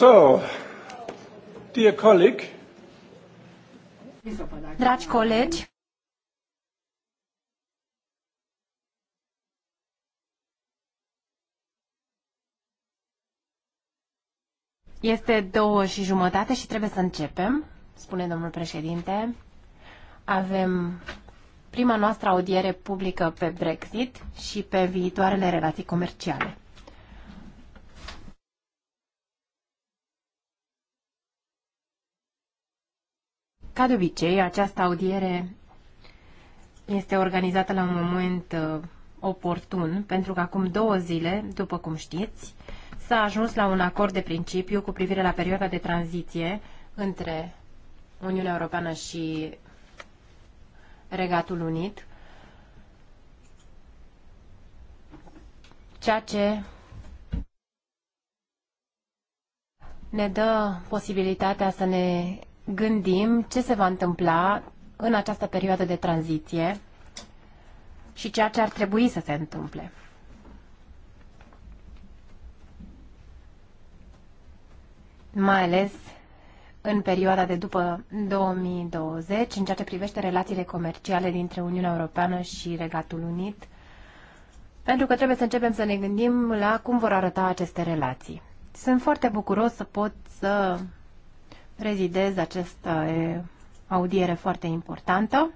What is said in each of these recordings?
So, dear colleague, Dragi colegi, este două și jumătate și trebuie să începem, spune domnul președinte. Avem prima noastră audiere publică pe Brexit și pe viitoarele relații comerciale. Ca de obicei, această audiere este organizată la un moment uh, oportun, pentru că acum două zile, după cum știți, s-a ajuns la un acord de principiu cu privire la perioada de tranziție între Uniunea Europeană și Regatul Unit, ceea ce ne dă posibilitatea să ne gândim ce se va întâmpla în această perioadă de tranziție și ceea ce ar trebui să se întâmple. Mai ales în perioada de după 2020, în ceea ce privește relațiile comerciale dintre Uniunea Europeană și Regatul Unit, pentru că trebuie să începem să ne gândim la cum vor arăta aceste relații. Sunt foarte bucuros să pot să prezidez această audiere foarte importantă.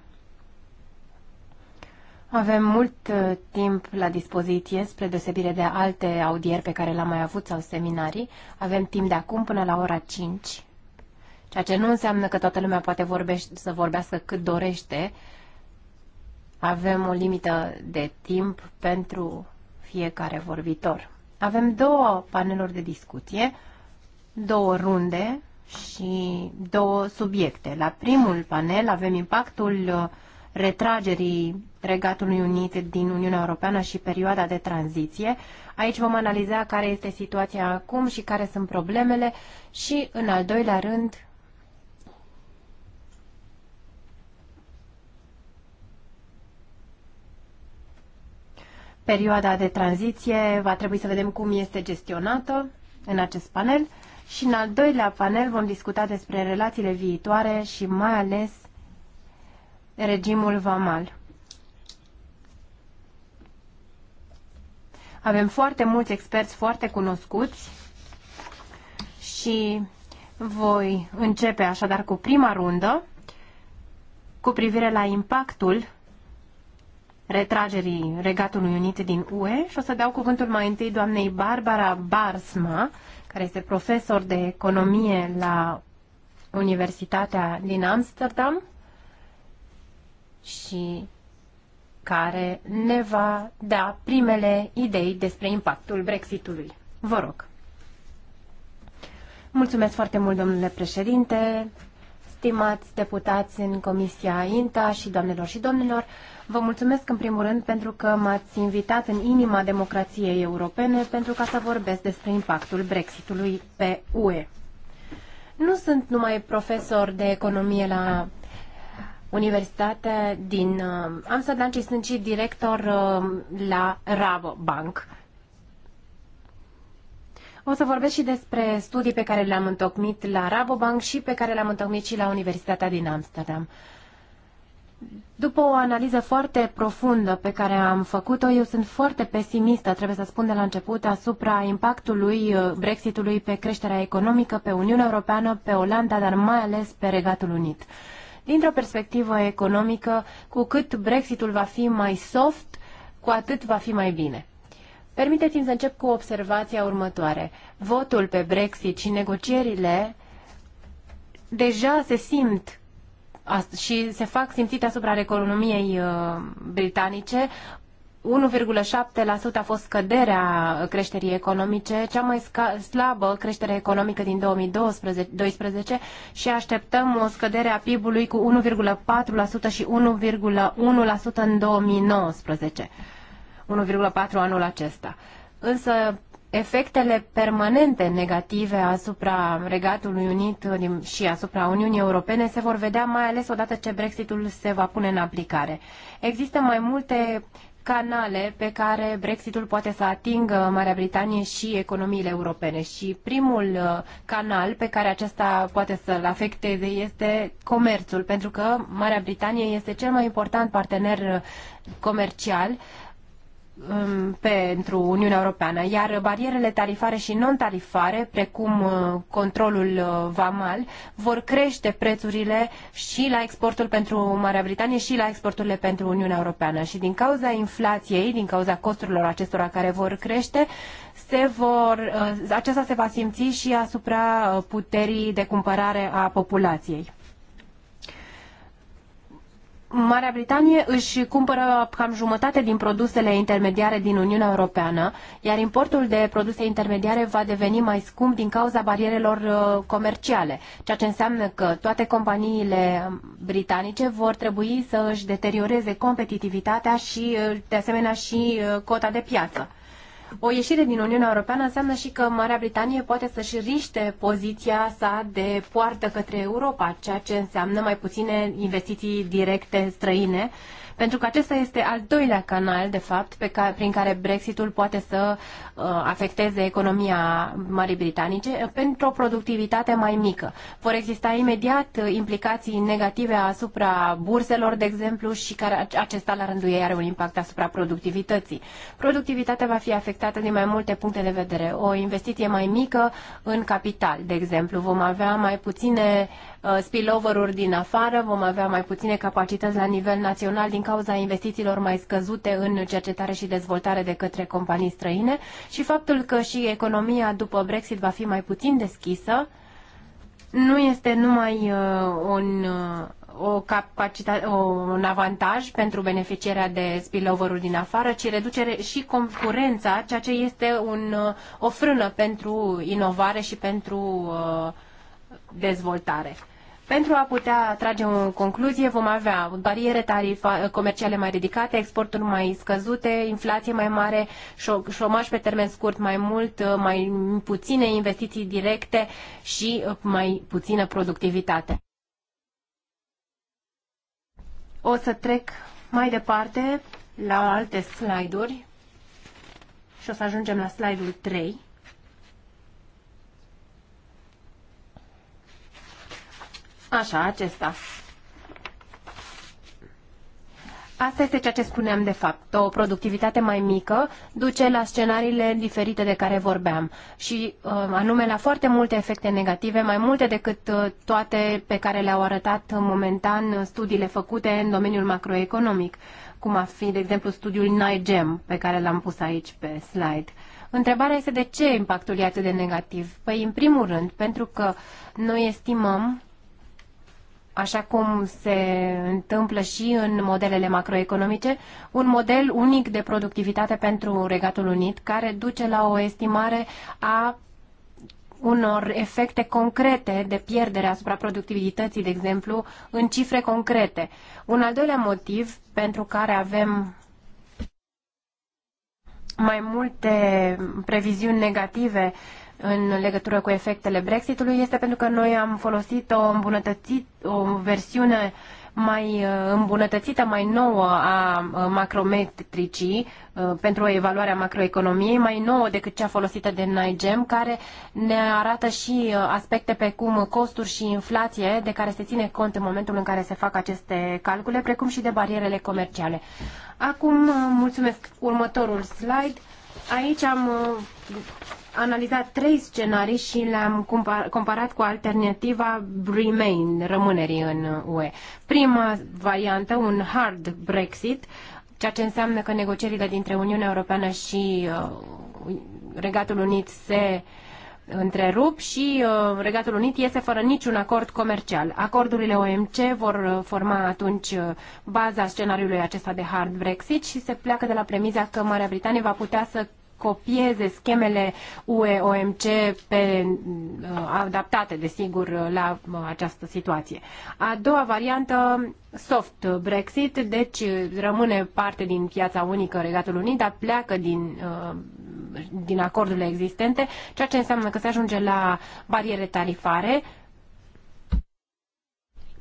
Avem mult timp la dispoziție, spre deosebire de alte audieri pe care le-am mai avut sau seminarii. Avem timp de acum până la ora 5, ceea ce nu înseamnă că toată lumea poate vorbește, să vorbească cât dorește. Avem o limită de timp pentru fiecare vorbitor. Avem două paneluri de discuție, două runde și două subiecte. La primul panel avem impactul uh, retragerii Regatului Unit din Uniunea Europeană și perioada de tranziție. Aici vom analiza care este situația acum și care sunt problemele și, în al doilea rând, perioada de tranziție. Va trebui să vedem cum este gestionată în acest panel. Și în al doilea panel vom discuta despre relațiile viitoare și mai ales regimul vamal. Avem foarte mulți experți foarte cunoscuți și voi începe așadar cu prima rundă cu privire la impactul retragerii Regatului Unit din UE și o să dau cuvântul mai întâi doamnei Barbara Barsma, care este profesor de economie la Universitatea din Amsterdam și care ne va da primele idei despre impactul Brexitului. Vă rog. Mulțumesc foarte mult, domnule președinte, stimați deputați în Comisia INTA și doamnelor și domnilor. Vă mulțumesc în primul rând pentru că m-ați invitat în inima democrației europene pentru ca să vorbesc despre impactul Brexitului pe UE. Nu sunt numai profesor de economie la universitate din uh, Amsterdam, ci sunt și director uh, la Rabobank. O să vorbesc și despre studii pe care le-am întocmit la Rabobank și pe care le-am întocmit și la Universitatea din Amsterdam. După o analiză foarte profundă pe care am făcut-o, eu sunt foarte pesimistă, trebuie să spun de la început, asupra impactului uh, Brexitului pe creșterea economică, pe Uniunea Europeană, pe Olanda, dar mai ales pe Regatul Unit. Dintr-o perspectivă economică, cu cât Brexitul va fi mai soft, cu atât va fi mai bine. Permiteți-mi să încep cu observația următoare. Votul pe Brexit și negocierile deja se simt și se fac simțite asupra economiei uh, britanice. 1,7% a fost scăderea creșterii economice, cea mai slabă creștere economică din 2012 și așteptăm o scădere a PIB-ului cu 1,4% și 1,1% în 2019. 1,4 anul acesta. Însă efectele permanente negative asupra Regatului Unit și asupra Uniunii Europene se vor vedea mai ales odată ce Brexitul se va pune în aplicare. Există mai multe canale pe care Brexitul poate să atingă Marea Britanie și economiile europene. Și primul uh, canal pe care acesta poate să-l afecteze este comerțul, pentru că Marea Britanie este cel mai important partener uh, comercial Um, pentru Uniunea Europeană, iar barierele tarifare și non-tarifare, precum uh, controlul uh, vamal, vor crește prețurile și la exportul pentru Marea Britanie și la exporturile pentru Uniunea Europeană. Și din cauza inflației, din cauza costurilor acestora care vor crește, se vor, uh, aceasta se va simți și asupra puterii de cumpărare a populației. Marea Britanie își cumpără cam jumătate din produsele intermediare din Uniunea Europeană, iar importul de produse intermediare va deveni mai scump din cauza barierelor uh, comerciale, ceea ce înseamnă că toate companiile um, britanice vor trebui să își deterioreze competitivitatea și, uh, de asemenea, și uh, cota de piață o ieșire din Uniunea Europeană înseamnă și că Marea Britanie poate să-și riște poziția sa de poartă către Europa, ceea ce înseamnă mai puține investiții directe străine, pentru că acesta este al doilea canal, de fapt, pe care, prin care Brexitul poate să uh, afecteze economia Marii Britanice uh, pentru o productivitate mai mică. Vor exista imediat uh, implicații negative asupra burselor, de exemplu, și care acesta la rândul ei are un impact asupra productivității. Productivitatea va fi afectată din mai multe puncte de vedere. O investiție mai mică în capital, de exemplu, vom avea mai puține uh, Uh, spillover-uri din afară, vom avea mai puține capacități la nivel național din cauza investițiilor mai scăzute în cercetare și dezvoltare de către companii străine și faptul că și economia după Brexit va fi mai puțin deschisă, nu este numai uh, un, uh, o o, un avantaj pentru beneficierea de spillover-uri din afară, ci reducere și concurența, ceea ce este un, uh, o frână pentru inovare și pentru uh, dezvoltare. Pentru a putea trage o concluzie, vom avea bariere tarifa, comerciale mai ridicate, exporturi mai scăzute, inflație mai mare, șomaj pe termen scurt mai mult, mai puține investiții directe și mai puțină productivitate. O să trec mai departe la alte slide-uri și o să ajungem la slide-ul 3. Așa, acesta. Asta este ceea ce spuneam de fapt. O productivitate mai mică duce la scenariile diferite de care vorbeam și uh, anume la foarte multe efecte negative, mai multe decât uh, toate pe care le-au arătat momentan studiile făcute în domeniul macroeconomic, cum ar fi, de exemplu, studiul NIGEM pe care l-am pus aici pe slide. Întrebarea este de ce impactul e atât de negativ? Păi, în primul rând, pentru că noi estimăm așa cum se întâmplă și în modelele macroeconomice, un model unic de productivitate pentru Regatul Unit, care duce la o estimare a unor efecte concrete de pierdere asupra productivității, de exemplu, în cifre concrete. Un al doilea motiv pentru care avem mai multe previziuni negative uh, în legătură cu efectele Brexitului este pentru că noi am folosit o îmbunătățit, o versiune mai uh, îmbunătățită, mai nouă a uh, macrometricii uh, pentru evaluarea macroeconomiei, mai nouă decât cea folosită de NIGEM, care ne arată și aspecte pe cum costuri și inflație de care se ține cont în momentul în care se fac aceste calcule, precum și de barierele comerciale. Acum, mulțumesc următorul slide. Aici am analizat trei scenarii și le-am comparat cu alternativa Remain, rămânerii în UE. Prima variantă, un hard Brexit, ceea ce înseamnă că negocierile dintre Uniunea Europeană și uh, Regatul Unit se întrerup și uh, Regatul Unit iese fără niciun acord comercial. Acordurile OMC vor uh, forma atunci uh, baza scenariului acesta de hard Brexit și se pleacă de la premiza că Marea Britanie va putea să copieze schemele UE-OMC uh, adaptate, desigur, la uh, această situație. A doua variantă, soft Brexit, deci uh, rămâne parte din piața unică Regatul Unit, dar pleacă din, din acordurile existente, ceea ce înseamnă că se ajunge la bariere tarifare,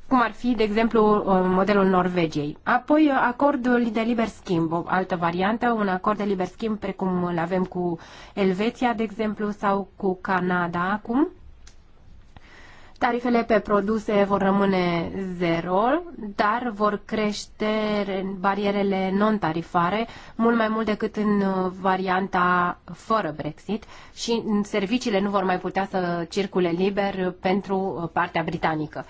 cum ar fi, de exemplu, uh, modelul Norvegiei. Apoi, uh, acordul de liber schimb, o altă variantă, un acord de liber schimb precum îl avem cu Elveția, de exemplu, sau cu Canada acum. Tarifele pe produse vor rămâne zero, dar vor crește barierele non-tarifare mult mai mult decât în uh, varianta fără Brexit și mm, serviciile nu vor mai putea să circule liber pentru partea britanică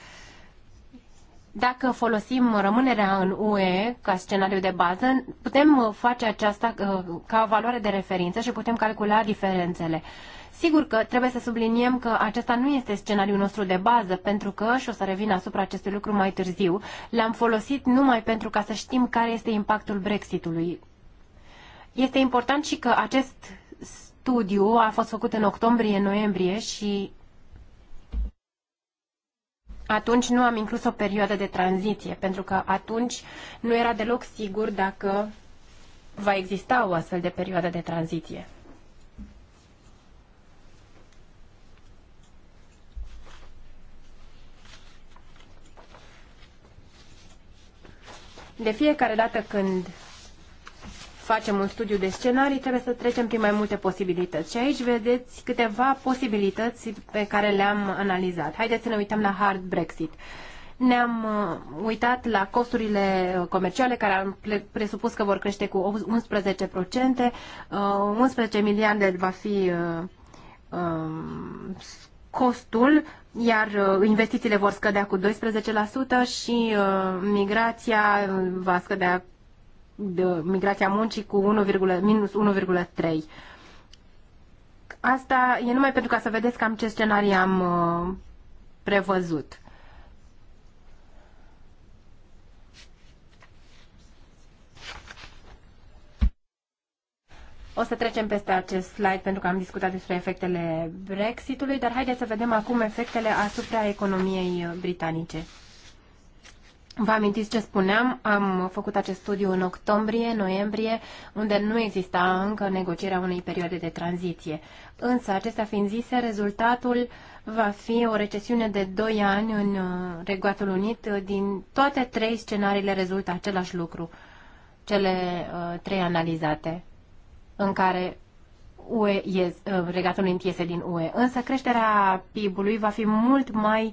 dacă folosim rămânerea în UE ca scenariu de bază, putem face aceasta uh, ca valoare de referință și putem calcula diferențele. Sigur că trebuie să subliniem că acesta nu este scenariul nostru de bază, pentru că, și o să revin asupra acestui lucru mai târziu, l-am folosit numai pentru ca să știm care este impactul Brexitului. Este important și că acest studiu a fost făcut în octombrie-noiembrie și atunci nu am inclus o perioadă de tranziție, pentru că atunci nu era deloc sigur dacă va exista o astfel de perioadă de tranziție. De fiecare dată când facem un studiu de scenarii, trebuie să trecem prin mai multe posibilități. Și aici vedeți câteva posibilități pe care le-am analizat. Haideți să ne uităm la hard Brexit. Ne-am uh, uitat la costurile uh, comerciale care am presupus că vor crește cu 11%. 11 uh, miliarde va fi um, costul, iar investițiile vor scădea cu 12% și migrația va scădea de migrația muncii cu 1, minus 1,3. Asta e numai pentru ca să vedeți cam ce scenarii am uh, prevăzut. O să trecem peste acest slide pentru că am discutat despre efectele Brexitului, dar haideți să vedem acum efectele asupra economiei britanice. Vă amintiți ce spuneam? Am făcut acest studiu în octombrie, noiembrie, unde nu exista încă negocierea unei perioade de tranziție. Însă, acestea fiind zise, rezultatul va fi o recesiune de 2 ani în uh, Regatul Unit. Din toate trei scenariile rezultă același lucru, cele uh, trei analizate, în care UE ies, uh, Regatul Unit iese din UE. Însă creșterea PIB-ului va fi mult mai uh,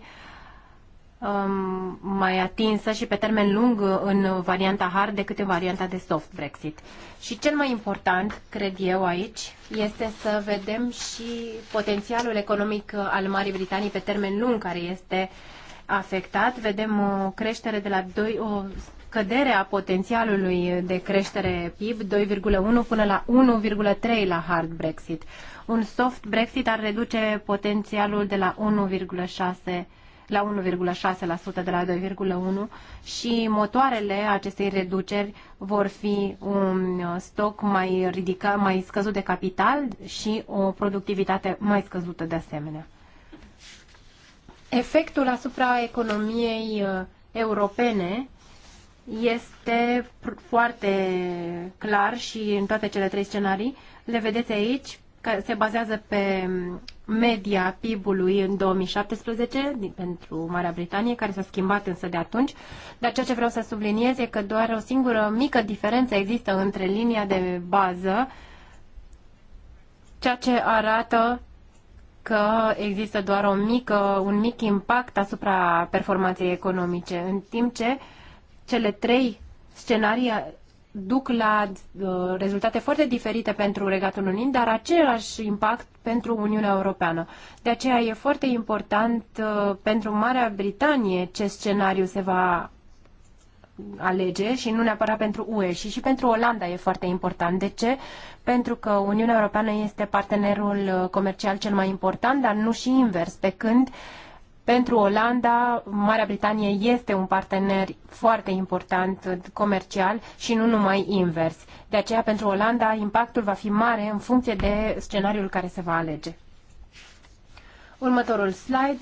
um, mai atinsă și pe termen lung în varianta hard decât în varianta de soft Brexit. Și cel mai important, cred eu aici, este să vedem și potențialul economic al Marii Britanii pe termen lung care este afectat. Vedem o creștere de la 2, o scădere a potențialului de creștere PIB 2,1 până la 1,3 la hard Brexit. Un soft Brexit ar reduce potențialul de la 1,6 la 1,6% de la 2,1% și motoarele acestei reduceri vor fi un stoc mai, ridicat, mai scăzut de capital și o productivitate mai scăzută de asemenea. Efectul asupra economiei uh, europene este foarte clar și în toate cele trei scenarii. Le vedeți aici care se bazează pe media PIB-ului în 2017 pentru Marea Britanie, care s-a schimbat însă de atunci. Dar ceea ce vreau să subliniez e că doar o singură mică diferență există între linia de bază, ceea ce arată că există doar o mică, un mic impact asupra performanței economice, în timp ce cele trei scenarii duc la uh, rezultate foarte diferite pentru Regatul Unit, dar același impact pentru Uniunea Europeană. De aceea e foarte important uh, pentru Marea Britanie ce scenariu se va alege și nu neapărat pentru UE și și pentru Olanda e foarte important. De ce? Pentru că Uniunea Europeană este partenerul uh, comercial cel mai important, dar nu și invers, pe când uh, pentru Olanda, Marea Britanie este un partener foarte important comercial și nu numai invers. De aceea, pentru Olanda, impactul va fi mare în funcție de scenariul care se va alege. Următorul slide.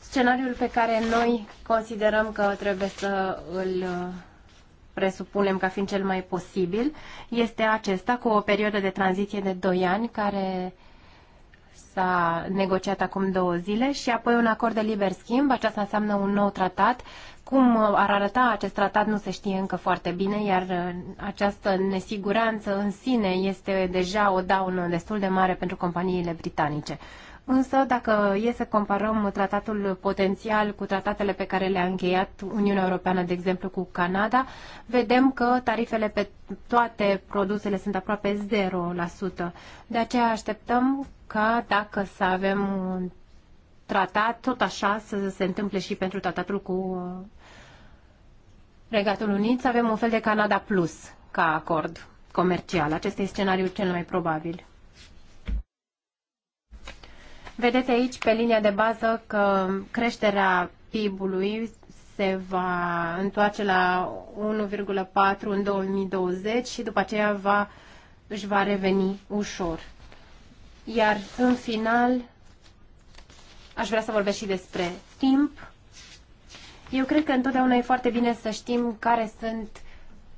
Scenariul pe care noi considerăm că trebuie să îl uh, presupunem ca fiind cel mai posibil este acesta, cu o perioadă de tranziție de 2 ani care s-a negociat acum două zile și apoi un acord de liber schimb. Aceasta înseamnă un nou tratat. Cum ar arăta acest tratat nu se știe încă foarte bine, iar uh, această nesiguranță în sine este deja o daună destul de mare pentru companiile britanice. Însă, dacă e să comparăm tratatul potențial cu tratatele pe care le-a încheiat Uniunea Europeană, de exemplu cu Canada, vedem că tarifele pe toate produsele sunt aproape 0%. De aceea așteptăm ca dacă să avem un tratat, tot așa să se întâmple și pentru tratatul cu uh, Regatul Unit, să avem un fel de Canada Plus ca acord comercial. Acesta este scenariul cel mai probabil. Vedeți aici pe linia de bază că creșterea PIB-ului se va întoarce la 1,4 în 2020 și după aceea va, își va reveni ușor. Iar în final, aș vrea să vorbesc și despre timp. Eu cred că întotdeauna e foarte bine să știm care sunt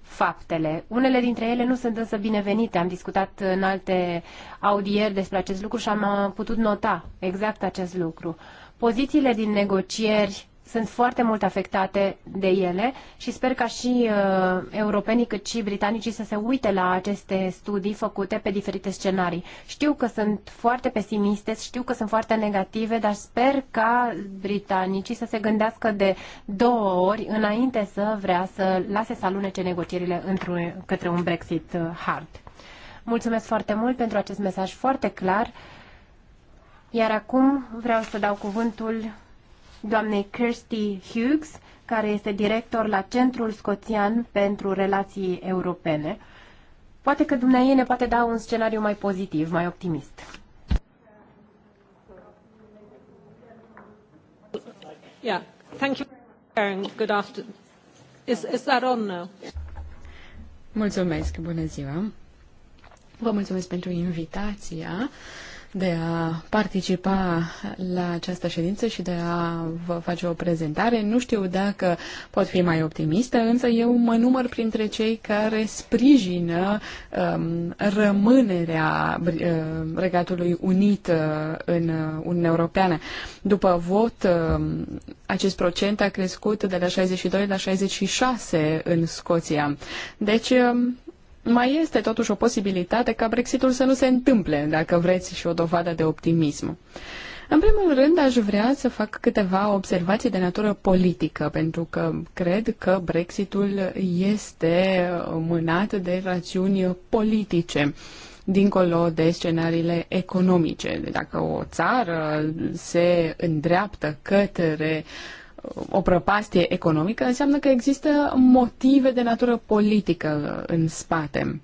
faptele. Unele dintre ele nu sunt însă binevenite. Am discutat în alte audieri despre acest lucru și am putut nota exact acest lucru. Pozițiile din negocieri sunt foarte mult afectate de ele și sper ca și uh, europenii cât și britanicii să se uite la aceste studii făcute pe diferite scenarii. Știu că sunt foarte pesimiste, știu că sunt foarte negative, dar sper ca britanicii să se gândească de două ori înainte să vrea să lase să alunece negocierile într-un către un Brexit uh, hard. Mulțumesc foarte mult pentru acest mesaj foarte clar. Iar acum vreau să dau cuvântul doamnei Kirsty Hughes, care este director la Centrul Scoțian pentru Relații Europene. Poate că dumneavoastră ne poate da un scenariu mai pozitiv, mai optimist. Yeah. Thank you. Good afternoon. Is, is that on now? Mulțumesc, bună ziua. Vă mulțumesc pentru invitația de a participa la această ședință și de a vă face o prezentare. Nu știu dacă pot fi mai optimistă, însă eu mă număr printre cei care sprijină um, rămânerea uh, Regatului Unit uh, în Uniunea Europeană. După vot, uh, acest procent a crescut de la 62 la 66 în Scoția. Deci, uh, mai este totuși o posibilitate ca Brexitul să nu se întâmple, dacă vreți, și o dovadă de optimism. În primul rând, aș vrea să fac câteva observații de natură politică, pentru că cred că Brexitul este mânat de rațiuni politice dincolo de scenariile economice. Dacă o țară se îndreaptă către uh, o prăpastie economică, înseamnă că există motive de natură politică în spate.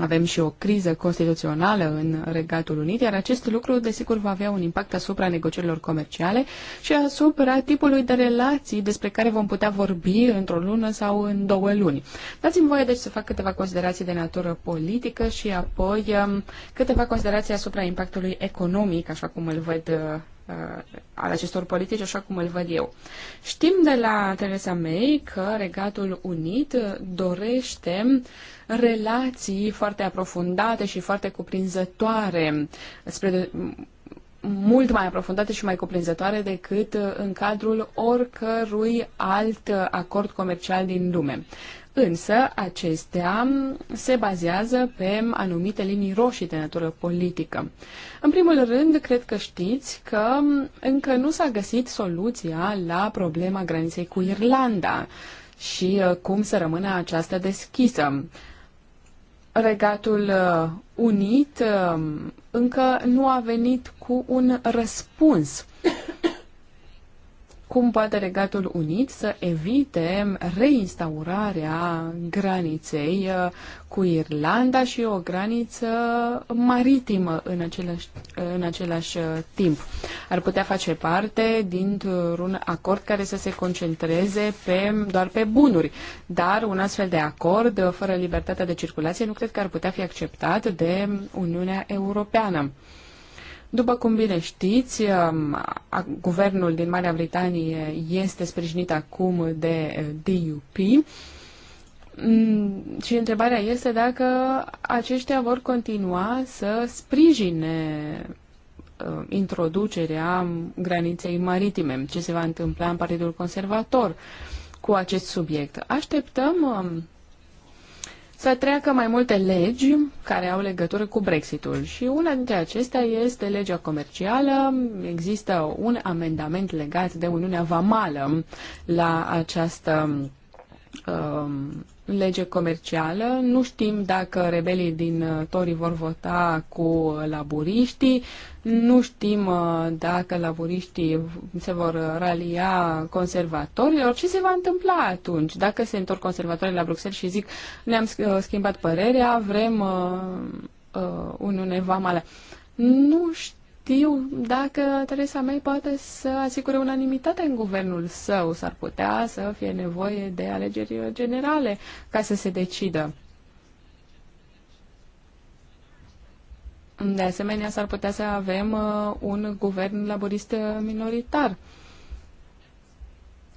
Avem și o criză constituțională în Regatul Unit, iar acest lucru, desigur, va avea un impact asupra negocierilor comerciale și asupra tipului de relații despre care vom putea vorbi într-o lună sau în două luni. Dați-mi voie, deci, să fac câteva considerații de natură politică și apoi um, câteva considerații asupra impactului economic, așa cum îl văd uh, Uh, al acestor politici, așa cum îl văd eu. Știm de la Teresa May că Regatul Unit uh, dorește relații foarte aprofundate și foarte cuprinzătoare spre mult mai aprofundate și mai cuprinzătoare decât uh, în cadrul oricărui alt acord comercial din lume însă acestea se bazează pe anumite linii roșii de natură politică. În primul rând, cred că știți că încă nu s-a găsit soluția la problema graniței cu Irlanda și uh, cum să rămână aceasta deschisă. Regatul uh, Unit uh, încă nu a venit cu un răspuns cum poate Regatul Unit să evite reinstaurarea graniței uh, cu Irlanda și o graniță maritimă în același, uh, în același uh, timp. Ar putea face parte dintr-un acord care să se concentreze pe, doar pe bunuri, dar un astfel de acord fără libertatea de circulație nu cred că ar putea fi acceptat de Uniunea Europeană. După cum bine știți, guvernul din Marea Britanie este sprijinit acum de eh, DUP mm, și întrebarea este dacă aceștia vor continua să sprijine eh, introducerea graniței maritime, ce se va întâmpla în Partidul Conservator cu acest subiect. Așteptăm să treacă mai multe legi care au legătură cu Brexitul și una dintre acestea este legea comercială. Există un amendament legat de Uniunea Vamală la această um, lege comercială. Nu știm dacă rebelii din uh, Tori vor vota cu laburiștii, nu știm uh, dacă laburiștii se vor ralia conservatorilor. Ce se va întâmpla atunci? Dacă se întorc conservatorii la Bruxelles și zic ne-am uh, schimbat părerea, vrem uh, uh, Uniune Vamală. Nu știu știu dacă teresa May poate să asigure unanimitate în guvernul său. S-ar putea să fie nevoie de alegeri generale ca să se decidă. De asemenea, s-ar putea să avem uh, un guvern laborist minoritar.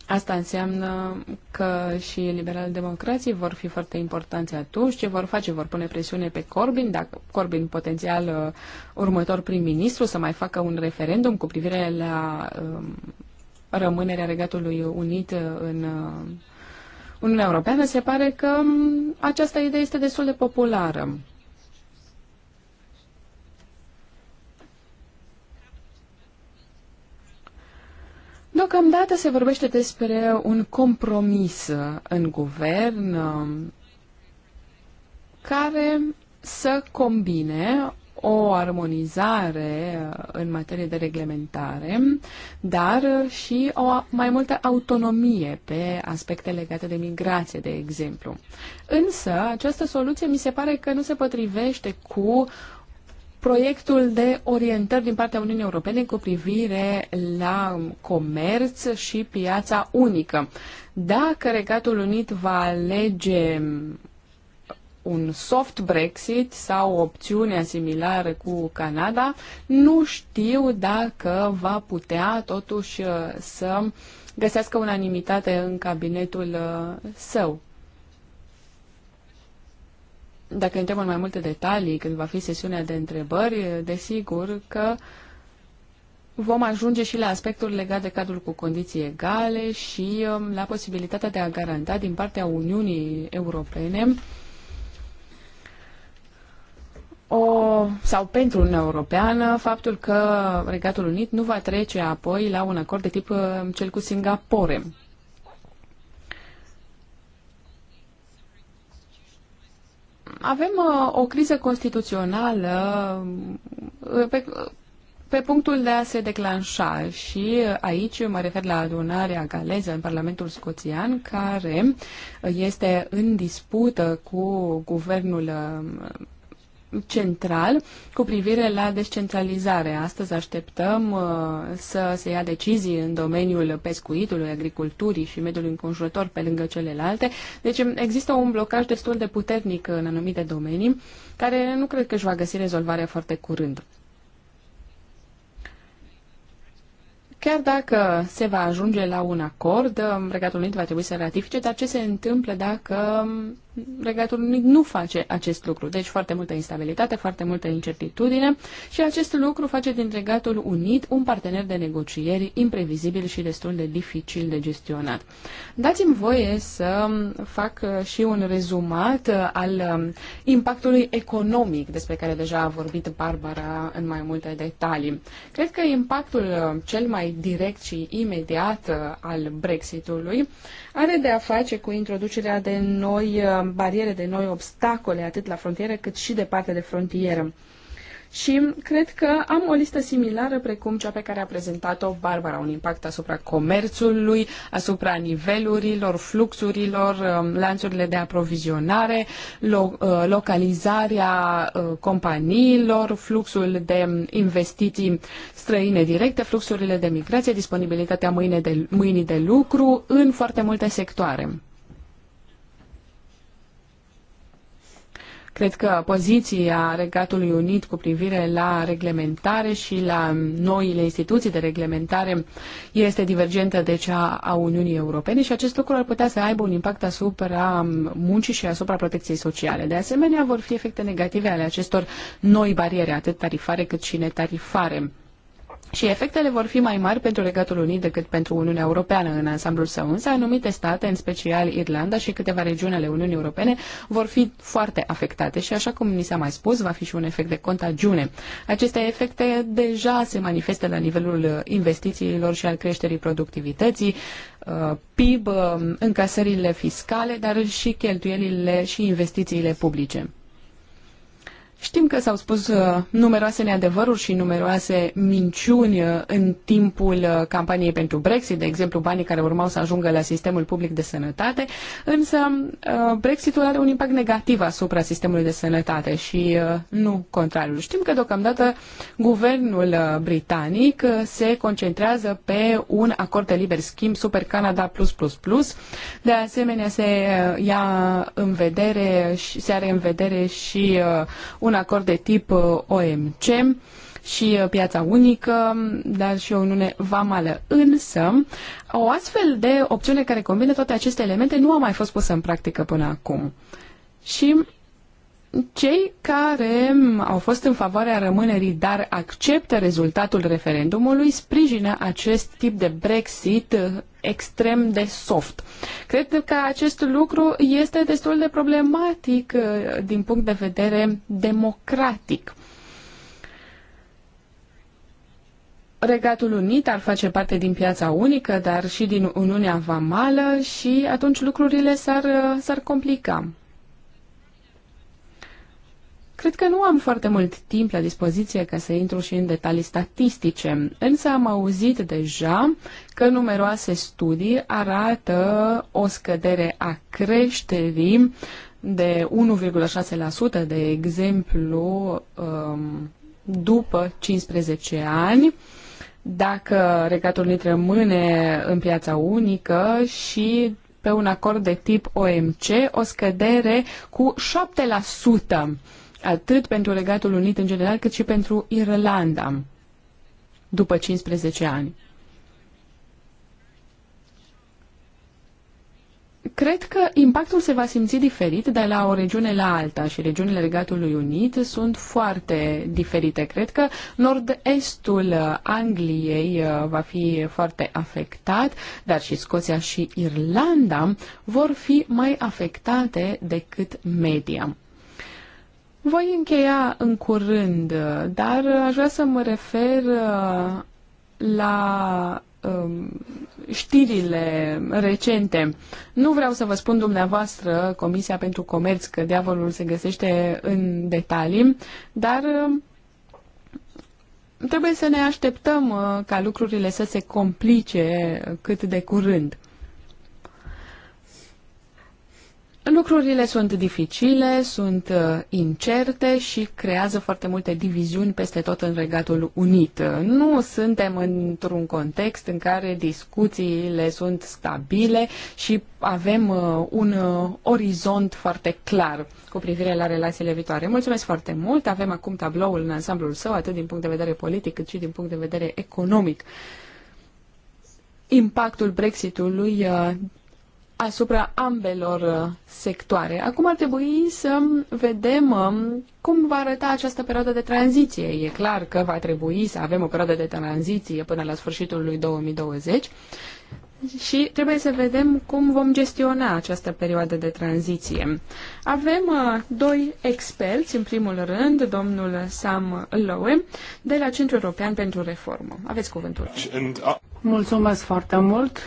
Asta înseamnă că și liberal-democrații vor fi foarte importanți atunci. Ce vor face? Vor pune presiune pe Corbyn, dacă Corbyn potențial uh, următor prim-ministru să mai facă un referendum cu privire la um, rămânerea Regatului Unit uh, în uh, Uniunea Europeană, se pare că um, această idee este destul de populară. Deocamdată se vorbește despre un compromis în guvern um, care să combine o armonizare în materie de reglementare, dar și o mai multă autonomie pe aspecte legate de migrație, de exemplu. Însă, această soluție mi se pare că nu se potrivește cu proiectul de orientări din partea Uniunii Europene cu privire la comerț și piața unică. Dacă Regatul Unit va alege un soft Brexit sau o opțiune similară cu Canada, nu știu dacă va putea totuși să găsească unanimitate în cabinetul uh, său. Dacă intrăm în mai multe detalii când va fi sesiunea de întrebări, desigur că vom ajunge și la aspectul legat de cadrul cu condiții egale și um, la posibilitatea de a garanta din partea Uniunii Europene o, sau pentru Uniunea Europeană faptul că Regatul Unit nu va trece apoi la un acord de tip um, cel cu Singapore. Avem uh, o criză constituțională uh, pe, pe punctul de a se declanșa și aici mă refer la adunarea galeză în Parlamentul Scoțian, care este în dispută cu guvernul uh, central cu privire la descentralizare. Astăzi așteptăm uh, să se ia decizii în domeniul pescuitului, agriculturii și mediului înconjurător pe lângă celelalte. Deci um, există un blocaj destul de puternic în anumite domenii care nu cred că își va găsi rezolvarea foarte curând. Chiar dacă se va ajunge la un acord, um, Regatul Unit va trebui să ratifice, dar ce se întâmplă dacă um, Regatul Unit nu face acest lucru. Deci foarte multă instabilitate, foarte multă incertitudine și acest lucru face din Regatul Unit un partener de negocieri imprevizibil și destul de dificil de gestionat. Dați-mi voie să fac și un rezumat al impactului economic despre care deja a vorbit Barbara în mai multe detalii. Cred că impactul cel mai direct și imediat al Brexitului are de a face cu introducerea de noi bariere, de noi obstacole, atât la frontieră cât și departe de frontieră. Și cred că am o listă similară precum cea pe care a prezentat-o Barbara, un impact asupra comerțului, asupra nivelurilor, fluxurilor, um, lanțurile de aprovizionare, uh, localizarea uh, companiilor, fluxul de investiții străine directe, fluxurile de migrație, disponibilitatea mâine de, mâinii de lucru în foarte multe sectoare. Cred că poziția Regatului Unit cu privire la reglementare și la noile instituții de reglementare este divergentă de cea a Uniunii Europene și acest lucru ar putea să aibă un impact asupra muncii și asupra protecției sociale. De asemenea, vor fi efecte negative ale acestor noi bariere, atât tarifare cât și netarifare și efectele vor fi mai mari pentru Regatul Unit decât pentru Uniunea Europeană în ansamblul său, însă anumite state, în special Irlanda și câteva regiuni ale Uniunii Europene, vor fi foarte afectate și, așa cum ni s-a mai spus, va fi și un efect de contagiune. Aceste efecte deja se manifestă la nivelul uh, investițiilor și al creșterii productivității, uh, PIB, uh, încasările fiscale, dar și cheltuielile și investițiile publice. Știm că s-au spus uh, numeroase neadevăruri și numeroase minciuni uh, în timpul uh, campaniei pentru Brexit, de exemplu banii care urmau să ajungă la sistemul public de sănătate, însă Brexitul are un impact negativ asupra sistemului de sănătate și nu contrariul. Știm că deocamdată guvernul britanic se concentrează pe un acord de liber schimb Super Canada plus plus plus. De asemenea se ia în vedere și se are în vedere și un un acord de tip uh, OMC și uh, piața unică, dar și o uniune vamală. Însă, o astfel de opțiune care combine toate aceste elemente nu a mai fost pusă în practică până acum. Și cei care mm, au fost în favoarea rămânerii, dar acceptă rezultatul referendumului, sprijină acest tip de Brexit uh, extrem de soft. Cred că acest lucru este destul de problematic uh, din punct de vedere democratic. Regatul Unit ar face parte din piața unică, dar și din Uniunea Vamală și atunci lucrurile s-ar, uh, s-ar complica. Cred că nu am foarte mult timp la dispoziție ca să intru și în detalii statistice, însă am auzit deja că numeroase studii arată o scădere a creșterii de 1,6%, de exemplu, um, după 15 ani, dacă Regatul Unit rămâne în piața unică și pe un acord de tip OMC, o scădere cu 7% atât pentru Regatul Unit în general, cât și pentru Irlanda după 15 ani. Cred că impactul se va simți diferit de la o regiune la alta și regiunile Regatului Unit sunt foarte diferite. Cred că nord-estul Angliei uh, va fi foarte afectat, dar și Scoția și Irlanda vor fi mai afectate decât media. Voi încheia în curând, dar aș vrea să mă refer uh, la um, știrile recente. Nu vreau să vă spun dumneavoastră, Comisia pentru Comerț, că diavolul se găsește în detalii, dar um, trebuie să ne așteptăm uh, ca lucrurile să se complice cât de curând. Lucrurile sunt dificile, sunt uh, incerte și creează foarte multe diviziuni peste tot în Regatul Unit. Nu suntem într-un context în care discuțiile sunt stabile și avem uh, un uh, orizont foarte clar cu privire la relațiile viitoare. Mulțumesc foarte mult! Avem acum tabloul în ansamblul său, atât din punct de vedere politic cât și din punct de vedere economic impactul Brexitului asupra ambelor uh, sectoare. Acum ar trebui să vedem um, cum va arăta această perioadă de tranziție. E clar că va trebui să avem o perioadă de tranziție până la sfârșitul lui 2020 și trebuie să vedem cum vom gestiona această perioadă de tranziție. Avem uh, doi experți, în primul rând, domnul Sam Lowe, de la Centrul European pentru Reformă. Aveți cuvântul. Mulțumesc foarte mult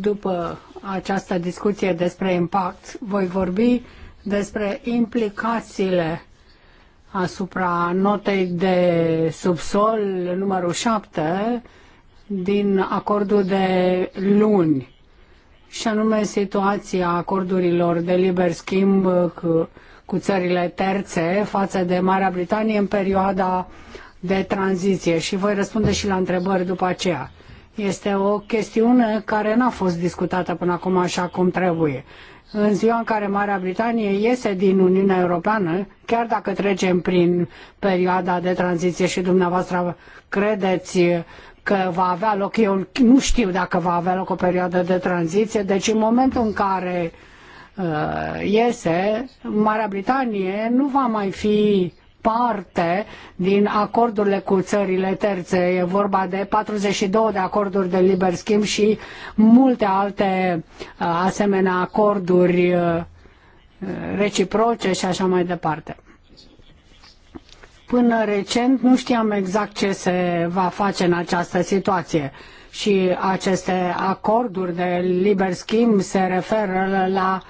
după această discuție despre impact, voi vorbi despre implicațiile asupra notei de subsol numărul 7 din acordul de luni, și anume situația acordurilor de liber schimb cu, cu țările terțe față de Marea Britanie în perioada de tranziție și voi răspunde și la întrebări după aceea. Este o chestiune care n-a fost discutată până acum așa cum trebuie. În ziua în care Marea Britanie iese din Uniunea Europeană, chiar dacă trecem prin perioada de tranziție și dumneavoastră credeți că va avea loc, eu nu știu dacă va avea loc o perioadă de tranziție, deci în momentul în care uh, iese, Marea Britanie nu va mai fi parte din acordurile cu țările terțe. E vorba de 42 de acorduri de liber schimb și multe alte uh, asemenea acorduri uh, reciproce și așa mai departe. Până recent nu știam exact ce se va face în această situație și aceste acorduri de liber schimb se referă la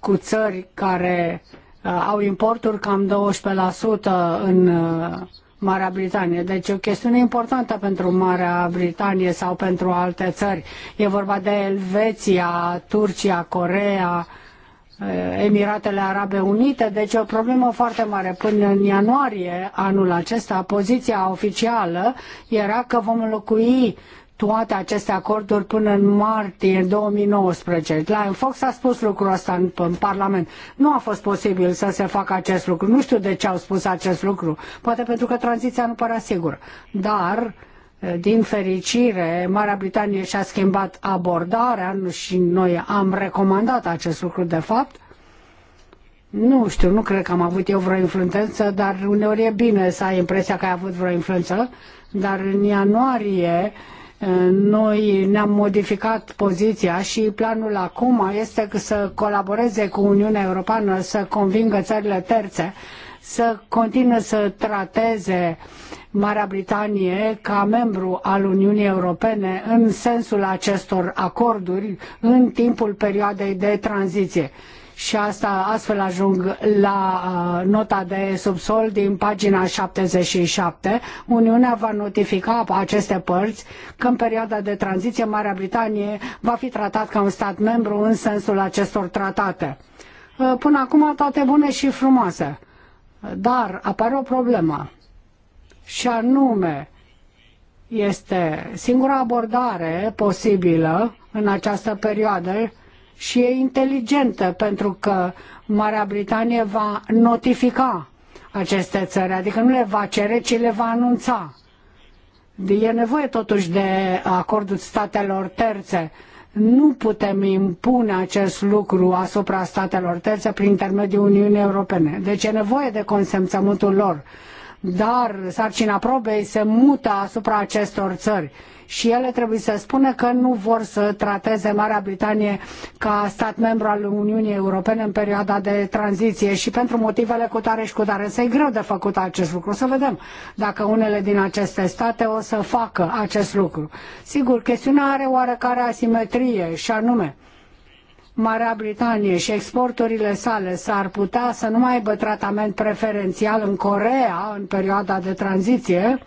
cu țări care Uh, au importuri cam 12% în uh, Marea Britanie. Deci o chestiune importantă pentru Marea Britanie sau pentru alte țări. E vorba de Elveția, Turcia, Corea, uh, Emiratele Arabe Unite, deci o problemă foarte mare. Până în ianuarie anul acesta, poziția oficială era că vom înlocui toate aceste acorduri până în martie 2019. La Fox a spus lucrul ăsta în, în Parlament. Nu a fost posibil să se facă acest lucru. Nu știu de ce au spus acest lucru. Poate pentru că tranziția nu părea sigură. Dar eh, din fericire, Marea Britanie și-a schimbat abordarea și noi am recomandat acest lucru de fapt. Nu știu, nu cred că am avut eu vreo influență, dar uneori e bine să ai impresia că ai avut vreo influență, dar în ianuarie uh, noi ne-am modificat poziția și planul acum este să colaboreze cu Uniunea Europeană, să convingă țările terțe să continue să trateze Marea Britanie ca membru al Uniunii Europene în sensul acestor acorduri în timpul perioadei de tranziție și asta astfel ajung la uh, nota de subsol din pagina 77. Uniunea va notifica aceste părți că în perioada de tranziție Marea Britanie va fi tratat ca un stat membru în sensul acestor tratate. Uh, până acum toate bune și frumoase, dar apare o problemă și anume este singura abordare posibilă în această perioadă și e inteligentă pentru că Marea Britanie va notifica aceste țări, adică nu le va cere, ci le va anunța. E nevoie totuși de acordul statelor terțe. Nu putem impune acest lucru asupra statelor terțe prin intermediul Uniunii Europene. Deci e nevoie de consemțământul lor. Dar sarcina probei se mută asupra acestor țări și ele trebuie să spună că nu vor să trateze Marea Britanie ca stat membru al Uniunii Europene în perioada de tranziție și pentru motivele cu tare și cu tare. Însă e greu de făcut acest lucru. Să vedem dacă unele din aceste state o să facă acest lucru. Sigur, chestiunea are oarecare asimetrie și anume Marea Britanie și exporturile sale s-ar putea să nu mai aibă tratament preferențial în Coreea în perioada de tranziție,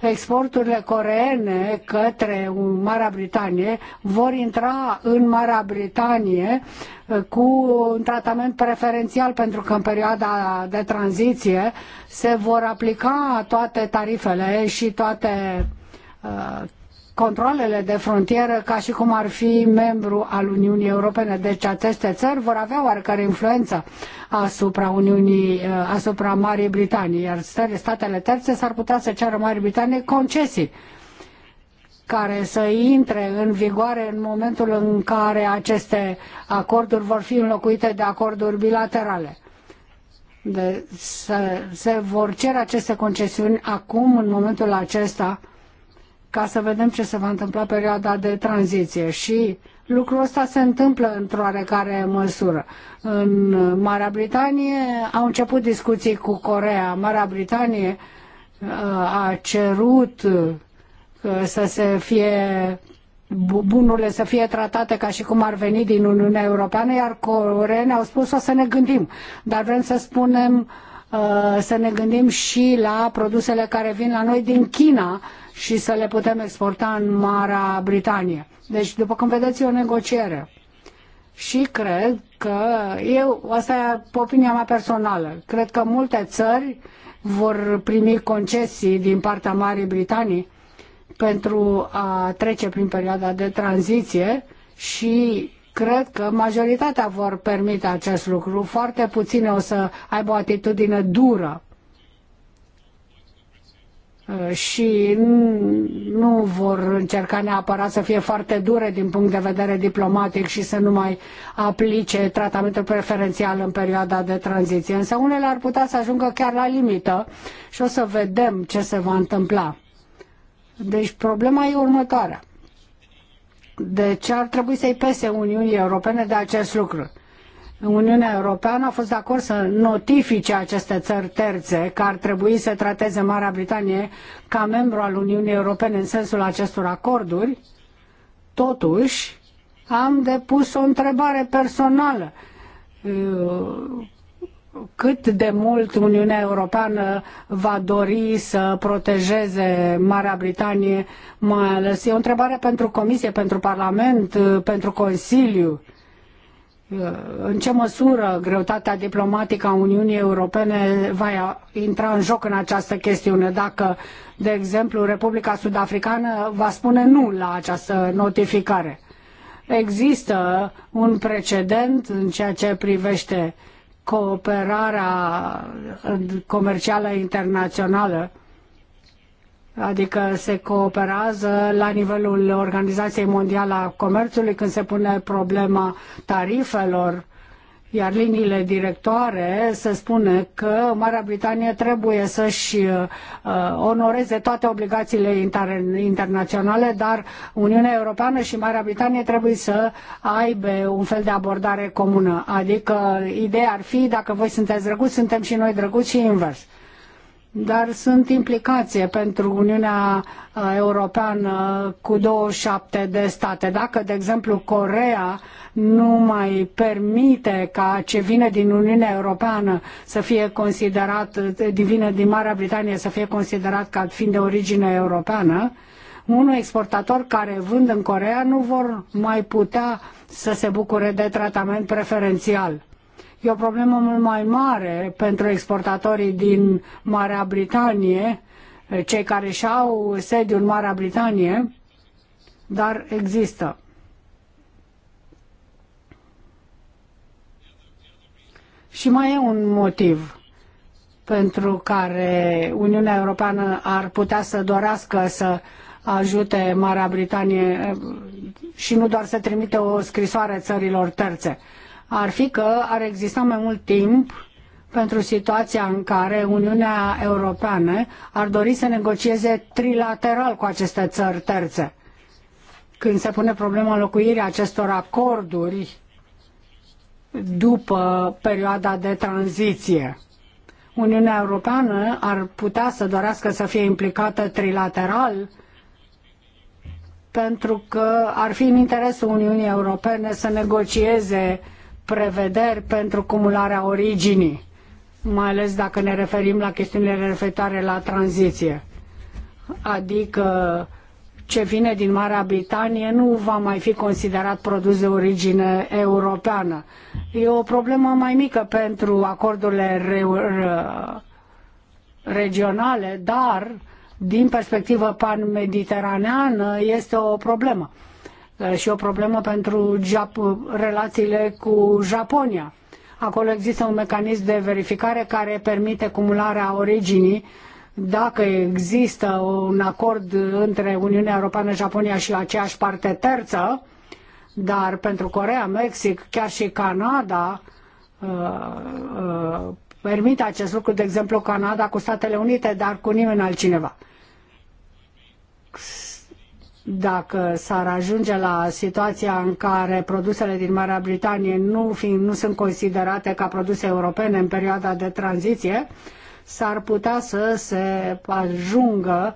exporturile coreene către Marea Britanie vor intra în Marea Britanie uh, cu un tratament preferențial pentru că în perioada de tranziție se vor aplica toate tarifele și toate uh, controlele de frontieră ca și cum ar fi membru al Uniunii Europene. Deci aceste țări vor avea oarecare influență asupra Uniunii, uh, asupra Marii Britanii, iar statele terțe s-ar putea să ceară Marii Britanii concesii care să intre în vigoare în momentul în care aceste acorduri vor fi înlocuite de acorduri bilaterale. De, să, se vor cere aceste concesiuni acum, în momentul acesta, ca să vedem ce se va întâmpla perioada de tranziție și lucrul ăsta se întâmplă într-o oarecare măsură. În Marea Britanie au început discuții cu Corea. Marea Britanie uh, a cerut uh, să se fie bunurile să fie tratate ca și cum ar veni din Uniunea Europeană, iar coreenii au spus o să ne gândim. Dar vrem să spunem uh, Uh, să ne gândim și la produsele care vin la noi din China și să le putem exporta în Marea Britanie. Deci, după cum vedeți, e o negociere. Și cred că eu, asta e opinia mea personală, cred că multe țări vor primi concesii din partea Marii Britanii pentru a trece prin perioada de tranziție și Cred că majoritatea vor permite acest lucru. Foarte puține o să aibă o atitudine dură uh, și nu vor încerca neapărat să fie foarte dure din punct de vedere diplomatic și să nu mai aplice tratamentul preferențial în perioada de tranziție. Însă unele ar putea să ajungă chiar la limită și o să vedem ce se va întâmpla. Deci problema e următoarea. Deci ar trebui să-i pese Uniunii Europene de acest lucru. Uniunea Europeană a fost de acord să notifice aceste țări terțe că ar trebui să trateze Marea Britanie ca membru al Uniunii Europene în sensul acestor acorduri. Totuși, am depus o întrebare personală cât de mult Uniunea Europeană va dori să protejeze Marea Britanie, mai ales. E o întrebare pentru Comisie, pentru Parlament, pentru Consiliu. În ce măsură greutatea diplomatică a Uniunii Europene va intra în joc în această chestiune? Dacă, de exemplu, Republica Sudafricană va spune nu la această notificare. Există un precedent în ceea ce privește uh, cooperarea comercială internațională, adică se cooperează la nivelul Organizației Mondiale a Comerțului când se pune problema tarifelor iar liniile directoare se spune că Marea Britanie trebuie să-și uh, uh, onoreze toate obligațiile inter- internaționale, dar Uniunea Europeană și Marea Britanie trebuie să aibă un fel de abordare comună. Adică ideea ar fi, dacă voi sunteți drăguți, suntem și noi drăguți și invers. Uh, dar sunt implicație pentru Uniunea uh, Europeană cu 27 de state. Dacă, de exemplu, Corea nu mai permite ca ce vine din Uniunea Europeană să fie considerat, vine din Marea Britanie să fie considerat ca fiind de origine europeană, unul exportator care vând în Corea nu vor mai putea să se bucure de tratament preferențial E o problemă mult mai mare pentru exportatorii din Marea Britanie, cei care și-au sediul în Marea Britanie, dar există. Și mai e un motiv pentru care Uniunea Europeană ar putea să dorească să ajute Marea Britanie eh, și nu doar să trimite o scrisoare țărilor terțe ar fi că ar exista mai mult timp pentru situația în care Uniunea Europeană ar dori să negocieze trilateral cu aceste țări terțe. Când se pune problema locuirii acestor acorduri după perioada de tranziție. Uniunea Europeană ar putea să dorească să fie implicată trilateral pentru că ar fi în interesul Uniunii Europene să negocieze prevederi pentru cumularea originii, mai ales dacă ne referim la chestiunile referitoare la tranziție. Adică ce vine din Marea Britanie nu va mai fi considerat produs de origine europeană. E o problemă mai mică pentru acordurile re regionale, dar din perspectivă pan-mediteraneană este o problemă și o problemă pentru Jap- relațiile cu Japonia. Acolo există un mecanism de verificare care permite cumularea originii dacă există un acord între Uniunea Europeană, Japonia și aceeași parte terță, dar pentru Corea, Mexic, chiar și Canada uh, uh, permite acest lucru, de exemplu Canada cu Statele Unite, dar cu nimeni altcineva dacă s-ar ajunge la situația în care produsele din Marea Britanie nu, fi, nu sunt considerate ca produse europene în perioada de tranziție, s-ar putea să se ajungă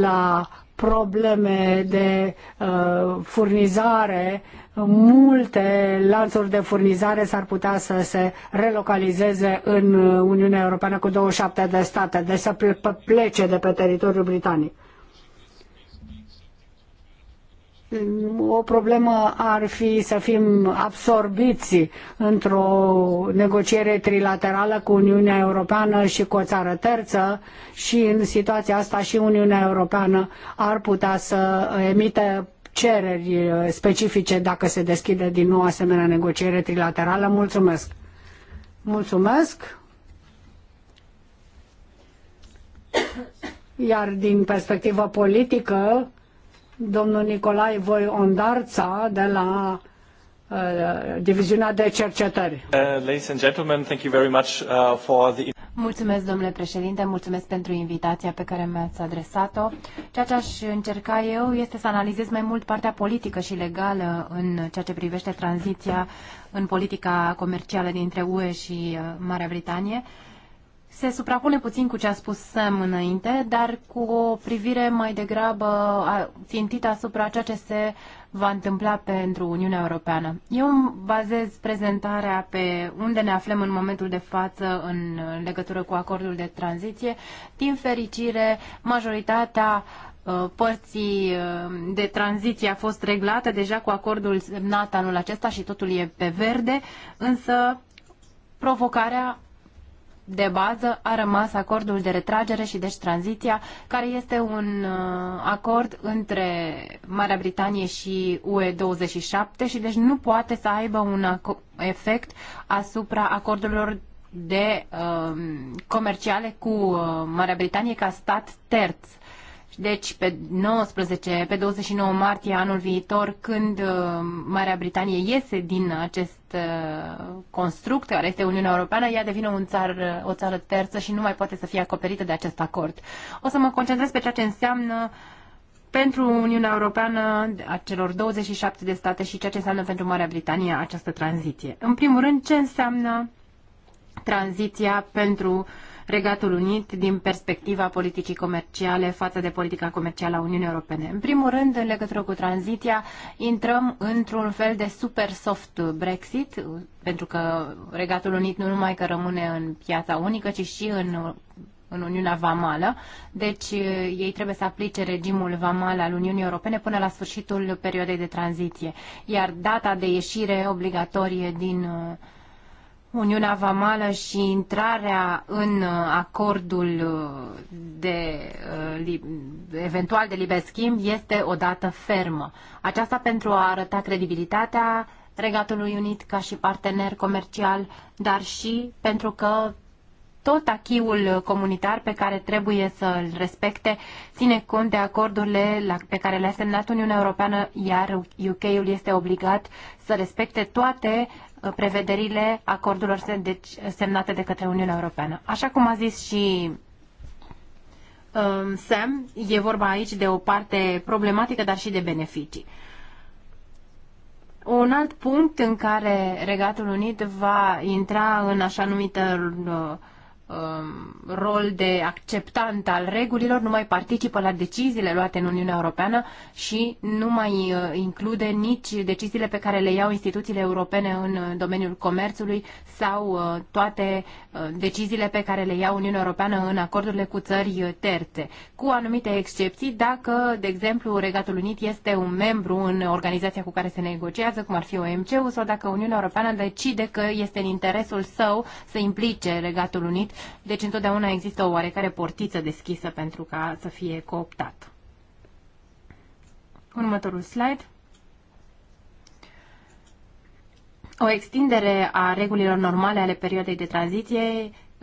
la probleme de uh, furnizare, multe lanțuri de furnizare s-ar putea să se relocalizeze în Uniunea Europeană cu 27 de state, deci să plece de pe teritoriul britanic. O problemă ar fi să fim absorbiți într-o negociere trilaterală cu Uniunea Europeană și cu o țară terță și în situația asta și Uniunea Europeană ar putea să emită cereri specifice dacă se deschide din nou asemenea negociere trilaterală. Mulțumesc! Mulțumesc! Iar din perspectivă politică, domnul Nicolae Voi Ondarța de la uh, Diviziunea de Cercetări. Uh, ladies and gentlemen, thank you very much uh, for the... Mulțumesc, domnule președinte, mulțumesc pentru invitația pe care mi-ați adresat-o. Ceea ce aș încerca eu este să analizez mai mult partea politică și legală în ceea ce privește tranziția în politica comercială dintre UE și uh, Marea Britanie. Uh, se suprapune puțin cu ce a spus Sam înainte, dar cu o privire mai degrabă țintită asupra ceea ce se va întâmpla pentru Uniunea Europeană. Eu îmi bazez prezentarea pe unde ne aflăm în momentul de față în legătură cu acordul de tranziție. Din fericire, majoritatea ă, părții ă, de tranziție a fost reglată deja cu acordul semnat anul acesta și totul e pe verde, însă provocarea de bază a rămas acordul de retragere și deci tranziția, care este un uh, acord între Marea Britanie și UE27 și deci nu poate să aibă un efect asupra acordurilor de uh, comerciale cu uh, Marea Britanie ca stat terț. Deci, pe 19, pe 29 martie anul viitor, când uh, Marea Britanie iese din acest uh, construct, care este Uniunea Europeană, ea devine un țar, uh, o țară terță și nu mai poate să fie acoperită de acest acord. O să mă concentrez pe ceea ce înseamnă pentru Uniunea Europeană a celor 27 de state și ceea ce înseamnă pentru Marea Britanie această tranziție. În primul rând, ce înseamnă tranziția pentru uh, Regatul Unit din perspectiva politicii comerciale față de politica comercială a Uniunii Europene. În primul rând, în legătură cu tranziția, intrăm într-un fel de super soft Brexit, pentru că Regatul Unit nu numai că rămâne în piața unică, ci și în în Uniunea Vamală, deci ei trebuie să aplice regimul vamal al Uniunii Europene până la sfârșitul perioadei de tranziție. Iar data de ieșire obligatorie din uh, Uniunea Vamală și intrarea în uh, acordul uh, de, uh, eventual de liber schimb este o dată fermă. Aceasta pentru a arăta credibilitatea Regatului Unit ca și partener comercial, dar și pentru că tot achiul comunitar pe care trebuie să îl respecte ține cont de acordurile la, pe care le-a semnat Uniunea Europeană, iar UK-ul este obligat să respecte toate prevederile acordurilor deci, semnate de către Uniunea Europeană. Așa cum a zis și um, Sam, e vorba aici de o parte problematică, dar și de beneficii. Un alt punct în care Regatul Unit va intra în așa numită uh, Um, rol de acceptant al regulilor, nu mai participă la deciziile luate în Uniunea Europeană și nu mai uh, include nici deciziile pe care le iau instituțiile europene în uh, domeniul comerțului sau uh, toate deciziile pe care le ia Uniunea Europeană în acordurile cu țări terțe, cu anumite excepții dacă, de exemplu, Regatul Unit este un membru în organizația cu care se negociază, cum ar fi OMC-ul, sau dacă Uniunea Europeană decide că este în interesul său să implice Regatul Unit deci întotdeauna există o oarecare portiță deschisă pentru ca să fie cooptat. Următorul slide. O extindere a regulilor normale ale perioadei de tranziție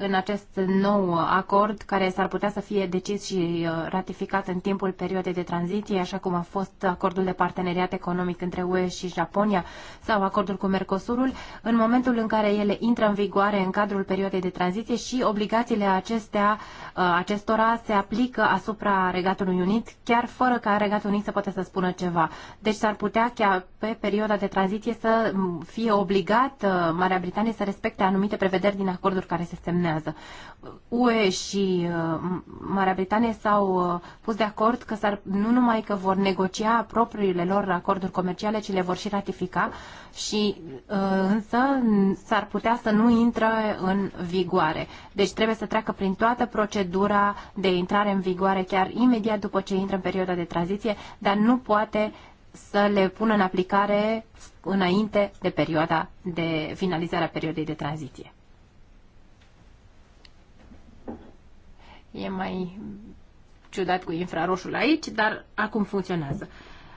în acest nou acord care s-ar putea să fie decis și uh, ratificat în timpul perioadei de tranziție, așa cum a fost acordul de parteneriat economic între UE și Japonia sau acordul cu Mercosurul, în momentul în care ele intră în vigoare în cadrul perioadei de tranziție și obligațiile acestea, uh, acestora se aplică asupra Regatului Unit, chiar fără ca Regatul Unit să poată să spună ceva. Deci s-ar putea chiar pe perioada de tranziție să fie obligat uh, Marea Britanie să respecte anumite prevederi din acorduri care se semnează funcționează. UE și uh, Marea Britanie s-au uh, pus de acord că s-ar, nu numai că vor negocia propriile lor acorduri comerciale, ci le vor și ratifica și uh, însă s-ar putea să nu intre în vigoare. Deci trebuie să treacă prin toată procedura de intrare în vigoare chiar imediat după ce intră în perioada de tranziție, dar nu poate să le pună în aplicare înainte de perioada de finalizarea perioadei de tranziție. E mai ciudat cu infraroșul aici, dar acum funcționează.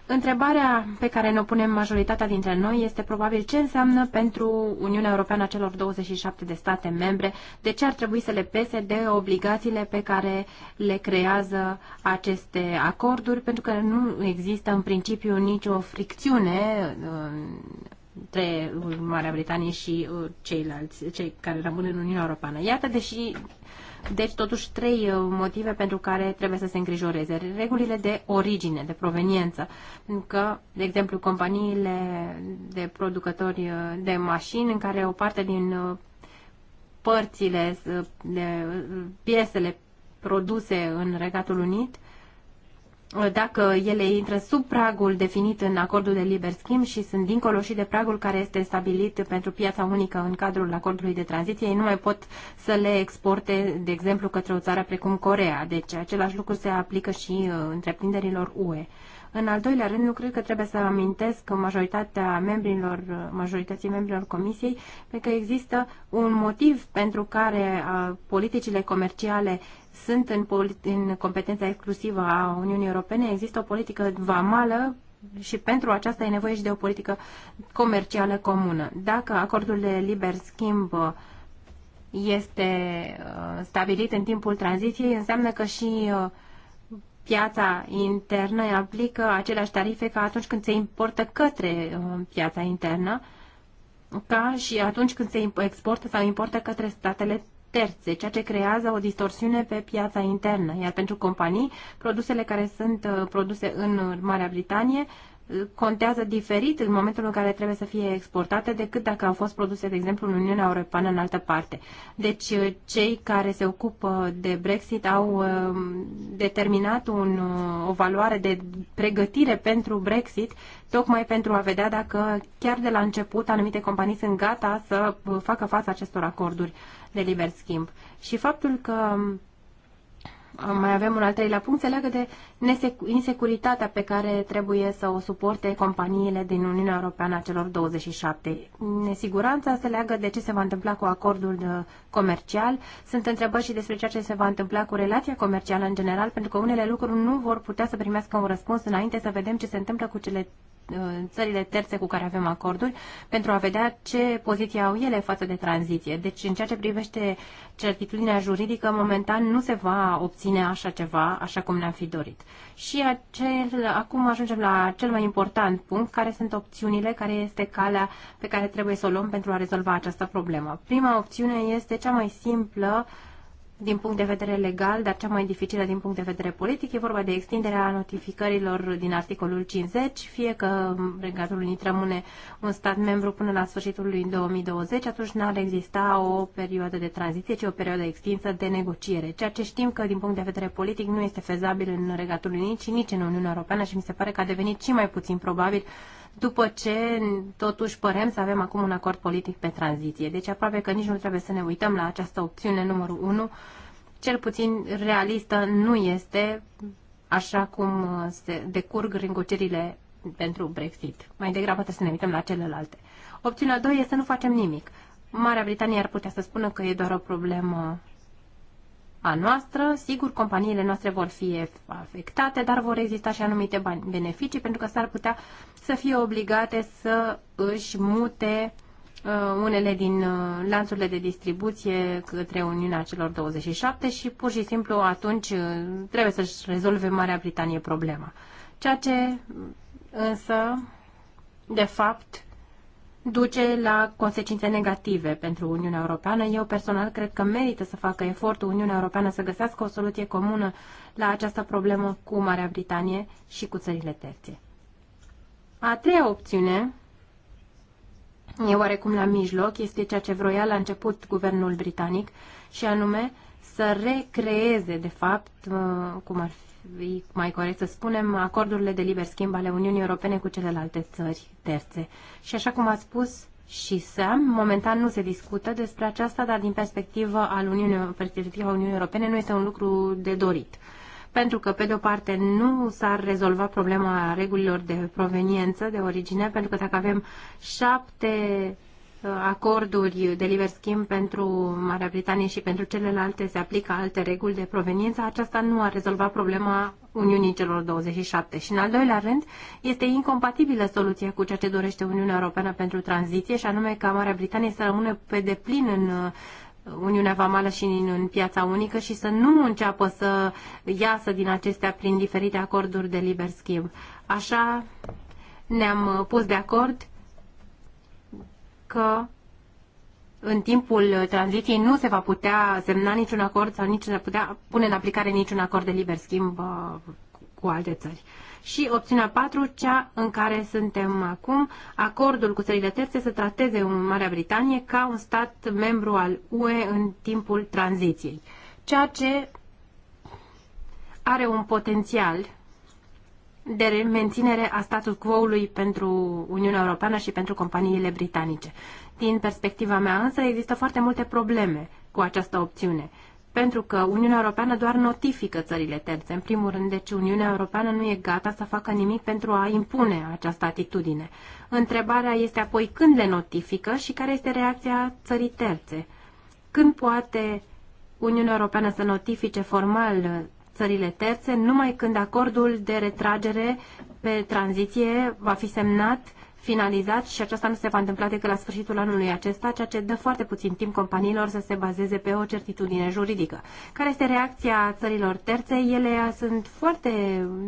Întrebarea pe care ne punem majoritatea dintre noi este probabil ce înseamnă pentru Uniunea Europeană a celor 27 de state membre, de ce ar trebui să le pese de obligațiile pe care le creează aceste acorduri, pentru că nu există în principiu nicio fricțiune uh, între uh, Marea Britanie și uh, ceilalți, cei care rămân în Uniunea Europeană. Iată, deși, deci totuși trei uh, motive pentru care trebuie să se îngrijoreze. Regulile de origine, de proveniență, pentru că, de exemplu, companiile de producători de mașini în care o parte din părțile, de piesele produse în Regatul Unit dacă ele intră sub pragul definit în acordul de liber schimb și sunt dincolo și de pragul care este stabilit pentru piața unică în cadrul acordului de tranziție, ei nu mai pot să le exporte, de exemplu, către o țară precum Corea. Deci același lucru se aplică și uh, întreprinderilor UE. În al doilea rând, nu cred că trebuie să amintesc că majoritatea membrilor, uh, majorității membrilor Comisiei, pe că există un motiv pentru care uh, politicile comerciale sunt în, în competența exclusivă a Uniunii Europene, există o politică vamală și pentru aceasta e nevoie și de o politică comercială comună. Dacă acordul de liber schimb uh, este uh, stabilit în timpul tranziției, înseamnă că și uh, piața internă aplică aceleași tarife ca atunci când se importă către piața internă, ca și atunci când se exportă sau importă către statele terțe, ceea ce creează o distorsiune pe piața internă. Iar pentru companii, produsele care sunt uh, produse în Marea Britanie uh, contează diferit în momentul în care trebuie să fie exportate decât dacă au fost produse, de exemplu, în Uniunea Europeană în altă parte. Deci, uh, cei care se ocupă de Brexit au determinat un, o valoare de pregătire pentru Brexit, tocmai pentru a vedea dacă chiar de la început anumite companii sunt gata să facă față acestor acorduri de liber schimb. Și faptul că um, mai avem un al treilea punct, se leagă de insecuritatea pe care trebuie să o suporte companiile din Uniunea Europeană a celor 27. Nesiguranța se leagă de ce se va întâmpla cu acordul uh, comercial. Sunt întrebări și despre ceea ce se va întâmpla cu relația comercială în general, pentru că unele lucruri nu vor putea să primească un răspuns înainte să vedem ce se întâmplă cu cele țările terțe cu care avem acorduri pentru a vedea ce poziție au ele față de tranziție. Deci, în ceea ce privește certitudinea juridică, momentan nu se va obține așa ceva, așa cum ne-am fi dorit. Și acel, acum ajungem la cel mai important punct, care sunt opțiunile, care este calea pe care trebuie să o luăm pentru a rezolva această problemă. Prima opțiune este cea mai simplă, din punct de vedere legal, dar cea mai dificilă din punct de vedere politic. E vorba de extinderea notificărilor din articolul 50, fie că Regatul Unit rămâne un stat membru până la sfârșitul lui 2020, atunci n-ar exista o perioadă de tranziție, ci o perioadă extinsă de negociere. Ceea ce știm că din punct de vedere politic nu este fezabil în Regatul Unit și nici în Uniunea Europeană și mi se pare că a devenit și mai puțin probabil după ce totuși părem să avem acum un acord politic pe tranziție. Deci aproape că nici nu trebuie să ne uităm la această opțiune numărul 1, cel puțin realistă nu este așa cum uh, se decurg negocierile pentru Brexit. Mai degrabă trebuie să ne uităm la celelalte. Opțiunea 2 este să nu facem nimic. Marea Britanie ar putea să spună că e doar o problemă a noastră. Sigur, companiile noastre vor fi afectate, dar vor exista și anumite beneficii, pentru că s-ar putea să fie obligate să își mute uh, unele din uh, lanțurile de distribuție către Uniunea celor 27 și pur și simplu atunci uh, trebuie să-și rezolve Marea Britanie problema. Ceea ce însă, de fapt, duce la consecințe negative pentru Uniunea Europeană. Eu personal cred că merită să facă efortul Uniunea Europeană să găsească o soluție comună la această problemă cu Marea Britanie și cu țările terțe. A treia opțiune e oarecum la mijloc, este ceea ce vroia la început guvernul britanic și anume să recreeze, de fapt, uh, cum ar e mai corect să spunem, acordurile de liber schimb ale Uniunii Europene cu celelalte țări terțe. Și așa cum a spus și Sam, momentan nu se discută despre aceasta, dar din perspectiva, al Uniunii, perspectiva Uniunii Europene nu este un lucru de dorit. Pentru că, pe de o parte, nu s-ar rezolva problema regulilor de proveniență, de origine, pentru că dacă avem șapte acorduri de liber schimb pentru Marea Britanie și pentru celelalte se aplică alte reguli de proveniență, aceasta nu a rezolvat problema Uniunii celor 27. Și în al doilea rând, este incompatibilă soluția cu ceea ce dorește Uniunea Europeană pentru tranziție, și anume ca Marea Britanie să rămână pe deplin în uh, Uniunea Vamală și în, în piața unică și să nu înceapă să iasă din acestea prin diferite acorduri de liber schimb. Așa ne-am uh, pus de acord că în timpul tranziției nu se va putea semna niciun acord sau nici se putea pune în aplicare niciun acord de liber schimb uh, cu alte țări. Și opțiunea 4, cea în care suntem acum, acordul cu țările terțe să trateze Marea Britanie ca un stat membru al UE în timpul tranziției, ceea ce are un potențial de menținere a status quo-ului pentru Uniunea Europeană și pentru companiile britanice. Din perspectiva mea însă există foarte multe probleme cu această opțiune, pentru că Uniunea Europeană doar notifică țările terțe. În primul rând, deci Uniunea Europeană nu e gata să facă nimic pentru a impune această atitudine. Întrebarea este apoi când le notifică și care este reacția țării terțe. Când poate Uniunea Europeană să notifice formal țările terțe numai când acordul de retragere pe tranziție va fi semnat finalizat și aceasta nu se va întâmpla decât la sfârșitul anului acesta, ceea ce dă foarte puțin timp companiilor să se bazeze pe o certitudine juridică. Care este reacția țărilor terțe? Ele sunt foarte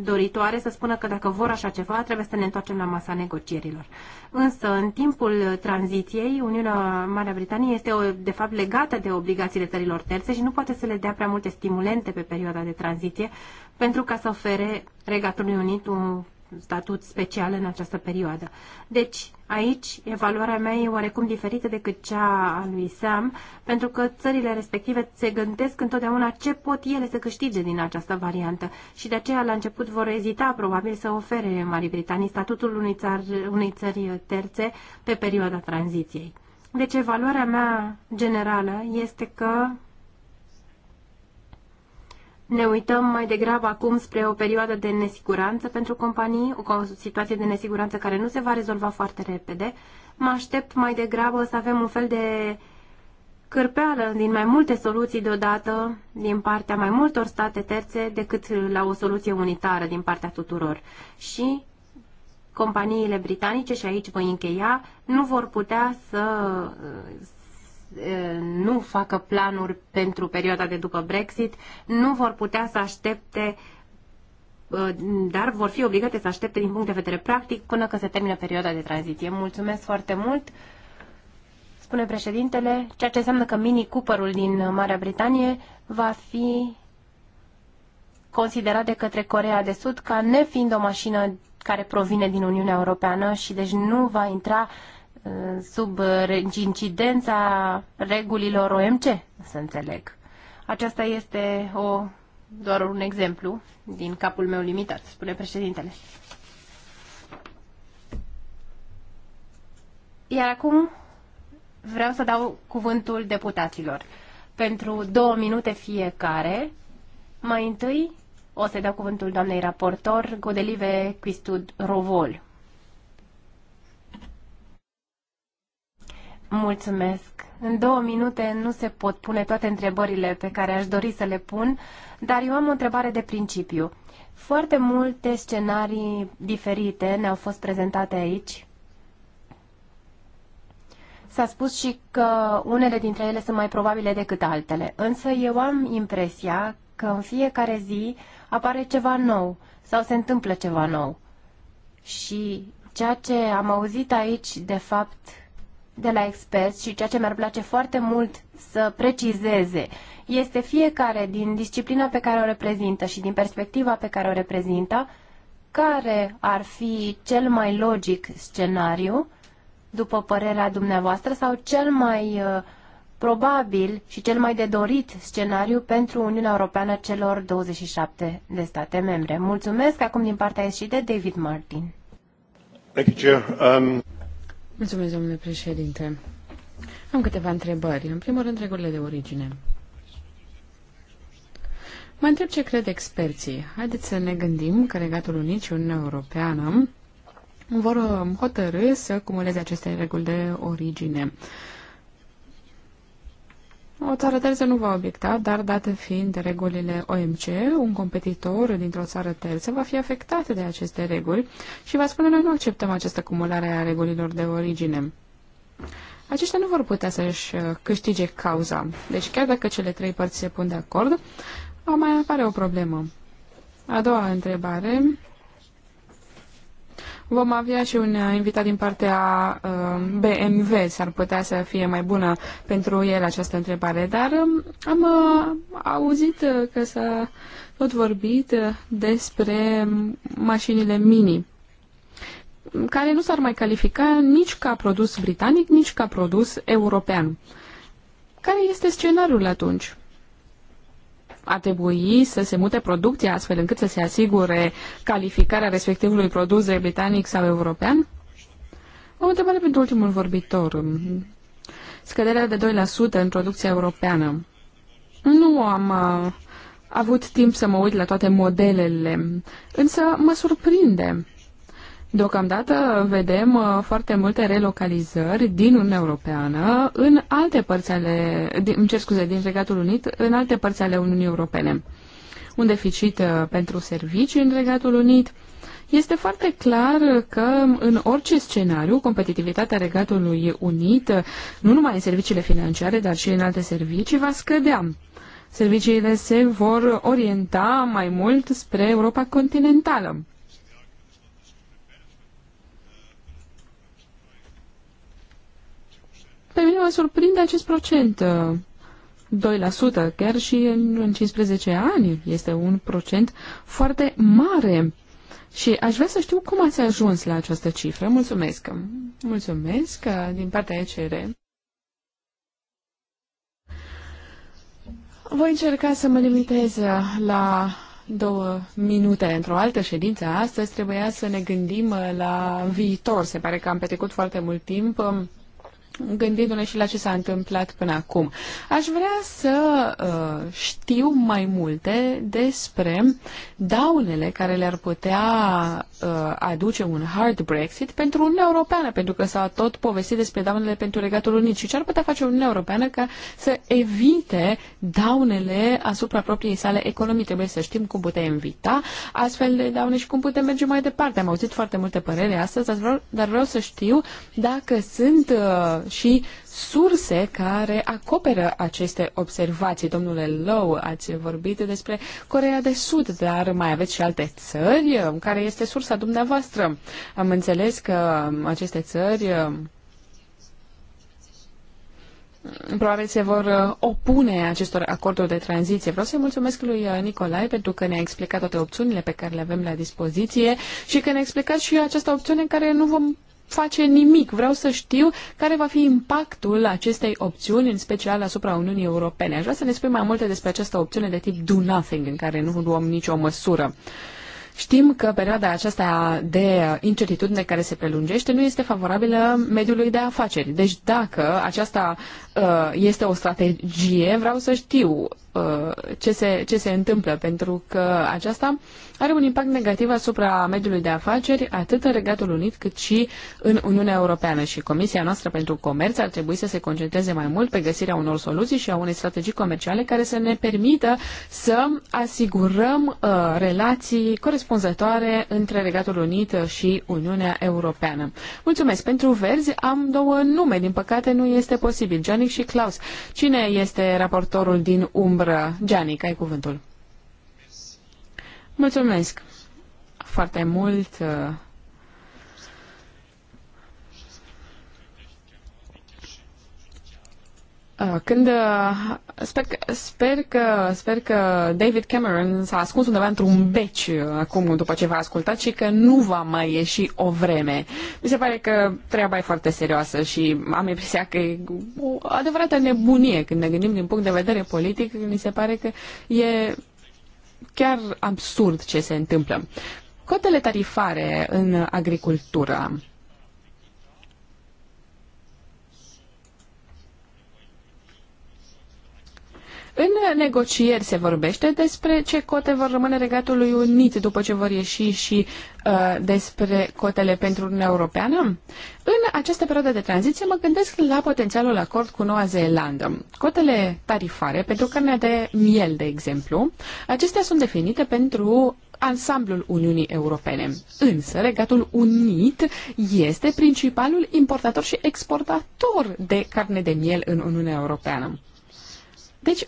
doritoare să spună că dacă vor așa ceva, trebuie să ne întoarcem la masa negocierilor. Însă, în timpul tranziției, Uniunea Marea Britanie este de fapt legată de obligațiile țărilor terțe și nu poate să le dea prea multe stimulente pe perioada de tranziție pentru ca să ofere Regatului Unit un statut special în această perioadă. Deci, aici, evaluarea mea e oarecum diferită decât cea a lui Sam, pentru că țările respective se gândesc întotdeauna ce pot ele să câștige din această variantă și de aceea la început vor ezita probabil să ofere Marii Britanii statutul unei, țar, unei țări terțe pe perioada tranziției. Deci, evaluarea mea generală este că ne uităm mai degrabă acum spre o perioadă de nesiguranță pentru companii, o situație de nesiguranță care nu se va rezolva foarte repede. Mă aștept mai degrabă să avem un fel de cârpeală din mai multe soluții deodată din partea mai multor state terțe decât la o soluție unitară din partea tuturor. Și companiile britanice, și aici voi încheia, nu vor putea să nu facă planuri pentru perioada de după Brexit, nu vor putea să aștepte uh, dar vor fi obligate să aștepte din punct de vedere practic până când se termină perioada de tranziție. Mulțumesc foarte mult, spune președintele, ceea ce înseamnă că Mini Cooperul din Marea Britanie va fi considerat de către Corea de Sud ca nefiind o mașină care provine din Uniunea Europeană și deci nu va intra sub incidența regulilor OMC, să înțeleg. Aceasta este o, doar un exemplu din capul meu limitat, spune președintele. Iar acum vreau să dau cuvântul deputaților. Pentru două minute fiecare, mai întâi o să dau cuvântul doamnei raportor Godelive Quistud Rovol. Mulțumesc. În două minute nu se pot pune toate întrebările pe care aș dori să le pun, dar eu am o întrebare de principiu. Foarte multe scenarii diferite ne-au fost prezentate aici. S-a spus și că unele dintre ele sunt mai probabile decât altele, însă eu am impresia că în fiecare zi apare ceva nou sau se întâmplă ceva nou. Și ceea ce am auzit aici, de fapt, de la experți și ceea ce mi-ar place foarte mult să precizeze este fiecare din disciplina pe care o reprezintă și din perspectiva pe care o reprezintă, care ar fi cel mai logic scenariu, după părerea dumneavoastră, sau cel mai uh, probabil și cel mai de dorit scenariu pentru Uniunea Europeană celor 27 de state membre. Mulțumesc acum din partea de David Martin. Thank you, Chair. Um... Mulțumesc, domnule președinte. Am câteva întrebări. În primul rând, regulile de origine. Mă întreb ce cred experții. Haideți să ne gândim că Regatul unic și Uniunea Europeană vor hotărâ să cumuleze aceste reguli de origine. O țară terță nu va obiecta, dar date fiind regulile OMC, un competitor dintr-o țară terță va fi afectat de aceste reguli și va spune noi nu acceptăm această acumulare a regulilor de origine. Aceștia nu vor putea să-și uh, câștige cauza. Deci chiar dacă cele trei părți se pun de acord, mai apare o problemă. A doua întrebare Vom avea și un uh, invitat din partea uh, BMW, s-ar putea să fie mai bună pentru el această întrebare, dar um, am uh, auzit că s-a tot vorbit despre um, mașinile mini care nu s-ar mai califica nici ca produs britanic, nici ca produs european. Care este scenariul atunci? ar trebui să se mute producția astfel încât să se asigure calificarea respectivului produs de britanic sau european? O întrebare pentru ultimul vorbitor. Scăderea de 2% în producția europeană. Nu am uh, avut timp să mă uit la toate modelele, însă mă surprinde. Deocamdată vedem uh, foarte multe relocalizări din Uniunea Europeană în alte părți ale, îmi cer scuze, din Regatul Unit, în alte părți ale Uniunii Europene. Un deficit uh, pentru servicii în Regatul Unit. Este foarte clar că în orice scenariu, competitivitatea Regatului Unit, uh, nu numai în serviciile financiare, dar și în alte servicii, va scădea. Serviciile se vor orienta mai mult spre Europa continentală Pe mine mă surprinde acest procent. 2% chiar și în, 15 ani este un procent foarte mare. Și aș vrea să știu cum ați ajuns la această cifră. Mulțumesc! Mulțumesc uh, din partea ECR. Voi încerca să mă limitez uh, la două minute. Într-o altă ședință astăzi trebuia să ne gândim uh, la viitor. Se pare că am petrecut foarte mult timp um, gândindu-ne și la ce s-a întâmplat până acum. Aș vrea să uh, știu mai multe despre daunele care le-ar putea uh, aduce un hard Brexit pentru Uniunea Europeană, pentru că s-a tot povestit despre daunele pentru Regatul Unit și ce ar putea face Uniunea Europeană ca să evite daunele asupra propriei sale economii. Trebuie să știm cum putem invita astfel de daune și cum putem merge mai departe. Am auzit foarte multe părere astăzi, dar vreau, dar vreau să știu dacă sunt uh, și surse care acoperă aceste observații. Domnule Low, ați vorbit despre Corea de Sud, dar mai aveți și alte țări care este sursa dumneavoastră. Am înțeles că aceste țări um, probabil se vor uh, opune acestor acorduri de tranziție. Vreau să-i mulțumesc lui uh, Nicolae pentru că ne-a explicat toate opțiunile pe care le avem la dispoziție și că ne-a explicat și această opțiune în care nu vom face nimic. Vreau să știu care va fi impactul acestei opțiuni, în special asupra Uniunii Europene. Aș vrea să ne spui mai multe despre această opțiune de tip do nothing, în care nu luăm nicio măsură. Știm că perioada aceasta de incertitudine care se prelungește nu este favorabilă mediului de afaceri. Deci dacă aceasta uh, este o strategie, vreau să știu Uh, ce se, ce se întâmplă, pentru că aceasta are un impact negativ asupra mediului de afaceri, atât în Regatul Unit, cât și în Uniunea Europeană. Și Comisia noastră pentru Comerț ar trebui să se concentreze mai mult pe găsirea unor soluții și a unei strategii comerciale care să ne permită să asigurăm uh, relații corespunzătoare între Regatul Unit și Uniunea Europeană. Mulțumesc pentru verzi. Am două nume, din păcate nu este posibil, Giannic și Klaus. Cine este raportorul din umbră? umbră. Gianni, ai cuvântul. Mulțumesc foarte mult uh, Ah, când ah, sper că, sper că, sper că David Cameron s-a ascuns undeva într-un beci ah, acum după ce v-a ascultat și că nu va mai ieși o vreme. Mi se pare că treaba e foarte serioasă și am impresia că e o adevărată nebunie când ne gândim din punct de vedere politic, mi se pare că e chiar absurd ce se întâmplă. Cotele tarifare în agricultură În negocieri se vorbește despre ce cote vor rămâne Regatului Unit după ce vor ieși și uh, despre cotele pentru Uniunea Europeană. În această perioadă de tranziție mă gândesc la potențialul acord cu Noua Zeelandă. Cotele tarifare pentru carnea de miel, de exemplu, acestea sunt definite pentru ansamblul Uniunii Europene. Însă, Regatul Unit este principalul importator și exportator de carne de miel în Uniunea Europeană. Deci,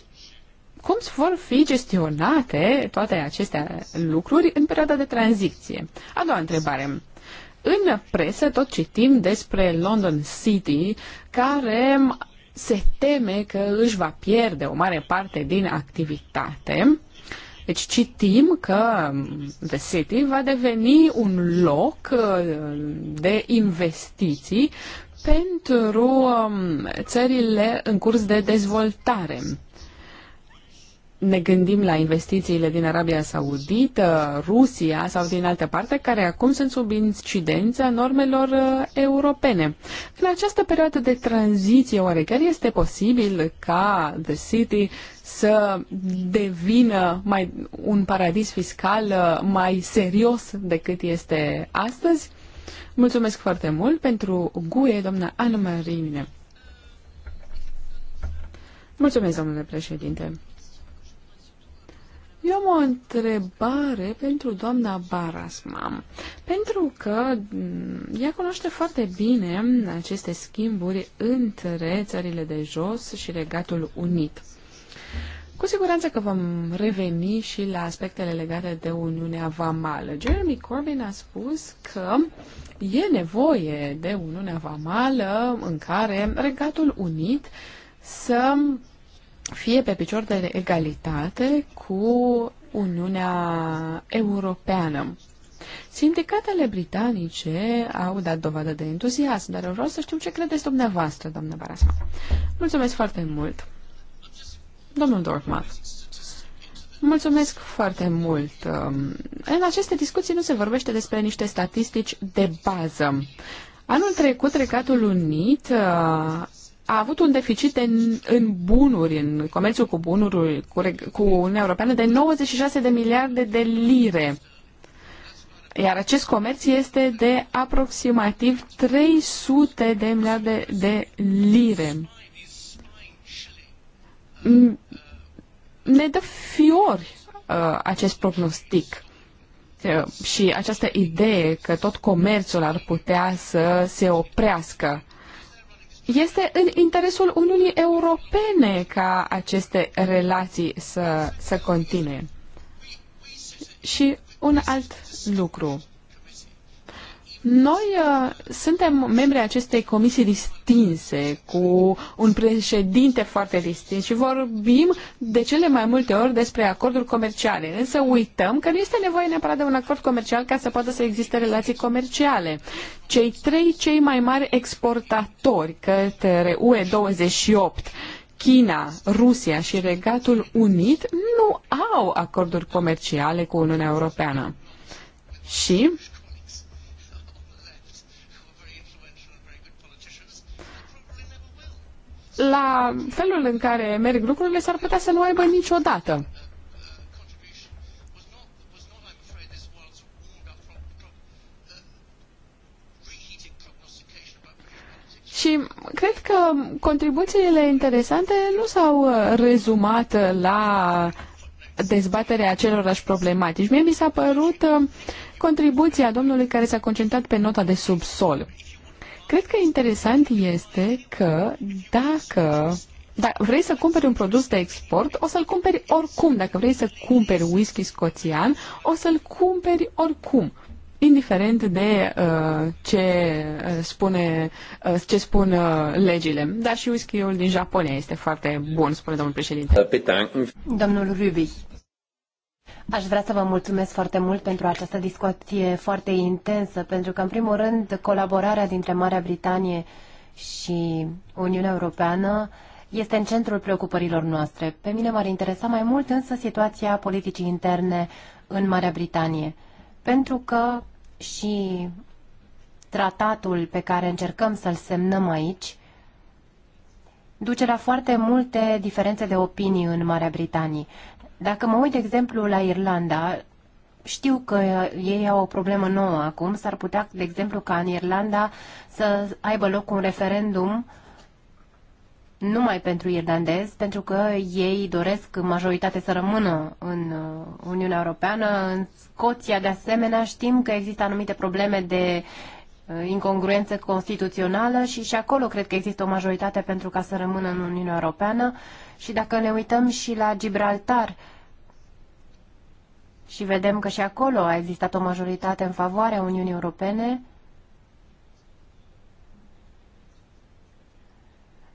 cum vor fi gestionate toate aceste lucruri în perioada de tranziție? A doua întrebare. În presă tot citim despre London City, care se teme că își va pierde o mare parte din activitate. Deci citim că The City va deveni un loc uh, de investiții pentru um, țările în curs de dezvoltare ne gândim la investițiile din Arabia Saudită, Rusia sau din altă parte, care acum sunt sub incidența normelor uh, europene. În această perioadă de tranziție, oare chiar este posibil ca The City să devină mai un paradis fiscal uh, mai serios decât este astăzi? Mulțumesc foarte mult pentru GUE, doamna Ana Marine. Mulțumesc, domnule președinte. Eu am o întrebare pentru doamna Barasmam, pentru că mm, ea cunoaște foarte bine aceste schimburi între țările de jos și Regatul Unit. Cu siguranță că vom reveni și la aspectele legate de Uniunea Vamală. Jeremy Corbyn a spus că e nevoie de Uniunea Vamală în care Regatul Unit să fie pe picior de egalitate cu Uniunea Europeană. Sindicatele britanice au dat dovadă de entuziasm, dar eu vreau să știu ce credeți dumneavoastră, doamnă Barasma. Mulțumesc foarte mult. Domnul Dorfman. Mulțumesc foarte mult. Um, în aceste discuții nu se vorbește despre niște statistici de bază. Anul trecut, Regatul Unit uh, a avut un deficit în, în bunuri, în comerțul cu bunuri cu, cu Uniunea Europeană de 96 de miliarde de lire. Iar acest comerț este de aproximativ 300 de miliarde de lire. Mm, ne dă fiori uh, acest prognostic uh, și această idee că tot comerțul ar putea să se oprească este în interesul Uniunii Europene ca aceste relații să, să continue. Și un alt lucru. Noi uh, suntem membri acestei comisii distinse, cu un președinte foarte distins și vorbim de cele mai multe ori despre acorduri comerciale, însă uităm că nu este nevoie neapărat de un acord comercial ca să poată să existe relații comerciale. Cei trei cei mai mari exportatori către UE28 China, Rusia și Regatul Unit nu au acorduri comerciale cu Uniunea Europeană. Și la felul în care merg lucrurile, s-ar putea să nu aibă niciodată. Și cred că contribuțiile interesante nu s-au uh, rezumat la dezbaterea acelorași problematici. Mie mi s-a părut uh, contribuția domnului care s-a concentrat pe nota de subsol. Cred că interesant este că dacă dacă vrei să cumperi un produs de export, o să-l cumperi oricum. Dacă vrei să cumperi whisky scoțian, o să-l cumperi oricum. Indiferent de uh, ce uh, spune uh, ce spun uh, legile. Dar și whisky-ul din Japonia este foarte bun, spune domnul președinte. Domnul Rubi, Aș vrea să vă mulțumesc foarte mult pentru această discuție foarte intensă, pentru că, în primul rând, colaborarea dintre Marea Britanie și Uniunea Europeană este în centrul preocupărilor noastre. Pe mine m-ar interesa mai mult însă situația politicii interne în Marea Britanie, pentru că și tratatul pe care încercăm să-l semnăm aici duce la foarte multe diferențe de opinii în Marea Britanie. Dacă mă uit, de exemplu, la Irlanda, știu că ei au o problemă nouă acum. S-ar putea, de exemplu, ca în Irlanda să aibă loc un referendum numai pentru irlandezi, pentru că ei doresc majoritate să rămână în Uniunea Europeană. În Scoția, de asemenea, știm că există anumite probleme de uh, incongruență constituțională și și acolo cred că există o majoritate pentru ca să rămână în Uniunea Europeană. Și dacă ne uităm și la Gibraltar și vedem că și acolo a existat o majoritate în favoarea Uniunii Europene,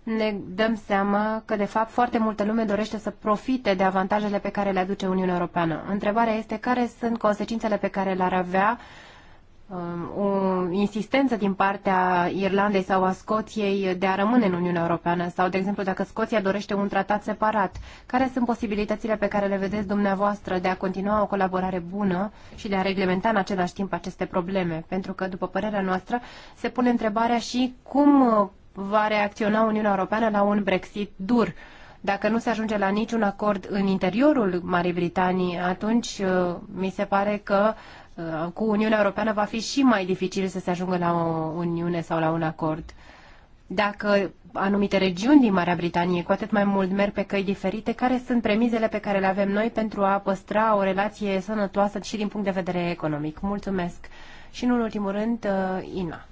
ne dăm seama că, de fapt, foarte multă lume dorește să profite de avantajele pe care le aduce Uniunea Europeană. Întrebarea este care sunt consecințele pe care le-ar avea uh, o insistență din partea Irlandei sau a Scoției de a rămâne în Uniunea Europeană sau, de exemplu, dacă Scoția dorește un tratat separat, care sunt posibilitățile pe care le vedeți dumneavoastră de a continua o colaborare bună și de a reglementa în același timp aceste probleme? Pentru că, după părerea noastră, se pune întrebarea și cum va reacționa Uniunea Europeană la un Brexit dur. Dacă nu se ajunge la niciun acord în interiorul Marii Britanii, atunci uh, mi se pare că Uh, cu Uniunea Europeană va fi și mai dificil să se ajungă la o uniune sau la un acord. Dacă anumite regiuni din Marea Britanie, cu atât mai mult, merg pe căi diferite, care sunt premizele pe care le avem noi pentru a păstra o relație sănătoasă și din punct de vedere economic? Mulțumesc! Și, în ultimul rând, uh, Ina.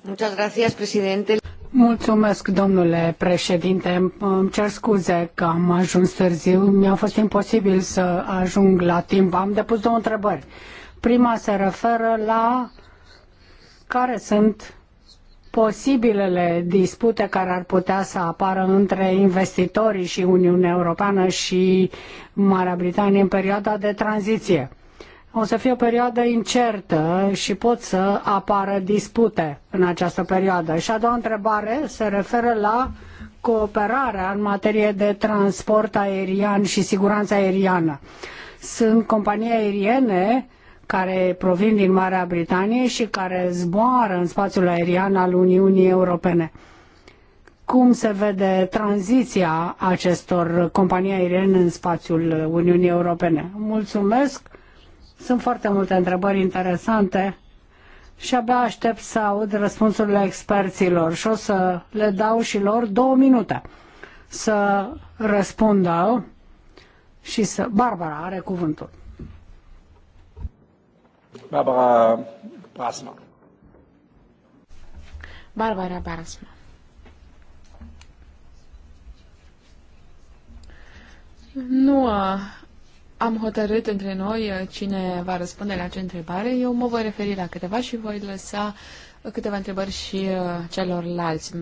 Muchas gracias, presidente. Mulțumesc, domnule președinte. Îmi cer scuze că am ajuns târziu. Mi-a fost imposibil să ajung la timp. Am depus două întrebări. Prima se referă la care sunt posibilele dispute care ar putea să apară între investitorii și Uniunea Europeană și Marea Britanie în perioada de tranziție. O să fie o perioadă incertă și pot să apară dispute în această perioadă. Și a doua întrebare se referă la cooperarea în materie de transport aerian și siguranță aeriană. Sunt companii aeriene care provin din Marea Britanie și care zboară în spațiul aerian al Uniunii Europene. Cum se vede tranziția acestor companii aeriene în spațiul Uniunii Europene? Mulțumesc! Sunt foarte multe întrebări interesante și abia aștept să aud răspunsurile experților și o să le dau și lor două minute să răspundă și să... Barbara are cuvântul. Barbara Brasma. Barbara Brasma. Nu am hotărât între noi uh, cine va răspunde la ce întrebare. Eu mă voi referi la câteva și voi lăsa uh, câteva întrebări și uh, celorlalți.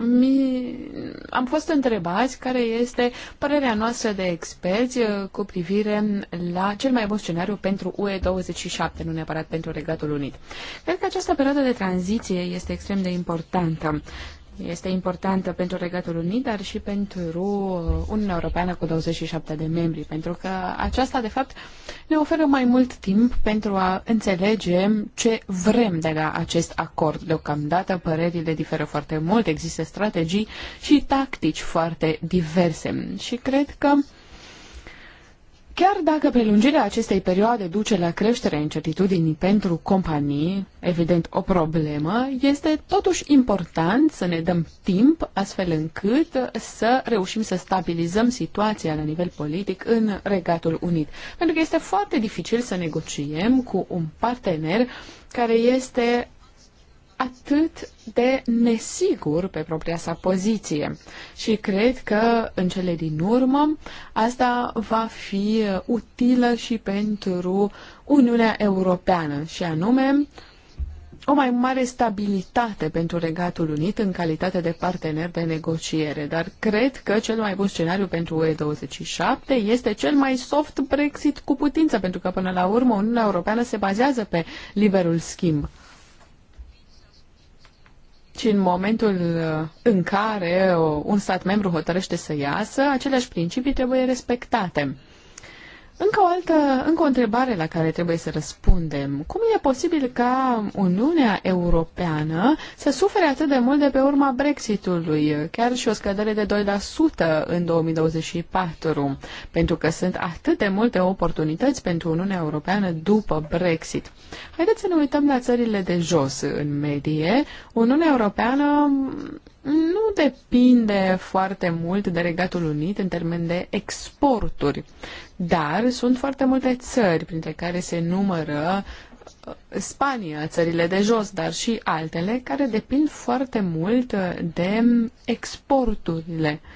Mi... Am fost întrebați care este părerea noastră de experți cu privire la cel mai bun scenariu pentru UE27, nu neapărat pentru Regatul Unit. Cred că această perioadă de tranziție este extrem de importantă este importantă pentru Regatul Unit, dar și pentru uh, Uniunea Europeană cu 27 de membri, pentru că aceasta, de fapt, ne oferă mai mult timp pentru a înțelege ce vrem de la acest acord. Deocamdată părerile diferă foarte mult, există strategii și tactici foarte diverse și cred că Chiar dacă prelungirea acestei perioade duce la creșterea incertitudinii pentru companii, evident o problemă, este totuși important să ne dăm timp astfel încât să reușim să stabilizăm situația la nivel politic în Regatul Unit. Pentru că este foarte dificil să negociem cu un partener care este atât de nesigur pe propria sa poziție și cred că în cele din urmă asta va fi utilă și pentru Uniunea Europeană și anume o mai mare stabilitate pentru Regatul Unit în calitate de partener de negociere, dar cred că cel mai bun scenariu pentru UE27 este cel mai soft Brexit cu putință, pentru că până la urmă Uniunea Europeană se bazează pe liberul schimb ci în momentul uh, în care uh, un stat membru hotărăște să iasă, aceleași principii trebuie respectate. Încă o altă, încă o întrebare la care trebuie să răspundem. Cum e posibil ca Uniunea Europeană să sufere atât de mult de pe urma Brexitului, chiar și o scădere de 2% în 2024, pentru că sunt atât de multe oportunități pentru Uniunea Europeană după Brexit. Haideți să ne uităm la țările de jos în medie. Uniunea Europeană nu depinde foarte mult de Regatul Unit în termen de exporturi, dar sunt foarte multe țări, printre care se numără uh, Spania, țările de jos, dar și altele, care depind foarte mult uh, de exporturile uh,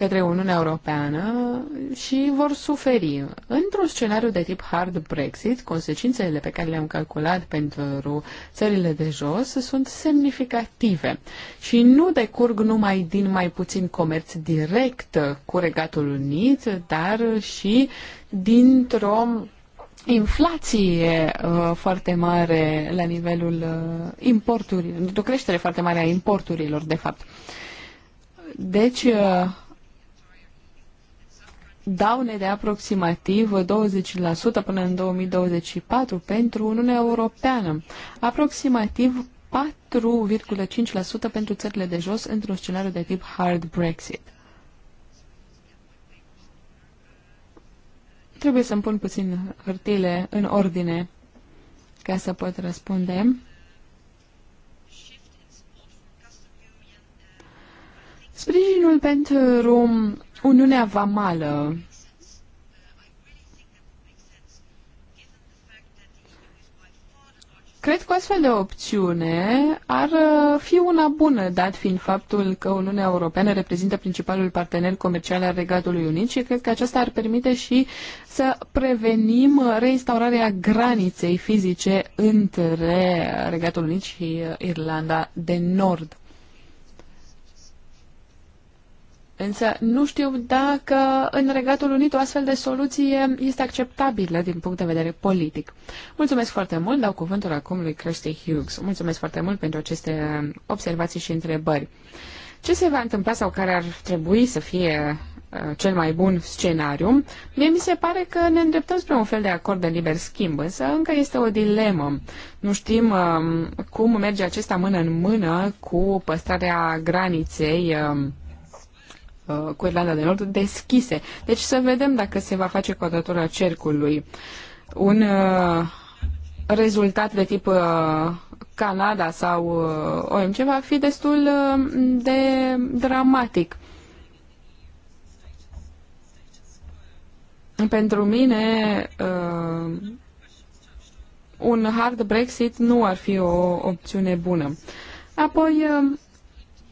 către Uniunea Europeană și vor suferi. Într-un scenariu de tip hard Brexit, consecințele pe care le-am calculat pentru țările de jos sunt semnificative și nu decurg numai din mai puțin comerț direct cu Regatul Unit, dar și dintr-o inflație uh, foarte mare la nivelul uh, importurilor, o creștere foarte mare a importurilor, de fapt. Deci, uh, daune de aproximativ 20% până în 2024 pentru Uniunea Europeană, aproximativ 4,5% pentru țările de jos într-un scenariu de tip hard Brexit. Trebuie să-mi pun puțin hârtile în ordine ca să pot răspunde. Sprijinul pentru Uniunea Vamală. Cred că o astfel de opțiune ar uh, fi una bună, dat fiind faptul că Uniunea Europeană reprezintă principalul partener comercial al Regatului Unit și cred că aceasta ar permite și să prevenim reinstaurarea graniței fizice între Regatul Unit și uh, Irlanda de Nord. Însă nu știu dacă în Regatul Unit o astfel de soluție este acceptabilă din punct de vedere politic. Mulțumesc foarte mult, dau cuvântul acum lui Kirsty Hughes. Mulțumesc foarte mult pentru aceste um, observații și întrebări. Ce se va întâmpla sau care ar trebui să fie uh, cel mai bun scenariu, mie mi se pare că ne îndreptăm spre un fel de acord de liber schimb, însă încă este o dilemă. Nu știm um, cum merge acesta mână în mână cu păstrarea graniței um, Uh, cu Irlanda de Nord deschise. Deci să vedem dacă se va face quadratura cercului. Un uh, rezultat de tip uh, Canada sau OMC va fi destul de dramatic. Pentru mine, un hard Brexit nu ar fi o opțiune bună. Apoi,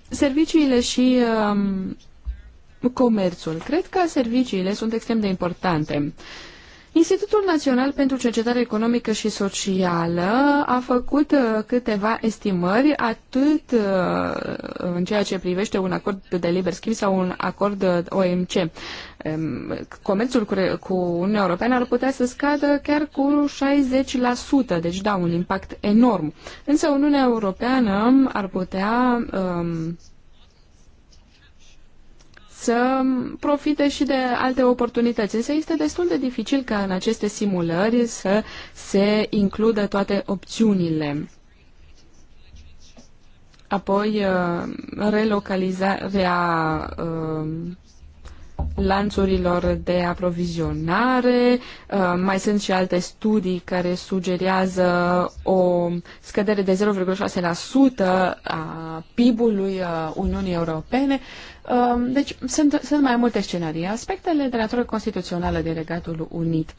serviciile și comerțul. Cred că serviciile sunt extrem de importante. Institutul Național pentru Cercetare Economică și Socială a făcut uh, câteva estimări atât uh, în ceea ce privește un acord de liber schimb sau un acord uh, OMC. Um, comerțul cu Uniunea Europeană ar putea să scadă chiar cu 60%, deci da, un impact enorm. Însă Uniunea Europeană ar putea um, să profite și de alte oportunități. Însă este destul de dificil ca în aceste simulări să se includă toate opțiunile. Apoi, uh, relocalizarea uh, lanțurilor de aprovizionare. Uh, mai sunt și alte studii care sugerează o scădere de 0,6% a PIB-ului Uniunii Europene. Um, deci sunt, sunt mai multe scenarii. Aspectele de natură constituțională de Regatul Unit.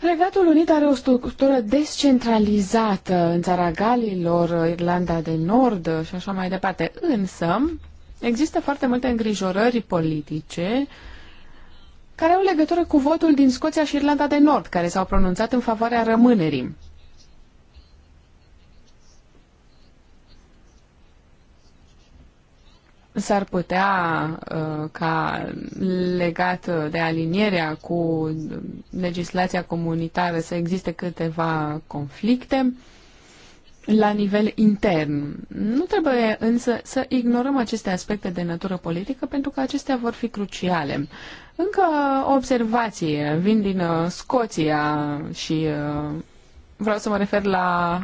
Regatul Unit are o structură descentralizată în țara Galilor, Irlanda de Nord și așa mai departe. Însă, există foarte multe îngrijorări politice care au legătură cu votul din Scoția și Irlanda de Nord, care s-au pronunțat în favoarea rămânerii. s-ar putea uh, ca legat de alinierea cu legislația comunitară să existe câteva conflicte la nivel intern. Nu trebuie însă să ignorăm aceste aspecte de natură politică pentru că acestea vor fi cruciale. Încă o observație vin din uh, Scoția și uh, vreau să mă refer la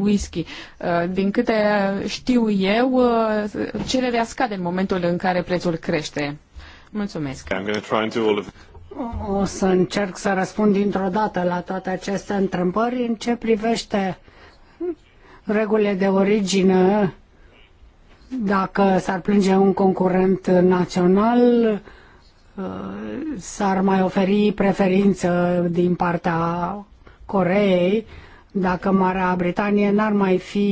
whisky. Uh, din câte știu eu, uh, cererea scade în momentul în care prețul crește. Mulțumesc. O să încerc să răspund dintr-o dată la toate aceste întrebări în ce privește regulile de origine. Dacă s-ar plânge un concurent național, uh, s-ar mai oferi preferință din partea Coreei, dacă Marea Britanie n-ar mai fi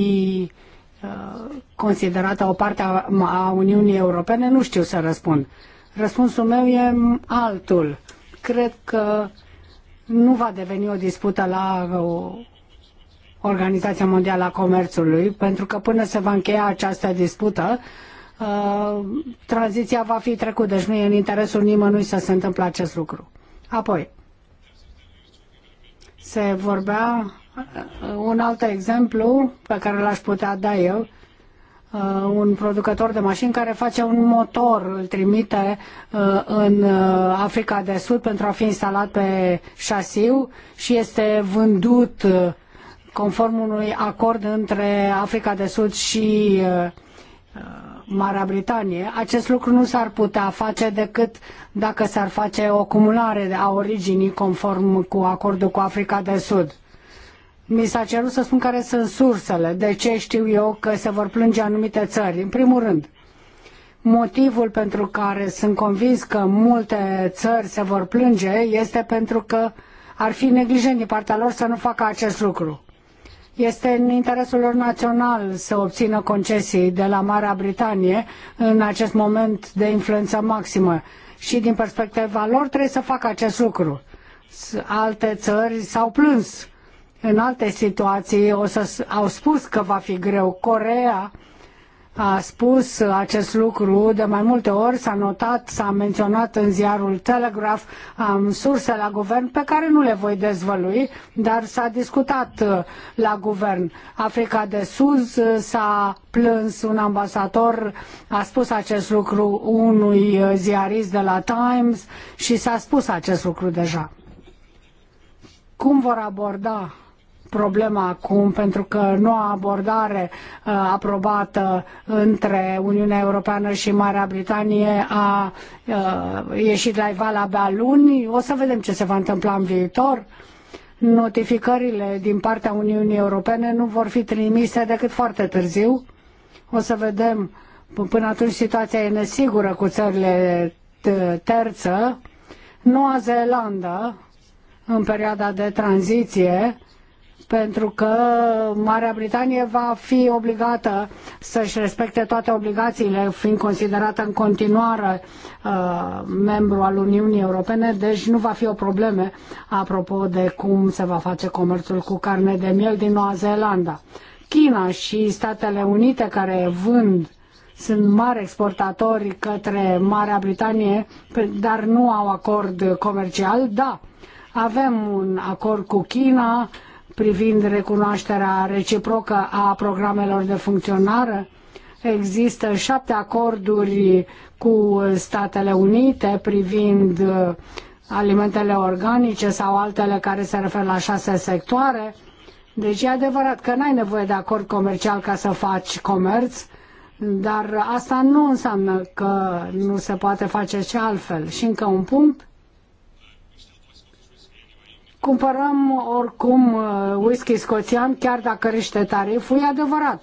uh, considerată o parte a Uniunii Europene, nu știu să răspund. Răspunsul meu e altul. Cred că nu va deveni o dispută la Organizația Mondială a Comerțului, pentru că până se va încheia această dispută, uh, tranziția va fi trecută, deci nu e în interesul nimănui să se întâmple acest lucru. Apoi, se vorbea, uh, un alt exemplu pe care l-aș putea da eu, uh, un producător de mașini care face un motor, îl trimite uh, în Africa de Sud pentru a fi instalat pe șasiu și este vândut conform unui acord între Africa de Sud și Marea Britanie. Acest lucru nu s-ar putea face decât dacă s-ar face o cumulare a originii conform cu acordul cu Africa de Sud. Mi s-a cerut să spun care sunt sursele, de ce știu eu că se vor plânge anumite țări. În primul rând, motivul pentru care sunt convins că multe țări se vor plânge este pentru că ar fi neglijent din partea lor să nu facă acest lucru. Este în interesul lor național să obțină concesii de la Marea Britanie în acest moment de influență maximă. Și din perspectiva lor trebuie să facă acest lucru. Alte țări s-au plâns. În alte situații o să, au spus că va fi greu. Corea a spus acest lucru de mai multe ori, s-a notat, s-a menționat în ziarul Telegraph um, surse la guvern pe care nu le voi dezvălui, dar s-a discutat uh, la guvern. Africa de Sud uh, s-a plâns, un ambasador a spus acest lucru unui uh, ziarist de la Times și s-a spus acest lucru deja. Cum vor aborda problema acum, pentru că noua abordare uh, aprobată între Uniunea Europeană și Marea Britanie a uh, ieșit la ivala abia luni. O să vedem ce se va întâmpla în viitor. Notificările din partea Uniunii Europene nu vor fi trimise decât foarte târziu. O să vedem. Până atunci situația e nesigură cu țările terță. Noua Zeelandă, în perioada de tranziție, pentru că Marea Britanie va fi obligată să-și respecte toate obligațiile, fiind considerată în continuare uh, membru al Uniunii Europene, deci nu va fi o problemă apropo de cum se va face comerțul cu carne de miel din Noua Zeelandă. China și Statele Unite care vând sunt mari exportatori către Marea Britanie, dar nu au acord comercial, da, avem un acord cu China, privind recunoașterea reciprocă a programelor de funcționare. Există șapte acorduri cu Statele Unite privind uh, alimentele organice sau altele care se referă la șase sectoare. Deci e adevărat că n-ai nevoie de acord comercial ca să faci comerț, dar asta nu înseamnă că nu se poate face ce altfel. Și încă un punct, Cumpărăm oricum uh, whisky scoțian, chiar dacă crește tariful, e adevărat.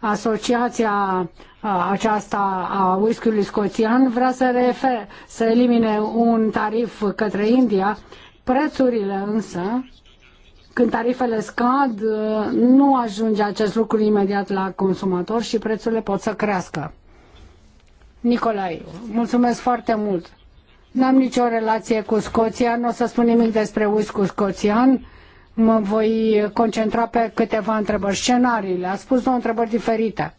Asociația uh, aceasta a whisky-ului scoțian vrea să, refer, să elimine un tarif către India. Prețurile însă, când tarifele scad, uh, nu ajunge acest lucru imediat la consumator și prețurile pot să crească. Nicolai, mulțumesc foarte mult! N-am nicio relație cu Scoția, nu o să spun nimic despre cu scoțian. Mă voi concentra pe câteva întrebări. Scenariile. A spus două întrebări diferite.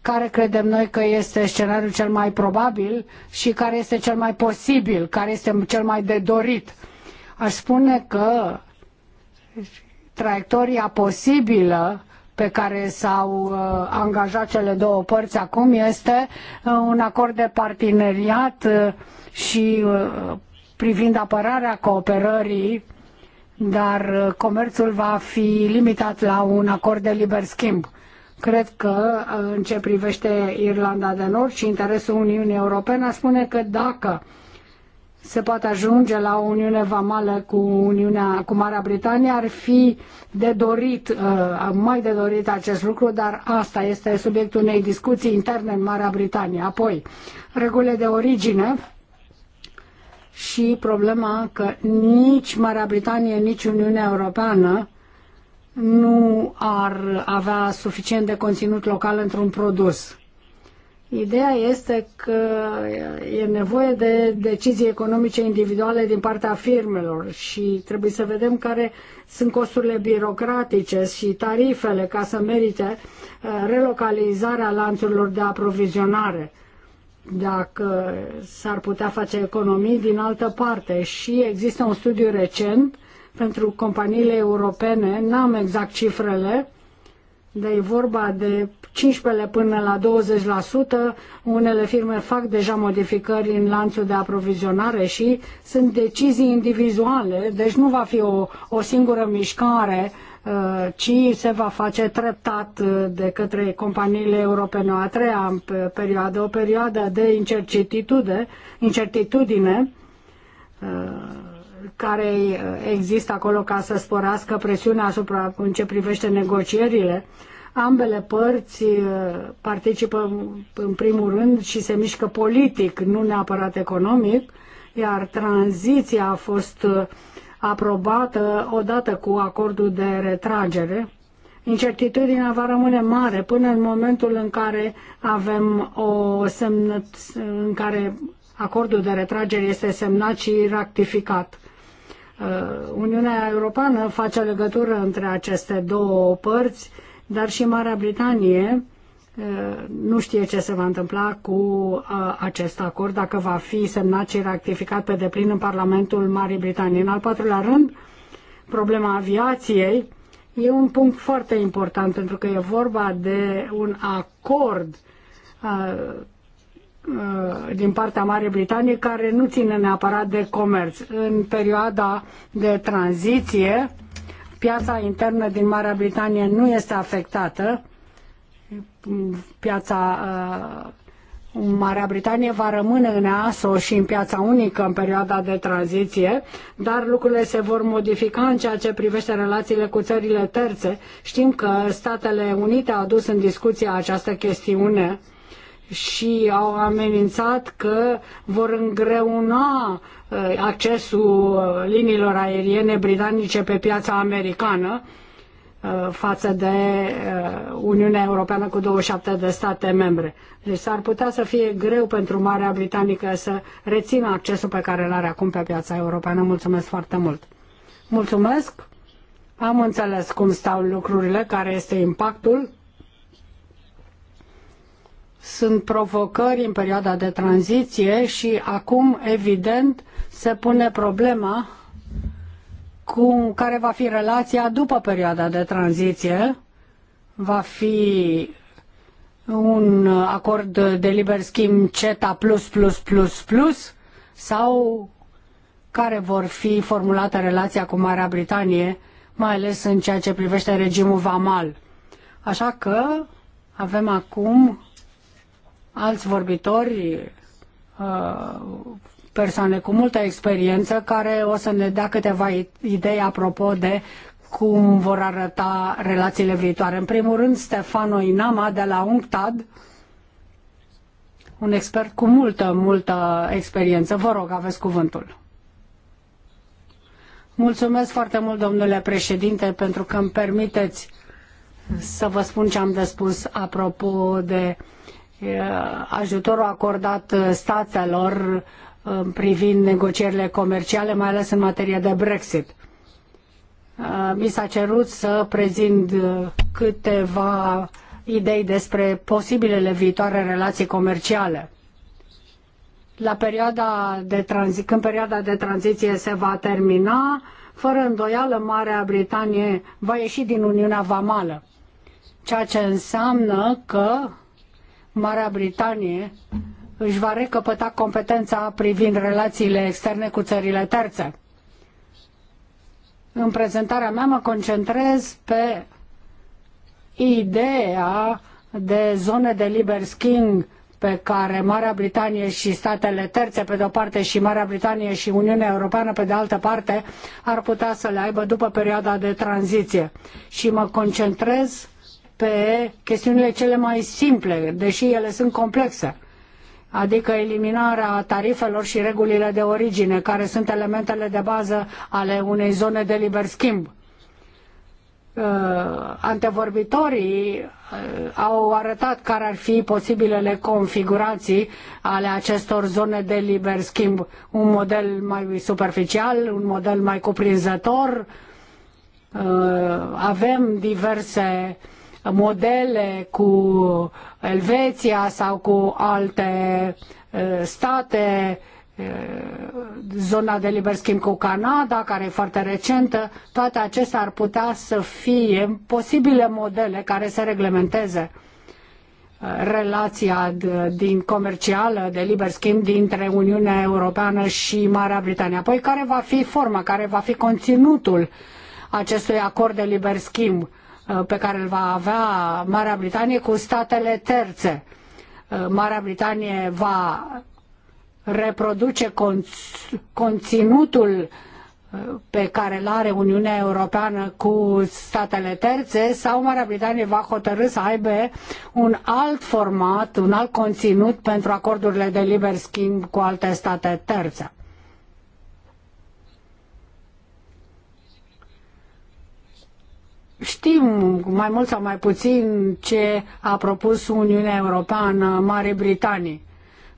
Care credem noi că este scenariul cel mai probabil și care este cel mai posibil, care este cel mai de dorit? Aș spune că traiectoria posibilă pe care s-au uh, angajat cele două părți acum este uh, un acord de parteneriat uh, și privind apărarea cooperării, dar comerțul va fi limitat la un acord de liber schimb. Cred că în ce privește Irlanda de Nord și interesul Uniunii Europene, spune că dacă uh, se poate ajunge la o uniune vamală cu, Uniunea, cu Marea Britanie, ar fi de dorit, uh, mai de dorit acest lucru, dar asta este subiectul unei discuții interne în Marea Britanie. Apoi, regulile de origine și problema că nici Marea Britanie, nici Uniunea Europeană nu ar avea suficient de conținut local într-un produs Ideea este că e nevoie de decizii economice individuale din partea firmelor și trebuie să vedem care sunt costurile birocratice și tarifele ca să merite uh, relocalizarea lanțurilor de aprovizionare dacă s-ar putea face economii din altă parte. Și există un studiu recent pentru companiile europene, n-am exact cifrele, de e vorba de 15 până la 20%, unele firme fac deja modificări în lanțul de aprovizionare și sunt decizii individuale, deci nu va fi o, o singură mișcare, uh, ci se va face treptat uh, de către companiile europene. A treia uh, perioadă, o perioadă de incertitudine, incertitudine care există acolo ca să sporească presiunea asupra în ce privește negocierile. Ambele părți uh, participă în primul rând și se mișcă politic, nu neapărat economic, iar tranziția a fost uh, aprobată odată cu acordul de retragere. Incertitudinea va rămâne mare până în momentul în care avem o semnă, în care acordul de retragere este semnat și ratificat. Uh, Uniunea Europeană face legătură între aceste două părți, dar și Marea Britanie uh, nu știe ce se va întâmpla cu uh, acest acord, dacă va fi semnat și rectificat pe deplin în Parlamentul Marii Britanii. În al patrulea rând, problema aviației e un punct foarte important pentru că e vorba de un acord Uh, din partea Marii Britanii care nu ține neapărat de comerț. În perioada de tranziție, piața internă din Marea Britanie nu este afectată. Piața uh, Marea Britanie va rămâne în EASO și în piața unică în perioada de tranziție, dar lucrurile se vor modifica în ceea ce privește relațiile cu țările terțe. Știm că Statele Unite au adus în discuție această chestiune uh, și au amenințat că vor îngreuna uh, accesul uh, liniilor aeriene britanice pe piața americană uh, față de Uniunea Europeană cu 27 de state membre. Deci s-ar putea să fie greu pentru Marea Britanică să rețină accesul pe care îl are acum pe piața europeană. Mulțumesc foarte mult! Mulțumesc! Am înțeles cum stau lucrurile, care este impactul sunt provocări în perioada de tranziție și acum, evident, se pune problema cu care va fi relația după perioada de tranziție. Va fi un acord de liber schimb CETA sau care vor fi formulată relația cu Marea Britanie, mai ales în ceea ce privește regimul vamal. Așa că avem acum alți vorbitori, uh, persoane cu multă experiență, care o să ne dea câteva idei apropo de cum vor arăta relațiile viitoare. În primul rând, Stefano Inama de la UNCTAD, un expert cu multă, multă experiență. Vă rog, aveți cuvântul. Mulțumesc foarte mult, domnule președinte, pentru că îmi permiteți să vă spun ce am de spus apropo de ajutorul acordat uh, statelor uh, privind negocierile comerciale, mai ales în materie de Brexit. Uh, mi s-a cerut să prezint câteva idei despre posibilele viitoare relații comerciale. La perioada de tranzi- când perioada de tranziție se va termina, fără îndoială Marea Britanie va ieși din Uniunea Vamală, ceea ce înseamnă că Marea Britanie își va recăpăta competența privind relațiile externe cu țările terțe. În prezentarea mea mă concentrez pe ideea de zone de liber schimb pe care Marea Britanie și statele terțe pe de-o parte și Marea Britanie și Uniunea Europeană pe de altă parte ar putea să le aibă după perioada de tranziție. Și mă concentrez pe chestiunile cele mai simple, deși ele sunt complexe, adică eliminarea tarifelor și regulile de origine, care sunt elementele de bază ale unei zone de liber schimb. Uh, antevorbitorii uh, au arătat care ar fi posibilele configurații ale acestor zone de liber schimb, un model mai superficial, un model mai cuprinzător. Uh, avem diverse uh, modele cu Elveția sau cu alte state, zona de liber schimb cu Canada, care e foarte recentă, toate acestea ar putea să fie posibile modele care să reglementeze relația din comercială de liber schimb dintre Uniunea Europeană și Marea Britanie. Apoi care va fi forma, care va fi conținutul acestui acord de liber schimb? Uh, pe care îl va avea Marea Britanie cu statele terțe. Uh, Marea Britanie va reproduce conținutul uh, pe care îl are Uniunea Europeană cu statele terțe sau Marea Britanie va hotărâ să aibă un alt format, un alt conținut pentru acordurile de liber schimb cu alte state terțe. Știm mai mult sau mai puțin ce a propus Uniunea Europeană Mare Britanie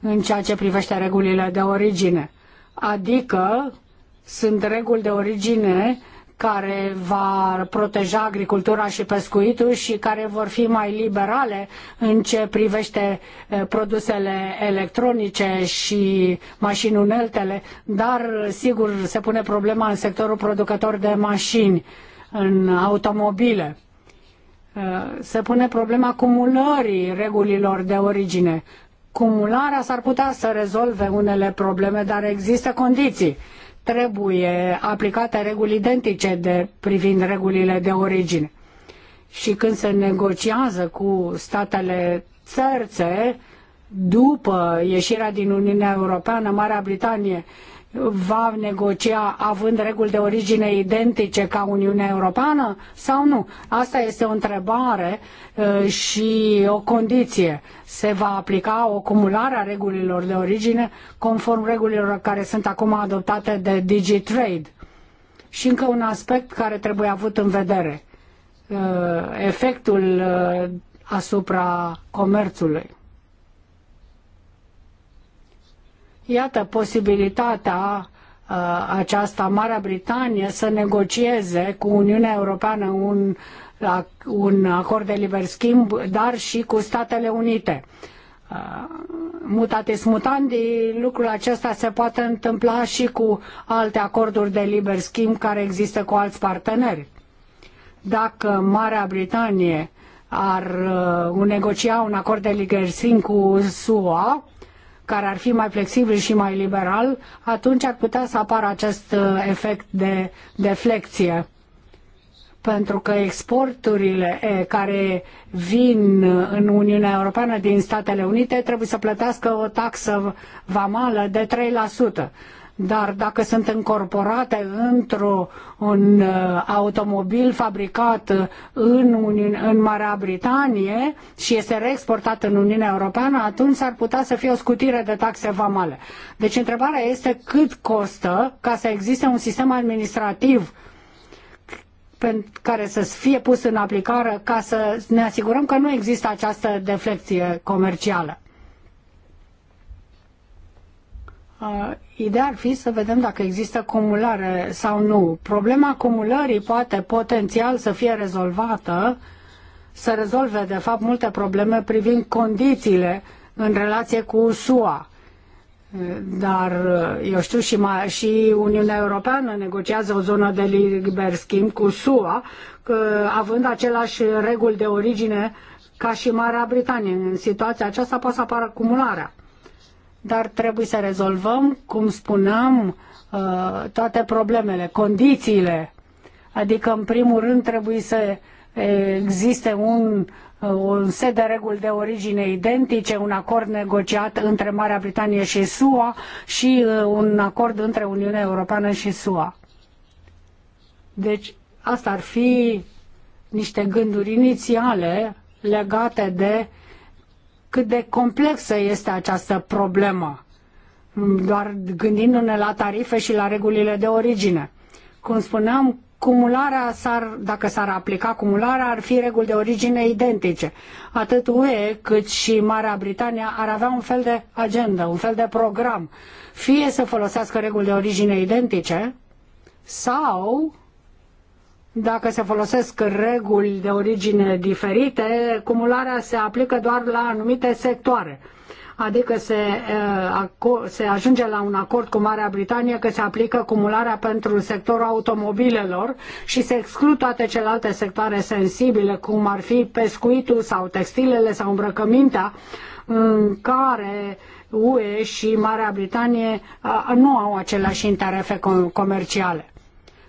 în ceea ce privește regulile de origine. Adică sunt reguli de origine care va proteja agricultura și pescuitul și care vor fi mai liberale în ce privește produsele electronice și mașini uneltele, dar sigur se pune problema în sectorul producător de mașini în automobile. Uh, se pune problema cumulării regulilor de origine. Cumularea s-ar putea să rezolve unele probleme, dar există condiții. Trebuie aplicate reguli identice de, privind regulile de origine. Și când se negociază cu statele țărțe, după ieșirea din Uniunea Europeană, Marea Britanie, uh, va negocia având reguli de origine identice ca Uniunea Europeană sau nu? Asta este o întrebare uh, și o condiție. Se va aplica o cumulare a regulilor de origine conform regulilor care sunt acum adoptate de DigiTrade. Și încă un aspect care trebuie avut în vedere. Uh, efectul uh, asupra comerțului. Iată posibilitatea uh, aceasta Marea Britanie să negocieze cu Uniunea Europeană un, un acord de liber schimb, dar și cu Statele Unite. Uh, mutatis mutandi, lucrul acesta se poate întâmpla și cu alte acorduri de liber schimb care există cu alți parteneri. Dacă Marea Britanie ar uh, negocia un acord de liber schimb cu SUA, care ar fi mai flexibil și mai liberal, atunci ar putea să apară acest uh, efect de deflecție. Pentru că exporturile care vin uh, în Uniunea Europeană din Statele Unite trebuie să plătească o taxă vamală de 3% dar dacă sunt încorporate într-un uh, automobil fabricat uh, în, Uni- în Marea Britanie și este reexportat în Uniunea Europeană, atunci ar putea să fie o scutire de taxe vamale. Deci întrebarea este cât costă ca să existe un sistem administrativ care să fie pus în aplicare ca să ne asigurăm că nu există această deflecție comercială. Uh, Ideea ar fi să vedem dacă există cumulare sau nu. Problema cumulării poate potențial să fie rezolvată, să rezolve de fapt multe probleme privind condițiile în relație cu SUA. Dar, eu știu, și, mai și Uniunea Europeană negociază o zonă de liber schimb cu SUA, având același reguli de origine ca și Marea Britanie. În situația aceasta poate să apară cumularea dar trebuie să rezolvăm, cum spuneam, uh, toate problemele, condițiile. Adică, în primul rând, trebuie să existe un, uh, un set de reguli de origine identice, un acord negociat între Marea Britanie și SUA și uh, un acord între Uniunea Europeană și SUA. Deci, asta ar fi niște gânduri inițiale legate de cât de complexă este această problemă, doar gândindu-ne la tarife și la regulile de origine. Cum spuneam, cumularea s-ar, dacă s-ar aplica cumularea, ar fi reguli de origine identice. Atât UE cât și Marea Britanie ar avea un fel de agenda, un fel de program. Fie să folosească reguli de origine identice sau dacă se folosesc reguli de origine diferite, cumularea se aplică doar la anumite sectoare adică se, eh, se ajunge la un acord cu Marea Britanie că se aplică cumularea pentru sectorul automobilelor și se exclud toate celelalte sectoare sensibile, cum ar fi pescuitul sau textilele sau îmbrăcămintea, în care UE și Marea Britanie eh, nu au aceleași interese comerciale.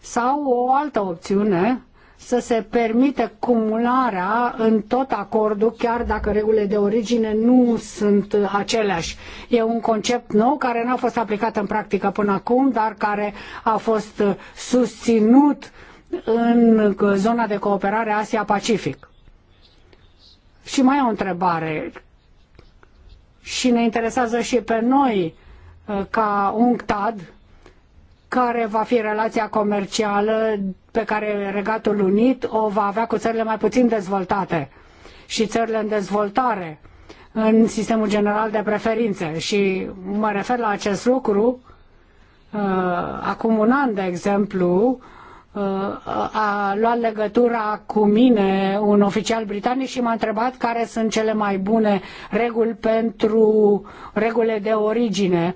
Sau o altă opțiune, să se permită cumularea în tot acordul, chiar dacă regulile de origine nu sunt aceleași. E un concept nou care n-a fost aplicat în practică până acum, dar care a fost susținut în zona de cooperare Asia-Pacific. Și mai e o întrebare și ne interesează și pe noi ca UNCTAD, care va fi relația comercială pe care Regatul Unit o va avea cu țările mai puțin dezvoltate și țările în dezvoltare în sistemul general de preferințe. Și mă refer la acest lucru. Uh, acum un an, de exemplu, a luat legătura cu mine un oficial britanic și m-a întrebat care sunt cele mai bune reguli pentru regulile de origine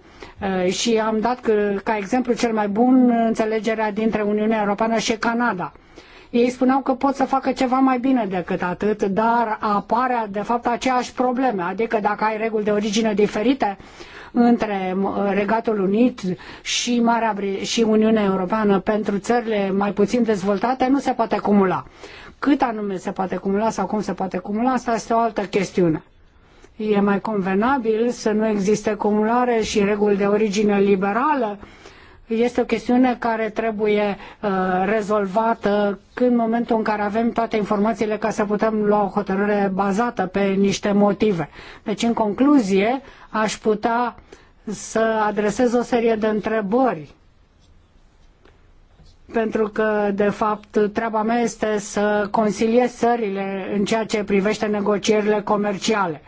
și am dat ca exemplu cel mai bun înțelegerea dintre Uniunea Europeană și Canada. Ei spuneau că pot să facă ceva mai bine decât atât, dar apare de fapt aceeași probleme, adică dacă ai reguli de origine diferite, între Regatul Unit și, Marea Bri- și Uniunea Europeană pentru țările mai puțin dezvoltate nu se poate cumula. Cât anume se poate cumula sau cum se poate cumula, asta este o altă chestiune. E mai convenabil să nu existe cumulare și reguli de origine liberală, uh, este o chestiune care trebuie uh, rezolvată în momentul în care avem toate informațiile ca să putem lua o hotărâre bazată pe niște motive. Deci, în concluzie, aș putea să adresez o serie de întrebări pentru că, de fapt, treaba mea este să consiliez țările în ceea ce privește negocierile comerciale.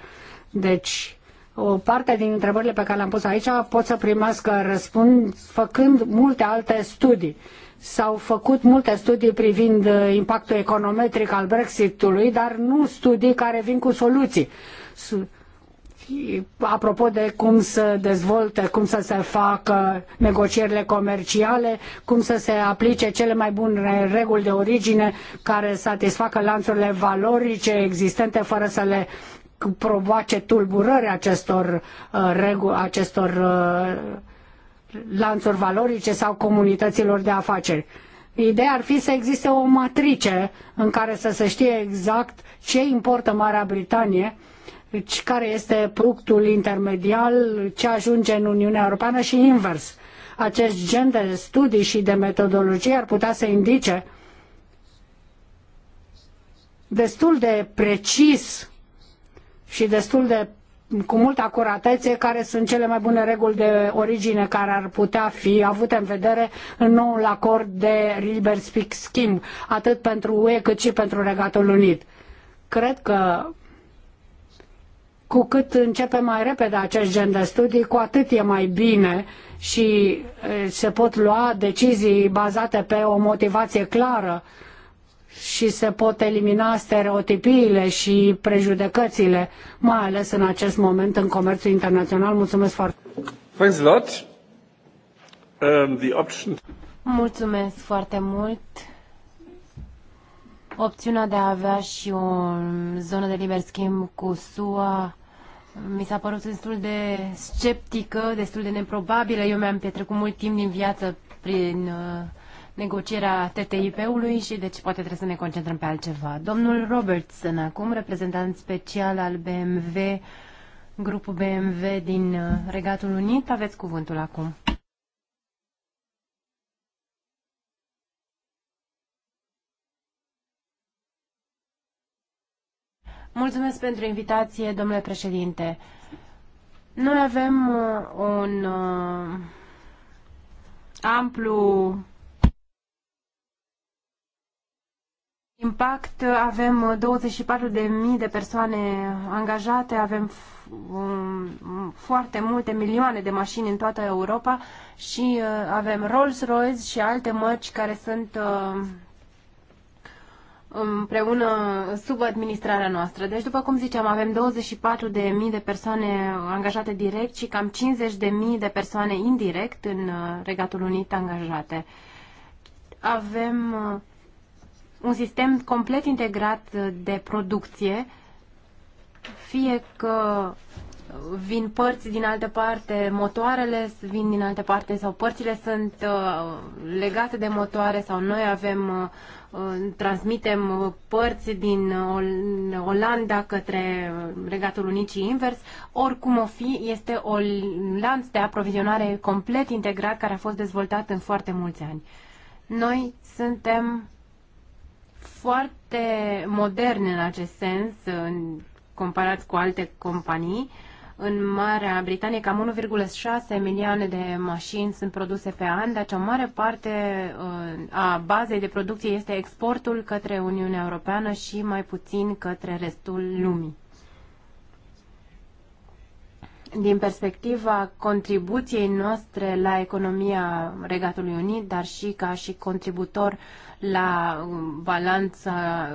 Deci, o parte din întrebările pe care le-am pus aici pot să primească răspuns făcând multe alte studii. S-au făcut multe studii privind uh, impactul econometric al Brexitului, dar nu studii care vin cu soluții. Apropo de cum să dezvolte, cum să se facă negocierile comerciale, cum să se aplice cele mai bune reguli de origine care satisfacă lanțurile valorice existente fără să le provoace tulburări acestor, uh, acestor uh, lanțuri valorice sau comunităților de afaceri. Ideea ar fi să existe o matrice în care să se știe exact ce importă Marea Britanie, care este productul intermedial, ce ajunge în Uniunea Europeană și invers. Acest gen de studii și de metodologie ar putea să indice destul de precis și destul de cu multă acuratețe care sunt cele mai bune reguli de origine care ar putea fi avute în vedere în noul acord de liber schimb, atât pentru UE cât și pentru Regatul Unit. Cred că cu cât începe mai repede acest gen de studii, cu atât e mai bine și se pot lua decizii bazate pe o motivație clară uh, și se pot elimina stereotipiile și prejudecățile, mai ales în acest moment în comerțul internațional. Mulțumesc foarte mult! Thanks a lot. Um, the option... Mulțumesc foarte mult! Opțiunea de a avea și o zonă de liber schimb cu SUA mi s-a părut destul de sceptică, destul de neprobabilă. Eu mi-am petrecut mult timp din viață prin uh, negocierea TTIP-ului și deci poate trebuie să ne concentrăm pe altceva. Domnul Robertson, acum reprezentant special al BMW, grupul BMW din uh, Regatul Unit, aveți cuvântul acum. Mulțumesc pentru invitație, domnule președinte. Noi avem uh, un uh, amplu impact avem 24.000 de persoane angajate, avem foarte multe milioane de mașini în toată Europa și uh, avem Rolls-Royce și alte mărci care sunt uh, împreună sub administrarea noastră. Deci, după cum ziceam, avem 24.000 de persoane angajate direct și cam 50.000 de persoane indirect în uh, Regatul Unit angajate. Avem un sistem complet integrat de producție, fie că vin părți din altă parte, motoarele vin din altă parte sau părțile sunt uh, legate de motoare sau noi avem, uh, uh, transmitem părți din Olanda către Regatul Unit și invers. Oricum o fi, este o lanț de aprovizionare complet integrat care a fost dezvoltat în foarte mulți ani. Noi suntem foarte moderne în acest sens, în, comparat cu alte companii. În Marea Britanie cam 1,6 milioane de mașini sunt produse pe an, deci o mare parte uh, a bazei de producție este exportul către Uniunea Europeană și mai puțin către restul lumii din perspectiva contribuției noastre la economia Regatului Unit, dar și ca și contributor la um, balanța,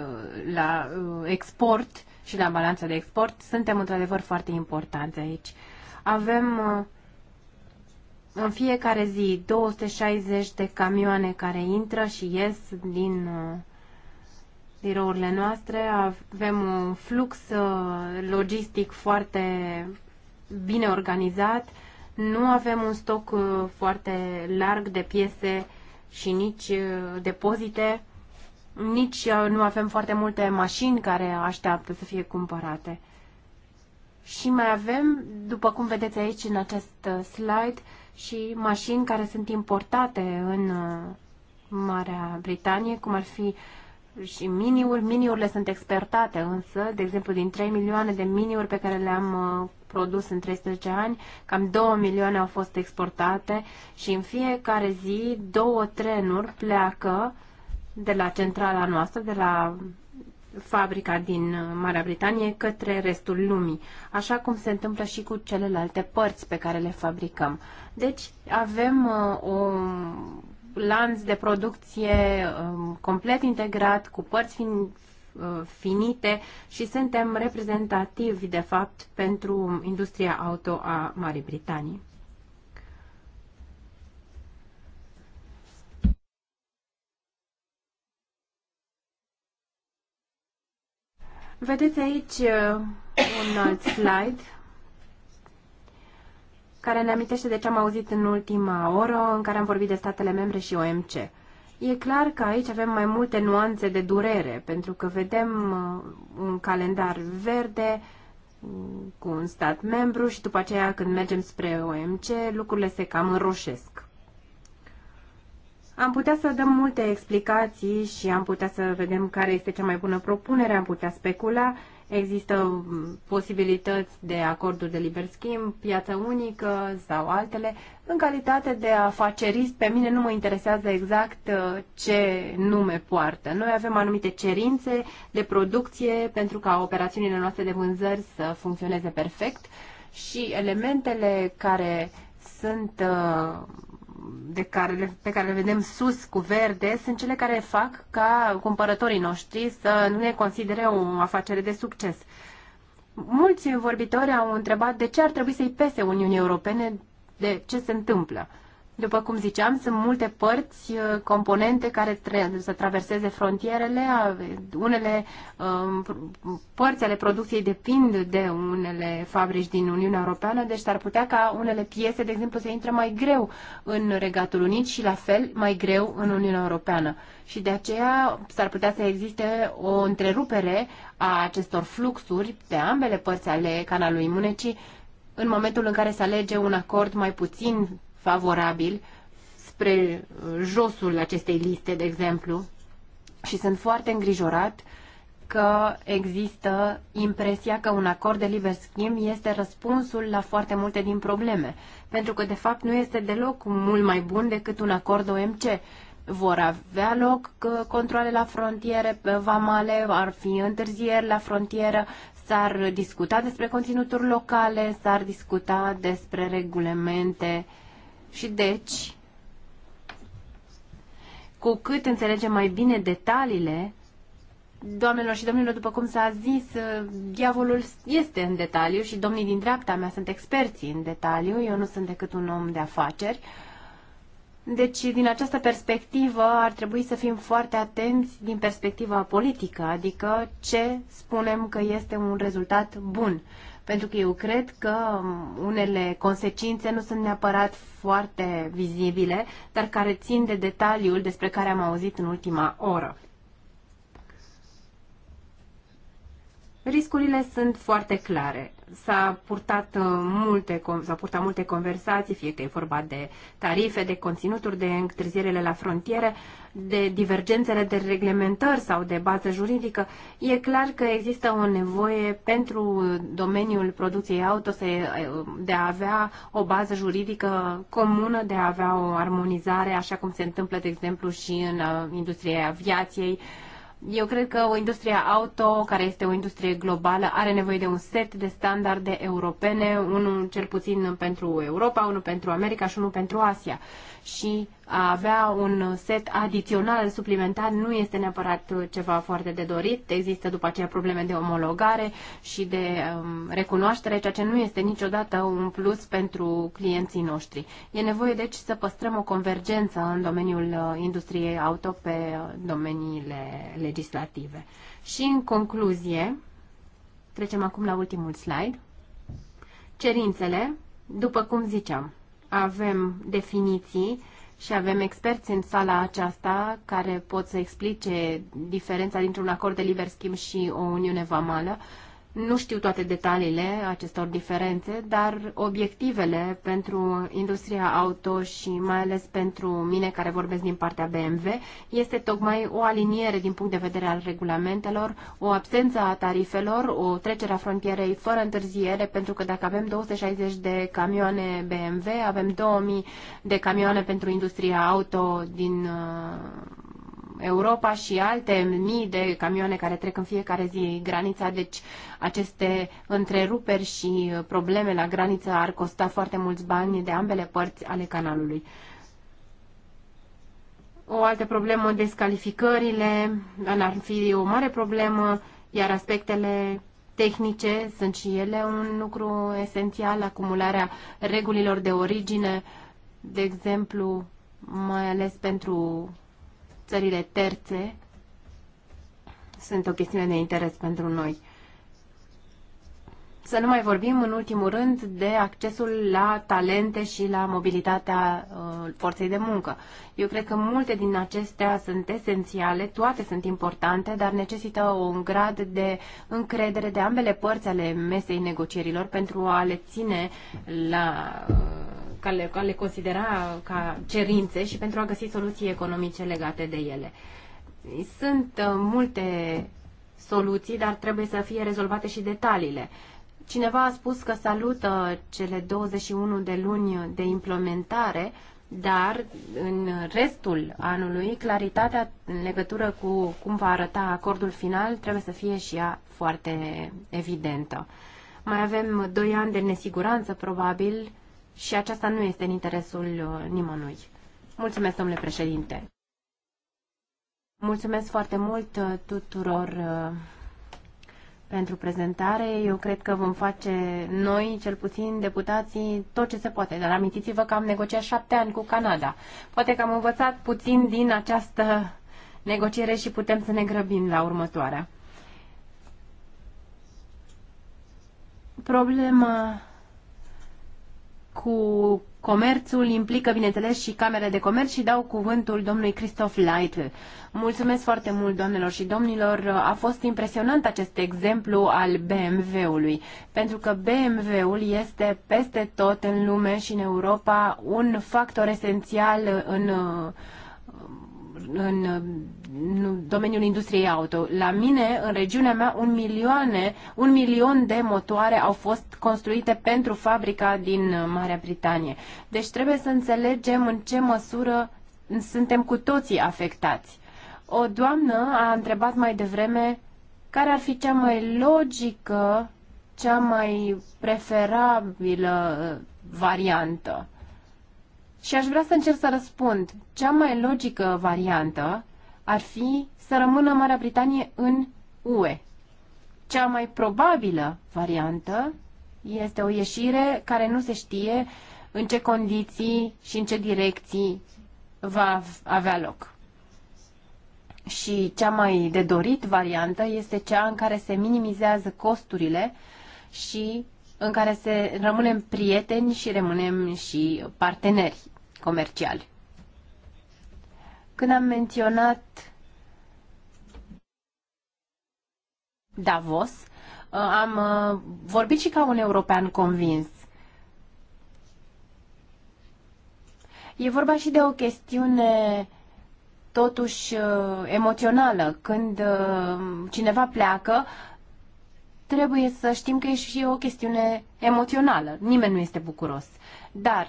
la uh, export și la balanța de export, suntem într-adevăr foarte importanți aici. Avem uh, în fiecare zi 260 de camioane care intră și ies din birourile uh, noastre. Avem un flux logistic foarte bine organizat, nu avem un stoc uh, foarte larg de piese și nici uh, depozite, nici uh, nu avem foarte multe mașini care așteaptă să fie cumpărate. Și mai avem, după cum vedeți aici în acest slide, și mașini care sunt importate în Marea Britanie, cum ar fi și miniuri. Miniurile sunt expertate însă, de exemplu, din 3 milioane de miniuri pe care le-am uh, produs în 13 ani, cam 2 milioane au fost exportate și în fiecare zi două trenuri pleacă de la centrala noastră, de la fabrica din uh, Marea Britanie către restul lumii, așa cum se întâmplă și cu celelalte părți pe care le fabricăm. Deci avem uh, o lanț de producție um, complet integrat, cu părți fin, uh, finite și suntem reprezentativi, de fapt, pentru industria auto a Marii Britanii. Vedeți aici uh, un alt slide care ne amintește de ce am auzit în ultima oră, în care am vorbit de statele membre și OMC. E clar că aici avem mai multe nuanțe de durere, pentru că vedem uh, un calendar verde mm, cu un stat membru și după aceea când mergem spre OMC, lucrurile se cam înroșesc. Am putea să dăm multe explicații și am putea să vedem care este cea mai bună propunere, am putea specula Există mm, posibilități de acorduri de liber schimb, piață unică sau altele. În calitate de afacerist, pe mine nu mă interesează exact uh, ce nume poartă. Noi avem anumite cerințe de producție pentru ca operațiunile noastre de vânzări să funcționeze perfect și elementele care sunt uh, de care pe care le vedem sus cu verde sunt cele care fac ca cumpărătorii noștri să nu ne considere o afacere de succes. Mulți vorbitori au întrebat de ce ar trebui să-i pese Uniunii Europene de ce se întâmplă. După cum ziceam, sunt multe părți, uh, componente care să traverseze frontierele. Unele um, părți ale producției depind de unele fabrici din Uniunea Europeană, deci s-ar putea ca unele piese, de exemplu, să intre mai greu în Regatul Unit și la fel mai greu în Uniunea Europeană. Și de aceea s-ar putea să existe o întrerupere a acestor fluxuri pe ambele părți ale canalului Munecii în momentul în care se alege un acord mai puțin favorabil spre uh, josul acestei liste, de exemplu, și sunt foarte îngrijorat că există impresia că un acord de liber schimb este răspunsul la foarte multe din probleme, pentru că de fapt nu este deloc mult mai bun decât un acord OMC. Vor avea loc uh, controle la frontiere, pe uh, vamale, ar fi întârzieri la frontieră, s-ar discuta despre conținuturi locale, s-ar discuta despre regulamente uh, și deci, cu cât înțelegem mai bine detaliile, doamnelor și domnilor, după cum s-a zis, uh, diavolul este în detaliu și domnii din dreapta mea sunt experții în detaliu, eu nu sunt decât un om de afaceri. Deci, din această perspectivă, ar trebui să fim foarte atenți din perspectiva politică, adică ce spunem că este un rezultat bun pentru că eu cred că unele consecințe nu sunt neapărat foarte vizibile, dar care țin de detaliul despre care am auzit în ultima oră. Riscurile sunt foarte clare s-a purtat uh, multe, s-au purtat multe conversații, fie că e vorba de tarife, de conținuturi, de întârzierele la frontiere, de divergențele de reglementări sau de bază juridică. E clar că există o nevoie pentru domeniul producției auto să, uh, de a avea o bază juridică comună, de a avea o armonizare, așa cum se întâmplă, de exemplu, și în uh, industria aviației, eu cred că o industrie auto, care este o industrie globală, are nevoie de un set de standarde europene, unul cel puțin pentru Europa, unul pentru America și unul pentru Asia. Și a avea un set adițional, suplimentar, nu este neapărat ceva foarte de dorit. Există după aceea probleme de omologare și de um, recunoaștere, ceea ce nu este niciodată un plus pentru clienții noștri. E nevoie deci să păstrăm o convergență în domeniul uh, industriei auto pe uh, domeniile legislative. Și în concluzie, trecem acum la ultimul slide. Cerințele, după cum ziceam, avem definiții și avem experți în sala aceasta care pot să explice diferența dintre un acord de liber schimb și o uniune vamală. Nu știu toate detaliile acestor diferențe, dar obiectivele pentru industria auto și mai ales pentru mine care vorbesc din partea BMW este tocmai o aliniere din punct de vedere al regulamentelor, o absență a tarifelor, o trecere a frontierei fără întârziere, pentru că dacă avem 260 de camioane BMW, avem 2000 de camioane pentru industria auto din uh, Europa și alte mii de camioane care trec în fiecare zi granița, deci aceste întreruperi și probleme la graniță ar costa foarte mulți bani de ambele părți ale canalului. O altă problemă, descalificările, ar fi o mare problemă, iar aspectele tehnice sunt și ele un lucru esențial, acumularea regulilor de origine, de exemplu, mai ales pentru țările terțe sunt o chestiune de interes pentru noi. Să nu mai vorbim, în ultimul rând, de accesul la talente și la mobilitatea uh, forței de muncă. Eu cred că multe din acestea sunt esențiale, toate sunt importante, dar necesită un grad de încredere de ambele părți ale mesei negocierilor pentru a le ține la, uh, ca le, ca le considera ca cerințe și pentru a găsi soluții economice legate de ele. Sunt uh, multe soluții, dar trebuie să fie rezolvate și detaliile. Cineva a spus că salută cele 21 de luni de implementare, dar în restul anului claritatea în legătură cu cum va arăta acordul final trebuie să fie și ea foarte evidentă. Mai avem doi ani de nesiguranță probabil și aceasta nu este în interesul uh, nimănui. Mulțumesc, domnule președinte. Mulțumesc foarte mult uh, tuturor uh, pentru prezentare. Eu cred că vom face noi, cel puțin deputații, tot ce se poate. Dar amintiți-vă că am negociat șapte ani cu Canada. Poate că am învățat puțin din această negociere și putem să ne grăbim la următoarea. Problema cu comerțul implică, bineînțeles, și camere de Comerț și dau cuvântul domnului Christoph Leitl. Mulțumesc foarte mult, doamnelor și domnilor. A fost impresionant acest exemplu al BMW-ului, pentru că BMW-ul este peste tot în lume și în Europa un factor esențial în uh, în, în domeniul industriei auto. La mine, în regiunea mea, un, milioane, un milion de motoare au fost construite pentru fabrica din Marea Britanie. Deci trebuie să înțelegem în ce măsură suntem cu toții afectați. O doamnă a întrebat mai devreme care ar fi cea mai logică, cea mai preferabilă variantă. Și aș vrea să încerc să răspund. Cea mai logică variantă ar fi să rămână Marea Britanie în UE. Cea mai probabilă variantă este o ieșire care nu se știe în ce condiții și în ce direcții va avea loc. Și cea mai de dorit variantă este cea în care se minimizează costurile și în care se rămânem prieteni și rămânem și parteneri comerciali. Când am menționat Davos, uh, am uh, vorbit și ca un european convins. E vorba și de o chestiune totuși uh, emoțională. Când cineva pleacă, trebuie să știm că e și o chestiune emoțională. Nimeni nu este bucuros. Dar,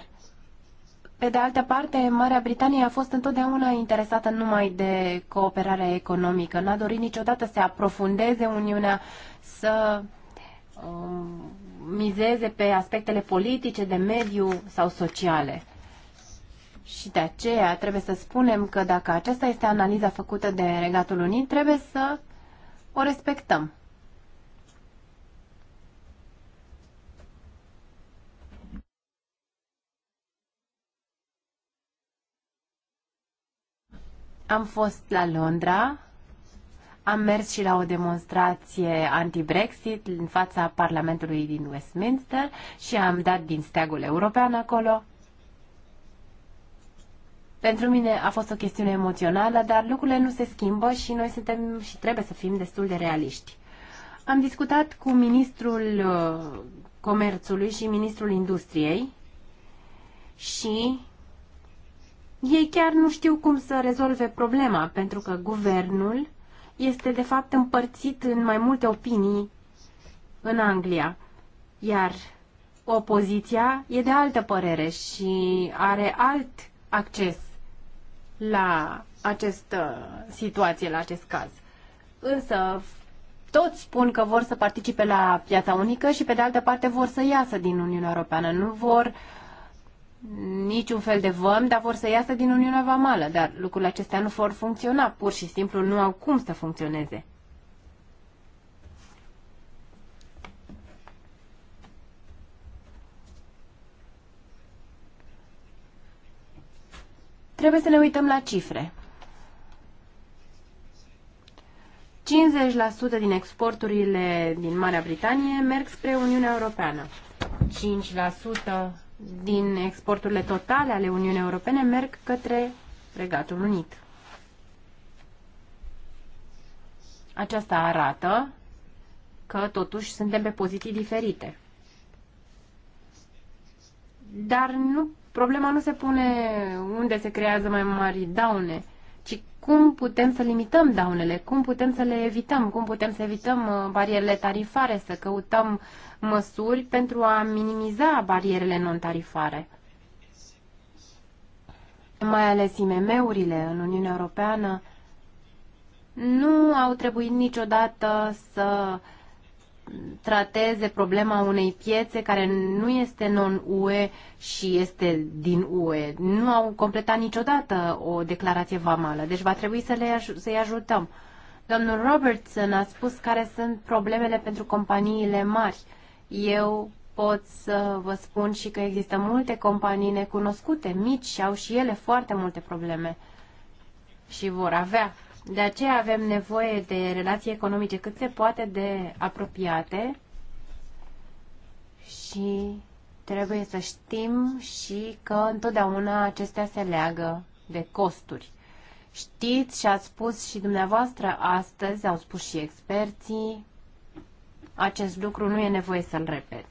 pe de altă parte, Marea Britanie a fost întotdeauna interesată numai de cooperarea economică. N-a dorit niciodată să aprofundeze Uniunea, să um, mizeze pe aspectele politice, de mediu sau sociale. Și de aceea trebuie să spunem că dacă aceasta este analiza făcută de Regatul Unit, trebuie să o respectăm. Am fost la Londra, am mers și la o demonstrație anti-Brexit în fața Parlamentului din Westminster și am dat din steagul european acolo. Pentru mine a fost o chestiune emoțională, dar lucrurile nu se schimbă și noi suntem și trebuie să fim destul de realiști. Am discutat cu ministrul uh, Comerțului și ministrul Industriei și ei chiar nu știu cum să rezolve problema, pentru că guvernul este de fapt împărțit în mai multe opinii în Anglia, iar opoziția e de altă părere și are alt acces la această situație, la acest caz. Însă, toți spun că vor să participe la piața unică și, pe de altă parte, vor să iasă din Uniunea Europeană. Nu vor niciun fel de văm, dar vor să iasă din Uniunea Vamală. Dar lucrurile acestea nu vor funcționa, pur și simplu nu au cum să funcționeze. Trebuie să ne uităm la cifre. 50% din exporturile din Marea Britanie merg spre Uniunea Europeană din exporturile totale ale Uniunii Europene merg către Regatul Unit. Aceasta arată că totuși suntem pe poziții diferite. Dar nu, problema nu se pune unde se creează mai mari daune, cum putem să limităm daunele, cum putem să le evităm, cum putem să evităm uh, barierele tarifare, să căutăm măsuri pentru a minimiza barierele non-tarifare. Mai ales IMM-urile în Uniunea Europeană nu au trebuit niciodată să uh, trateze problema unei piețe care nu este non-UE și este din UE. Nu au completat niciodată o declarație vamală, deci va trebui să le, să-i ajutăm. Domnul Robertson a spus care sunt problemele pentru companiile mari. Eu pot să vă spun și că există multe companii necunoscute, mici și au și ele foarte multe probleme și vor avea de aceea avem nevoie de relații economice cât se poate de apropiate și trebuie să știm și că întotdeauna acestea se leagă de costuri. Știți și ați spus și dumneavoastră astăzi, au spus și experții, acest lucru nu e nevoie să-l repet.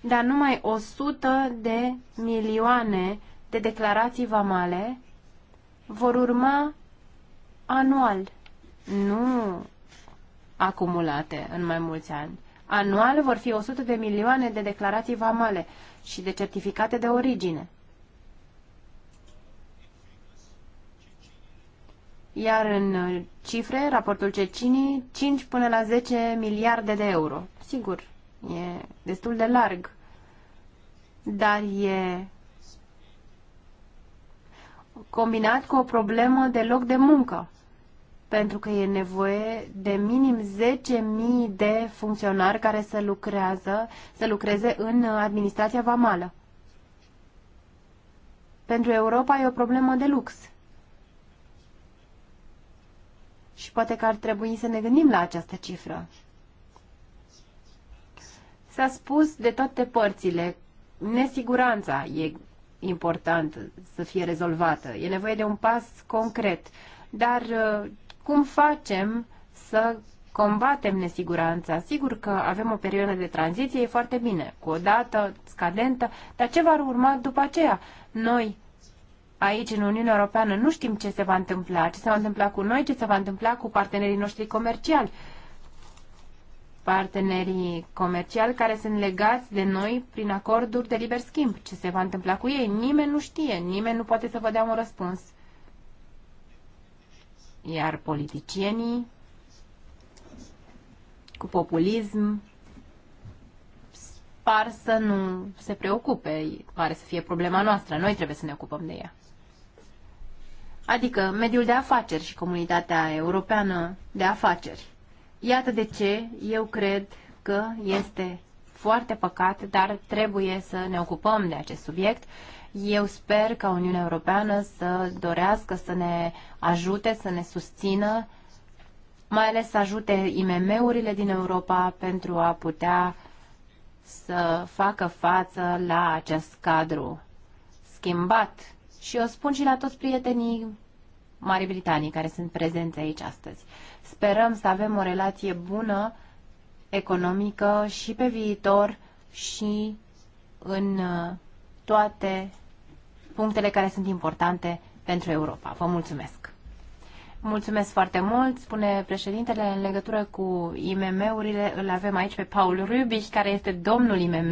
Dar numai 100 de milioane de declarații vamale vor urma anual, nu acumulate în mai mulți ani. Anual vor fi 100 de milioane de declarații vamale și de certificate de origine. Iar în uh, cifre, raportul Cecinii, 5 până la 10 miliarde de euro. Sigur, e destul de larg, dar e combinat cu o problemă de loc de muncă, pentru că e nevoie de minim 10.000 de funcționari care să, lucrează, să lucreze în administrația vamală. Pentru Europa e o problemă de lux. Și poate că ar trebui să ne gândim la această cifră. S-a spus de toate părțile. Nesiguranța e important să fie rezolvată. E nevoie de un pas concret. Dar uh, cum facem să combatem nesiguranța? Sigur că avem o perioadă de tranziție, e foarte bine, cu o dată scadentă, dar ce va urma după aceea? Noi aici în Uniunea Europeană nu știm ce se va întâmpla, ce se va întâmpla cu noi, ce se va întâmpla cu partenerii noștri comerciali partenerii comerciali care sunt legați de noi prin acorduri de liber schimb. Ce se va întâmpla cu ei? Nimeni nu știe, nimeni nu poate să vă dea un răspuns. Iar politicienii cu populism par să nu se preocupe, pare să fie problema noastră, noi trebuie să ne ocupăm de ea. Adică mediul de afaceri și comunitatea europeană de afaceri. Iată de ce eu cred că este foarte păcat, dar trebuie să ne ocupăm de acest subiect. Eu sper ca Uniunea Europeană să dorească să ne ajute, să ne susțină, mai ales să ajute IMM-urile din Europa pentru a putea să facă față la acest cadru schimbat. Și o spun și la toți prietenii Marii Britanii care sunt prezenți aici astăzi. Sperăm să avem o relație bună, economică și pe viitor și în uh, toate punctele care sunt importante pentru Europa. Vă mulțumesc! Mulțumesc foarte mult, spune președintele, în legătură cu IMM-urile, îl avem aici pe Paul Rubiș, care este domnul IMM.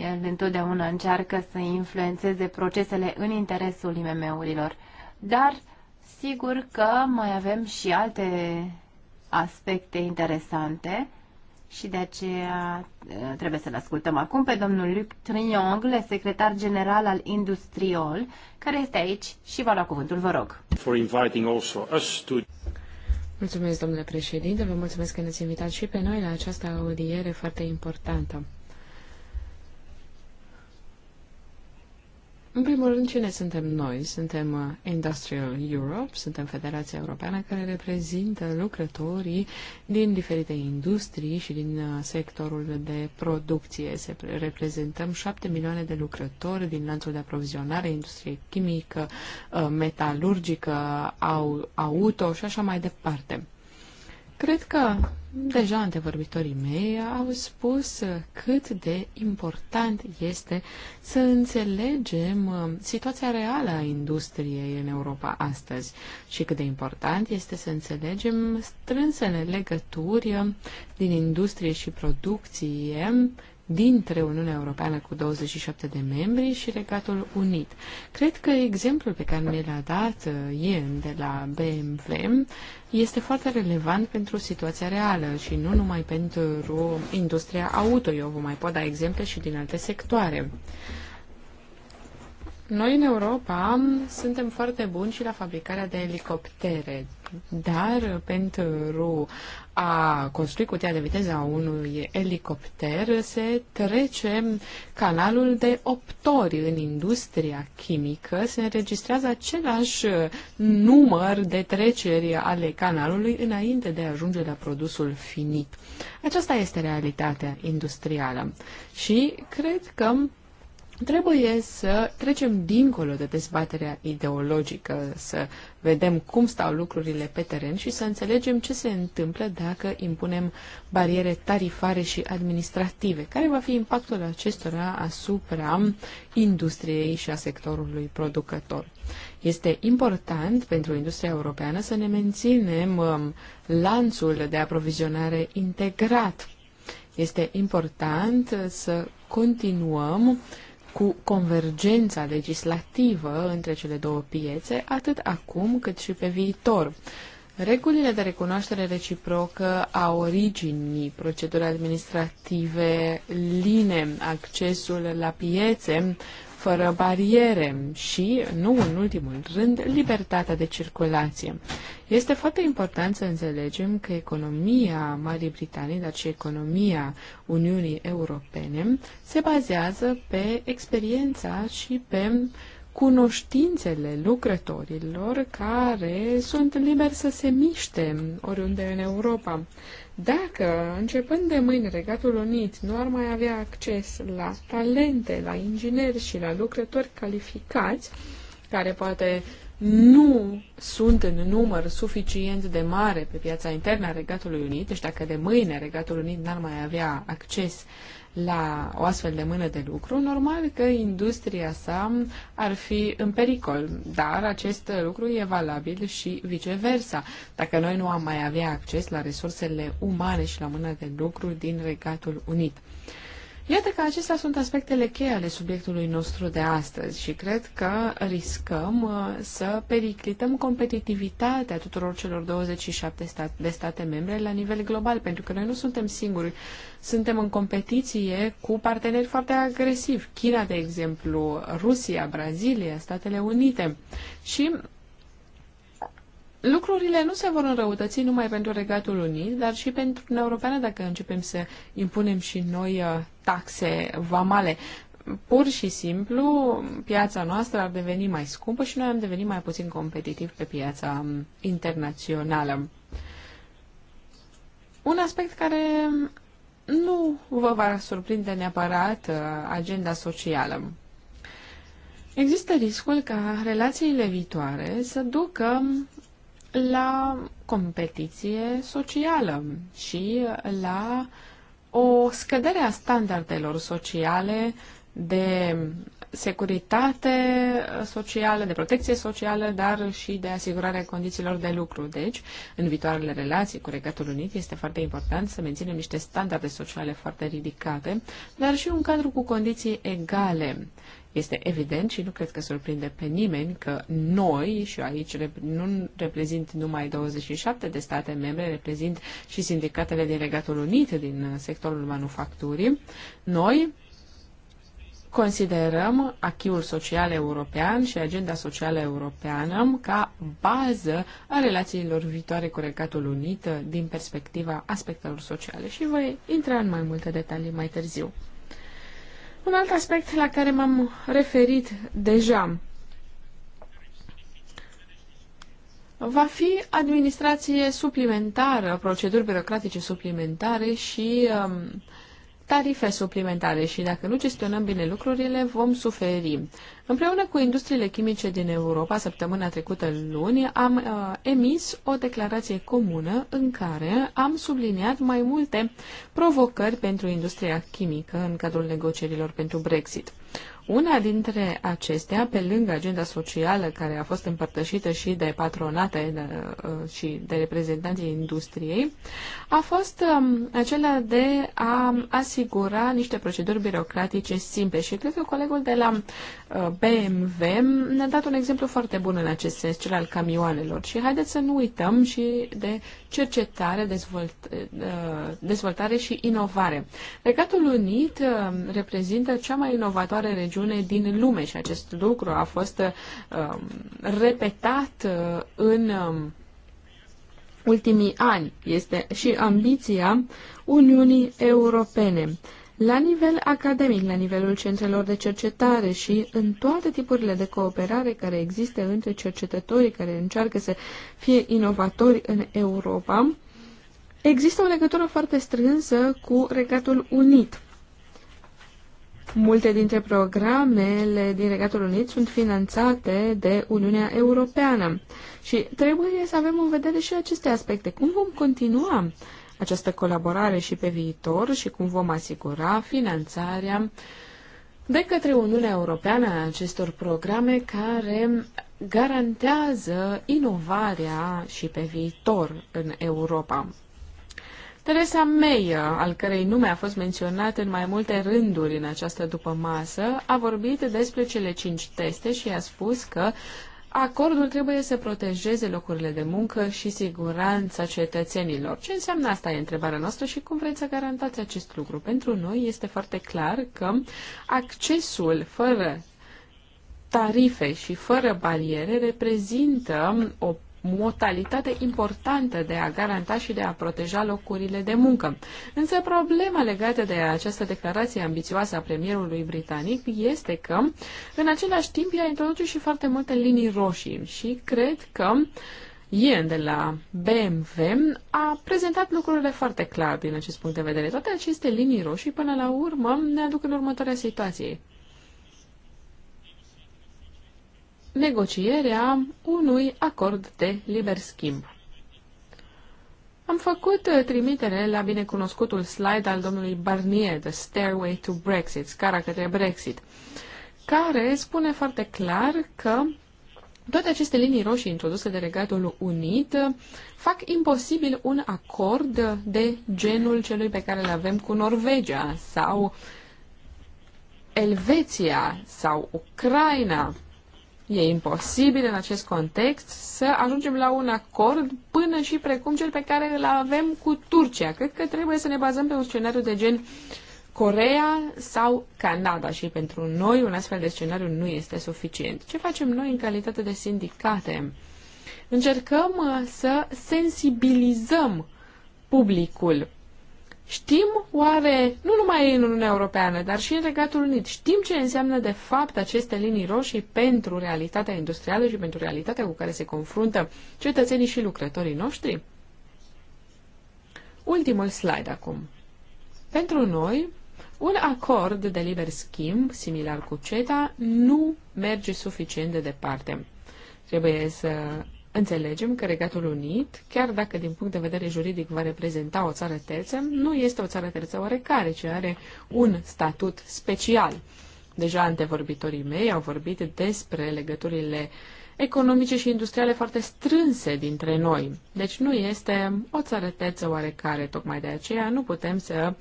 El întotdeauna încearcă să influențeze procesele în interesul IMM-urilor. Dar Sigur că mai avem și alte aspecte interesante și de aceea trebuie să-l ascultăm acum pe domnul Luc Triangle, secretar general al Industriol, care este aici și va lua cuvântul, vă rog. For inviting also us to... Mulțumesc, domnule președinte, vă mulțumesc că ne-ați invitat și pe noi la această audiere foarte importantă. În primul rând, cine suntem noi? Suntem uh, Industrial Europe, suntem Federația Europeană care reprezintă lucrătorii din diferite industrii și din uh, sectorul de producție. Se reprezentăm 7 milioane de lucrători din lanțul de aprovizionare, industrie chimică, uh, metalurgică, auto și așa mai departe. Cred că deja antevorbitorii mei au spus cât de important este să înțelegem uh, situația reală a industriei în Europa astăzi și cât de important este să înțelegem strânsele legături uh, din industrie și producție dintre Uniunea Europeană cu 27 de membri și Regatul Unit. Cred că exemplul pe care mi l-a dat uh, Ian de la BMW este foarte relevant pentru situația reală și nu numai pentru industria auto. Eu vă mai pot da exemple și din alte sectoare. Noi în Europa suntem foarte buni și la fabricarea de elicoptere, dar pentru a construi cutia de viteză a unui elicopter se trece canalul de opt ori în industria chimică, se înregistrează același număr de treceri ale canalului înainte de a ajunge la produsul finit. Aceasta este realitatea industrială și cred că Trebuie să trecem dincolo de dezbaterea ideologică, să vedem cum stau lucrurile pe teren și să înțelegem ce se întâmplă dacă impunem bariere tarifare și administrative, care va fi impactul acestora asupra industriei și a sectorului producător. Este important pentru industria europeană să ne menținem um, lanțul de aprovizionare integrat. Este important să continuăm uh, cu convergența legislativă între cele două piețe, atât acum cât și pe viitor. Regulile de recunoaștere reciprocă a originii, proceduri administrative line, accesul la piețe, fără bariere și, nu în ultimul rând, libertatea de circulație. Este foarte important să înțelegem că economia Marii Britanii, dar și economia Uniunii Europene, se bazează pe experiența și pe cunoștințele lucrătorilor care sunt liberi să se miște oriunde în Europa. Dacă, începând de mâine, Regatul Unit nu ar mai avea acces la talente, la ingineri și la lucrători calificați, care poate nu sunt în număr suficient de mare pe piața internă a Regatului Unit, deci dacă de mâine Regatul Unit n-ar mai avea acces la o astfel de mână de lucru, normal că industria sa ar fi în pericol, dar acest lucru e valabil și viceversa. Dacă noi nu am mai avea acces la resursele umane și la mână de lucru din Regatul Unit. Iată că acestea sunt aspectele cheie ale subiectului nostru de astăzi și cred că riscăm uh, să periclităm competitivitatea tuturor celor 27 de state membre la nivel global, pentru că noi nu suntem singuri. Suntem în competiție cu parteneri foarte agresivi, China, de exemplu, Rusia, Brazilia, Statele Unite. Și lucrurile nu se vor înrăutăți numai pentru Regatul Unit, dar și pentru Uniunea Europeană dacă începem să impunem și noi uh, taxe vamale. Pur și simplu, piața noastră ar deveni mai scumpă și noi am devenit mai puțin competitivi pe piața um, internațională. Un aspect care nu vă va surprinde neapărat uh, agenda socială. Există riscul ca relațiile viitoare să ducă um, la competiție socială și la o scădere a standardelor sociale de securitate socială, de protecție socială, dar și de asigurarea condițiilor de lucru. Deci, în viitoarele relații cu Regatul Unit este foarte important să menținem niște standarde sociale foarte ridicate, dar și un cadru cu condiții egale este evident și nu cred că surprinde pe nimeni că noi, și aici nu reprezint numai 27 de state membre, reprezint și sindicatele din Regatul Unit din uh, sectorul manufacturii, noi considerăm achiul social european și agenda socială europeană ca bază a relațiilor viitoare cu Regatul Unit uh, din perspectiva aspectelor sociale și voi intra în mai multe detalii mai târziu. Un alt aspect la care m-am referit deja va fi administrație suplimentară, proceduri birocratice suplimentare și uh, tarife suplimentare și dacă nu gestionăm bine lucrurile, vom suferi. Împreună cu industriile chimice din Europa, săptămâna trecută luni, am uh, emis o declarație comună în care am subliniat mai multe provocări pentru industria chimică în cadrul negocierilor pentru Brexit. Una dintre acestea, pe lângă agenda socială care a fost împărtășită și de patronate uh, și de reprezentanții industriei, a fost um, acela de a asigura niște proceduri birocratice simple. Și cred că colegul de la uh, BMW ne-a dat un exemplu foarte bun în acest sens, cel al camioanelor. Și haideți să nu uităm și de cercetare, dezvolt, eh, dezvoltare și inovare. Regatul Unit eh, reprezintă cea mai inovatoare regiune din lume și acest lucru a fost eh, repetat în ultimii ani. Este și ambiția Uniunii Europene la nivel academic, la nivelul centrelor de cercetare și în toate tipurile de cooperare care există între cercetătorii care încearcă să fie inovatori în Europa, există o legătură foarte strânsă cu Regatul Unit. Multe dintre programele din Regatul Unit sunt finanțate de Uniunea Europeană și trebuie să avem în vedere și aceste aspecte. Cum vom continua această colaborare și pe viitor și cum vom asigura finanțarea de către Uniunea Europeană a acestor programe care garantează inovarea și pe viitor în Europa. Teresa May, al cărei nume a fost menționat în mai multe rânduri în această dupămasă, a vorbit despre cele cinci teste și a spus că Acordul trebuie să protejeze locurile de muncă și siguranța cetățenilor. Ce înseamnă asta e întrebarea noastră și cum vreți să garantați acest lucru? Pentru noi este foarte clar că accesul fără tarife și fără bariere reprezintă o modalitate importantă de a garanta și de a proteja locurile de muncă. Însă problema legată de această declarație ambițioasă a premierului britanic este că în același timp ea introduce și foarte multe linii roșii și cred că Ian de la BMW a prezentat lucrurile foarte clar din acest punct de vedere. Toate aceste linii roșii până la urmă ne aduc în următoarea situație. negocierea unui acord de liber schimb. Am făcut uh, trimitere la binecunoscutul slide al domnului Barnier, The Stairway to Brexit, scara către Brexit, care spune foarte clar că toate aceste linii roșii introduse de Regatul Unit uh, fac imposibil un acord de genul celui pe care îl avem cu Norvegia sau Elveția sau Ucraina E imposibil în acest context să ajungem la un acord până și precum cel pe care îl avem cu Turcia. Cred că trebuie să ne bazăm pe un scenariu de gen Corea sau Canada și pentru noi un astfel de scenariu nu este suficient. Ce facem noi în calitate de sindicate? Încercăm uh, să sensibilizăm publicul Știm oare, nu numai în Uniunea Europeană, dar și în Regatul Unit, știm ce înseamnă de fapt aceste linii roșii pentru realitatea industrială și pentru realitatea cu care se confruntă cetățenii și lucrătorii noștri? Ultimul slide acum. Pentru noi, un acord de liber schimb, similar cu CETA, nu merge suficient de departe. Trebuie să Înțelegem că Regatul Unit, chiar dacă din punct de vedere juridic va reprezenta o țară terță, nu este o țară terță oarecare, ci are un statut special. Deja antevorbitorii mei au vorbit despre legăturile economice și industriale foarte strânse dintre noi. Deci nu este o țară terță oarecare, tocmai de aceea nu putem să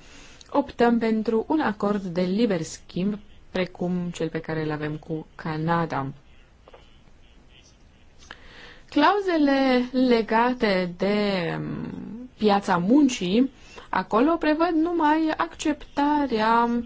optăm pentru un acord de liber schimb precum cel pe care îl avem cu Canada. Clauzele legate de mm, piața muncii acolo prevăd numai acceptarea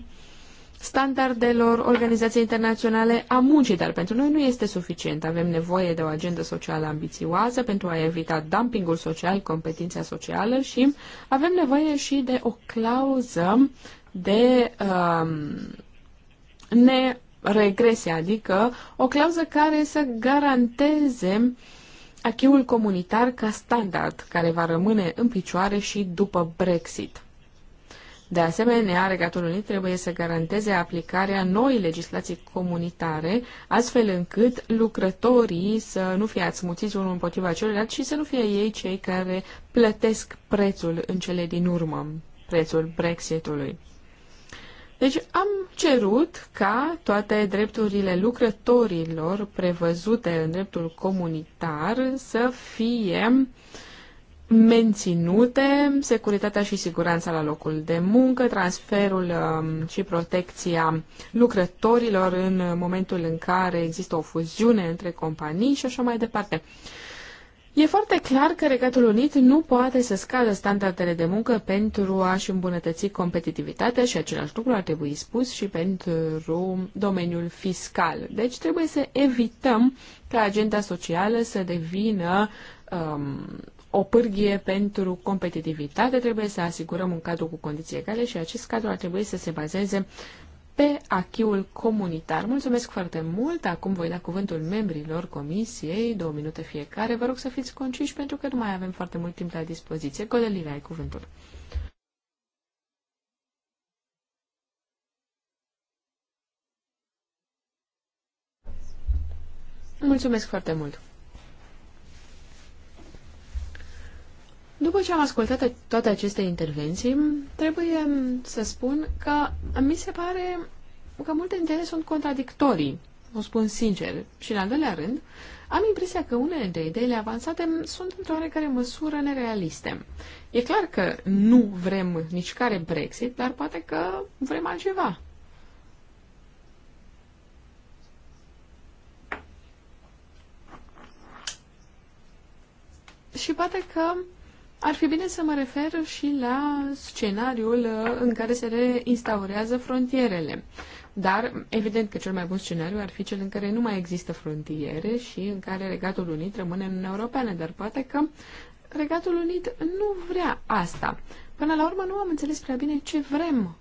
standardelor Organizației Internaționale a Muncii, dar pentru noi nu este suficient. Avem nevoie de o agendă socială ambițioasă pentru a evita dumpingul social, competiția socială și avem nevoie și de o clauză de um, neregresie, adică o clauză care să garanteze uh, acheul comunitar ca standard, care va rămâne în picioare și după Brexit. De asemenea, Regatul Unit trebuie să garanteze aplicarea noii legislații comunitare, astfel încât lucrătorii să nu fie ațmuțiți unul împotriva celuilalt și să nu fie ei cei care plătesc prețul în cele din urmă, prețul Brexitului. Deci am cerut ca toate drepturile lucrătorilor prevăzute în dreptul comunitar să fie menținute securitatea și siguranța la locul de muncă, transferul um, și protecția lucrătorilor în momentul în care există o fuziune între companii și așa mai departe. E foarte clar că Regatul Unit nu poate să scadă standardele de muncă pentru a-și îmbunătăți competitivitatea și același lucru ar trebui spus și pentru domeniul fiscal. Deci trebuie să evităm ca agenda socială să devină um, o pârghie pentru competitivitate. Trebuie să asigurăm un cadru cu condiții egale și acest cadru ar trebui să se bazeze pe achiul comunitar. Mulțumesc foarte mult. Acum voi da cuvântul membrilor comisiei, două minute fiecare. Vă rog să fiți conciși pentru că nu mai avem foarte mult timp la dispoziție. Codelina, ai cuvântul. Mulțumesc foarte mult. După ce am ascultat toate aceste intervenții, trebuie să spun că mi se pare că multe dintre ele sunt contradictorii, o spun sincer. Și, în al doilea rând, am impresia că unele dintre ideile avansate sunt într-o oarecare măsură nerealiste. E clar că nu vrem nici care Brexit, dar poate că vrem altceva. Și poate că ar fi bine să mă refer și la scenariul uh, în care se reinstaurează frontierele. Dar, evident că cel mai bun scenariu ar fi cel în care nu mai există frontiere și în care Regatul Unit rămâne în Europeană, dar poate că Regatul Unit nu vrea asta. Până la urmă nu am înțeles prea bine ce vrem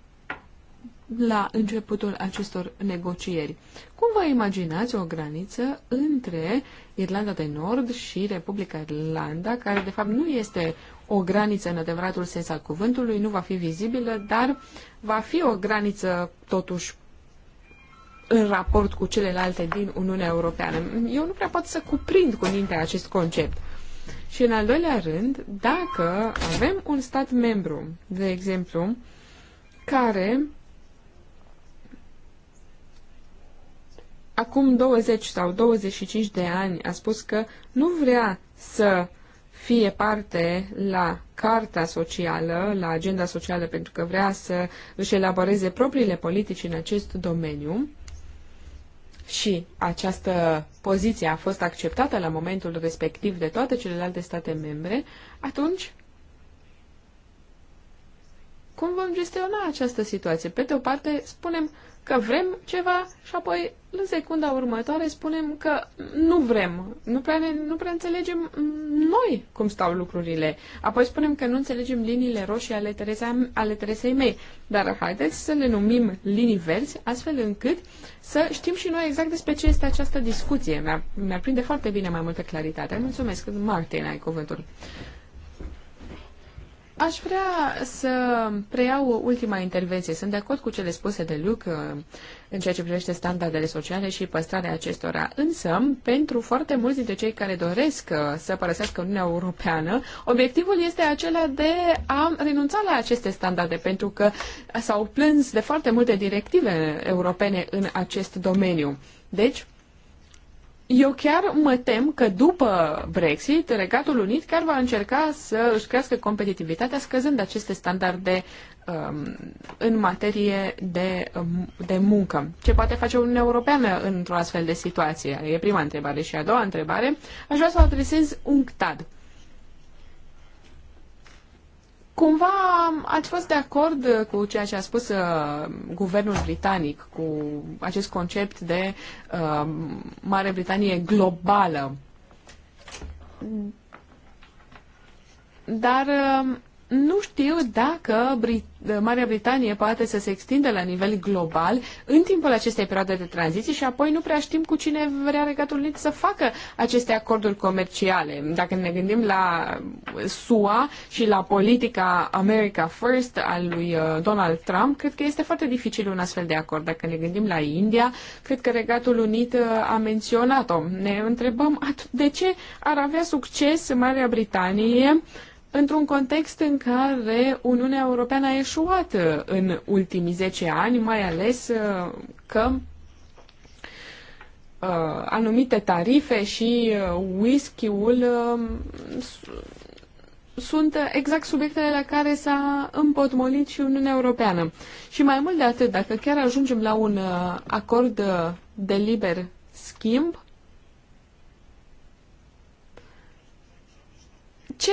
la începutul acestor negocieri. Cum vă imaginați o graniță între Irlanda de Nord și Republica Irlanda, care de fapt nu este o graniță în adevăratul sens al cuvântului, nu va fi vizibilă, dar va fi o graniță totuși în raport cu celelalte din Uniunea Europeană. Eu nu prea pot să cuprind cu mintea acest concept. Și în al doilea rând, dacă avem un stat membru, de exemplu, care acum 20 sau 25 de ani a spus că nu vrea să fie parte la Carta Socială, la Agenda Socială, pentru că vrea să își elaboreze propriile politici în acest domeniu, și această poziție a fost acceptată la momentul respectiv de toate celelalte state membre, atunci cum vom gestiona această situație? Pe de o parte, spunem, că vrem ceva și apoi în secunda următoare spunem că nu vrem, nu prea, ne, nu prea înțelegem noi cum stau lucrurile. Apoi spunem că nu înțelegem liniile roșii ale, Teresa, ale Teresei mei, dar haideți să le numim linii verzi, astfel încât să știm și noi exact despre ce este această discuție. Mi-ar mi prinde foarte bine mai multă claritate. Mulțumesc, Martin, ai cuvântul. Aș vrea să preiau ultima intervenție. Sunt de acord cu cele spuse de Luc uh, în ceea ce privește standardele sociale și păstrarea acestora. Însă, pentru foarte mulți dintre cei care doresc uh, să părăsească Uniunea Europeană, obiectivul este acela de a renunța la aceste standarde, pentru că s-au plâns de foarte multe directive europene în acest domeniu. Deci, eu chiar mă tem că după Brexit, Regatul Unit chiar va încerca să își crească competitivitatea scăzând aceste standarde um, în materie de, um, de muncă. Ce poate face Uniunea Europeană într-o astfel de situație? E prima întrebare. Și a doua întrebare, aș vrea să o adresez UNCTAD. Cumva ați fost de acord cu ceea ce a spus uh, guvernul britanic, cu acest concept de uh, Mare Britanie globală. Dar uh, nu știu dacă Brit- Marea Britanie poate să se extindă la nivel global în timpul acestei perioade de tranziție și apoi nu prea știm cu cine vrea Regatul Unit să facă aceste acorduri comerciale. Dacă ne gândim la SUA și la politica America First al lui uh, Donald Trump, cred că este foarte dificil un astfel de acord. Dacă ne gândim la India, cred că Regatul Unit uh, a menționat-o. Ne întrebăm de ce ar avea succes Marea Britanie uh, într-un context în care Uniunea Europeană a eșuat uh, în ultimii 10 ani, mai ales uh, că uh, anumite tarife și whisky-ul um, sunt exact subiectele la care s-a împotmolit și Uniunea Europeană. Și mai mult de atât, dacă chiar ajungem la un acord de liber schimb, ce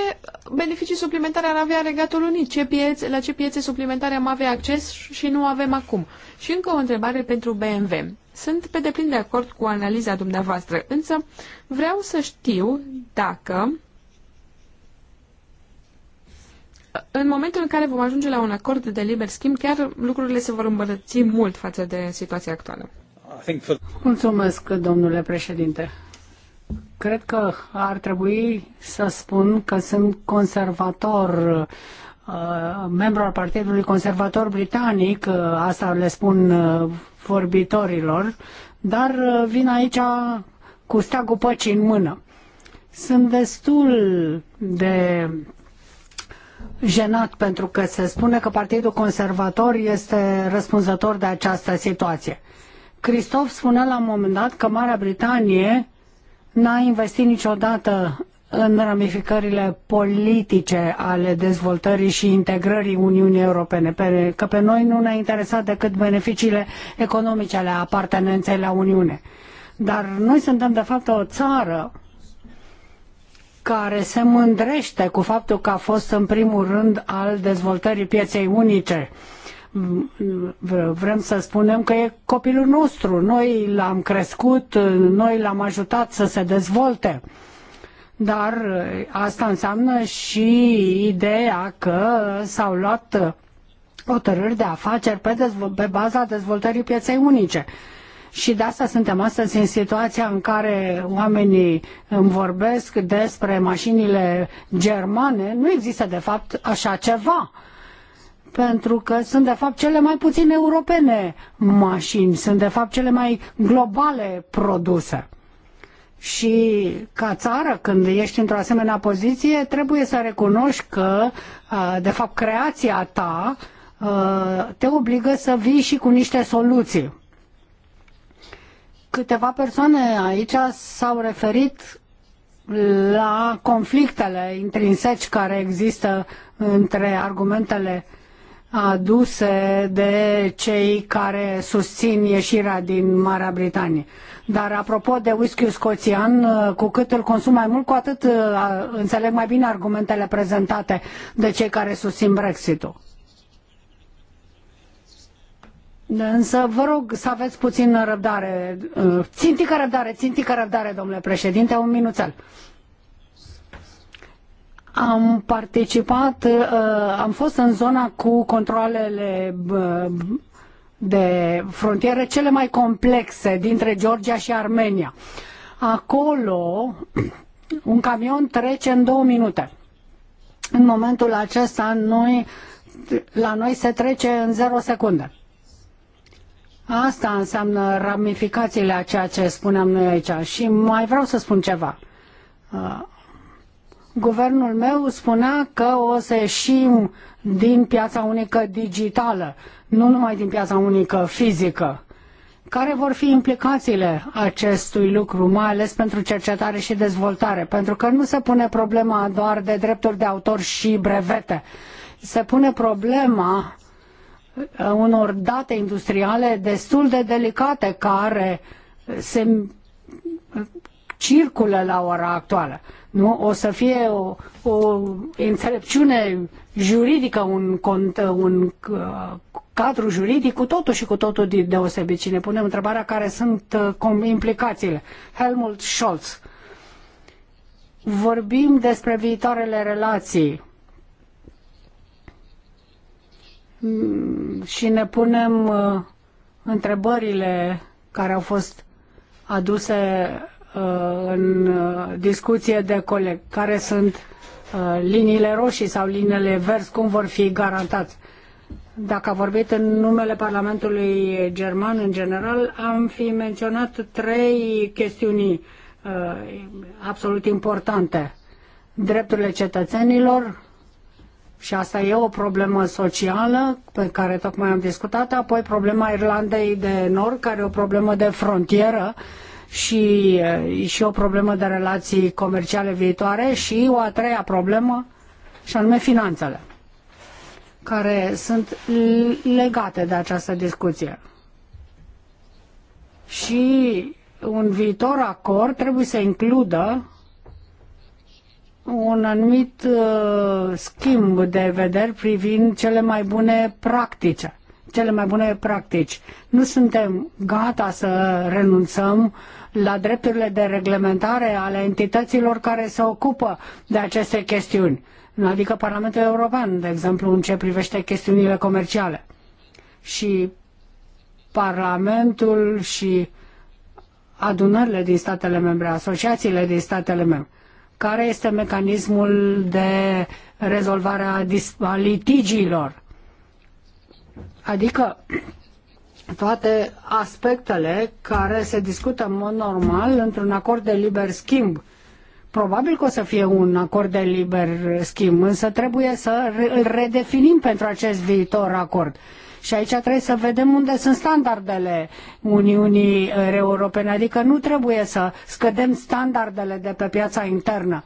beneficii suplimentare ar avea Regatul Unit, ce piețe, la ce piețe suplimentare am avea acces și nu avem acum. Și încă o întrebare pentru BMW. Sunt pe deplin de acord cu analiza dumneavoastră, însă vreau să știu dacă în momentul în care vom ajunge la un acord de liber schimb, chiar lucrurile se vor îmbunătăți mult față de situația actuală. Mulțumesc, domnule președinte. Cred că ar trebui să spun că sunt conservator uh, membru al Partidului Conservator Britanic, uh, asta le spun uh, vorbitorilor, dar vin aici cu steagul păcii în mână. Sunt destul de jenat pentru că se spune că Partidul Conservator este răspunzător de această situație. Cristof spunea la un moment dat că Marea Britanie n-a investit niciodată în ramificările politice ale dezvoltării și integrării Uniunii Europene, că pe noi nu ne-a interesat decât beneficiile economice ale apartenenței la Uniune. Dar noi suntem, de fapt, o țară care se mândrește cu faptul că a fost, în primul rând, al dezvoltării pieței unice. Uh, vrem să spunem că e copilul nostru. Noi l-am crescut, noi l-am ajutat să se dezvolte. Dar asta înseamnă și ideea că s-au luat hotărâri de afaceri pe, dezvo- pe baza dezvoltării pieței unice. Și de asta suntem astăzi în situația în care oamenii îmi vorbesc despre mașinile germane. Nu există, de fapt, așa ceva. Uh, pentru că sunt de fapt cele mai puțin europene mașini, sunt de fapt cele mai globale produse. Și ca țară, când ești într-o asemenea poziție, trebuie să recunoști că, de fapt, creația ta te obligă să vii și cu niște soluții. Câteva persoane aici s-au referit la conflictele intrinseci care există între argumentele aduse de cei care susțin ieșirea din Marea Britanie. Dar apropo de whisky scoțian, cu cât îl consum mai mult, cu atât uh, înțeleg mai bine argumentele prezentate de cei care susțin Brexit-ul. Însă vă rog să aveți puțin răbdare, uh, țintică răbdare, țintică răbdare, domnule președinte, un minuțel. Am participat, uh, am fost în zona cu controlele de frontieră cele mai complexe dintre Georgia și Armenia. Acolo un camion trece în două minute. În momentul acesta noi, la noi se trece în 0 secunde. Asta înseamnă ramificațiile a ceea ce spuneam noi aici. Și mai vreau să spun ceva. Uh, Guvernul meu spunea că o să ieșim din piața unică digitală, nu numai din piața unică fizică. Care vor fi implicațiile acestui lucru, mai ales pentru cercetare și dezvoltare? Pentru că nu se pune problema doar de drepturi de autor și brevete. Se pune problema uh, unor date industriale destul de delicate care se circulă la ora actuală nu? O să fie o, o înțelepciune juridică, un, cont, un uh, cadru juridic cu totul și cu totul deosebit. Și ne punem întrebarea care sunt uh, implicațiile. Helmut Scholz. Vorbim despre viitoarele relații mm, și ne punem uh, întrebările care au fost aduse Uh, în uh, discuție de coleg care sunt uh, liniile roșii sau liniile verzi, cum vor fi garantați. Dacă a vorbit în numele Parlamentului German în general, am fi menționat trei chestiuni absolut importante. Drepturile cetățenilor, și asta e o problemă socială pe care tocmai am discutat, apoi problema Irlandei de Nord, care e o problemă de frontieră, uh, și, și o problemă de relații comerciale viitoare și o a treia problemă, și anume finanțele, care sunt legate de această discuție. Și un viitor acord trebuie să includă un anumit uh, schimb de vederi privind cele mai bune practici. Cele mai bune practici. Nu suntem gata să renunțăm la drepturile de reglementare ale entităților care se ocupă de aceste chestiuni, adică Parlamentul European, de exemplu, în ce privește chestiunile comerciale. Și Parlamentul și adunările din statele membre, asociațiile din statele membre. Care este mecanismul de rezolvare a litigiilor? Adică toate aspectele care se discută în mod normal într-un acord de liber schimb. Probabil că o să fie un acord de liber schimb, însă trebuie să îl redefinim pentru acest viitor acord. Și aici trebuie să vedem unde sunt standardele Uniunii Europene, adică nu trebuie să scădem standardele de pe piața internă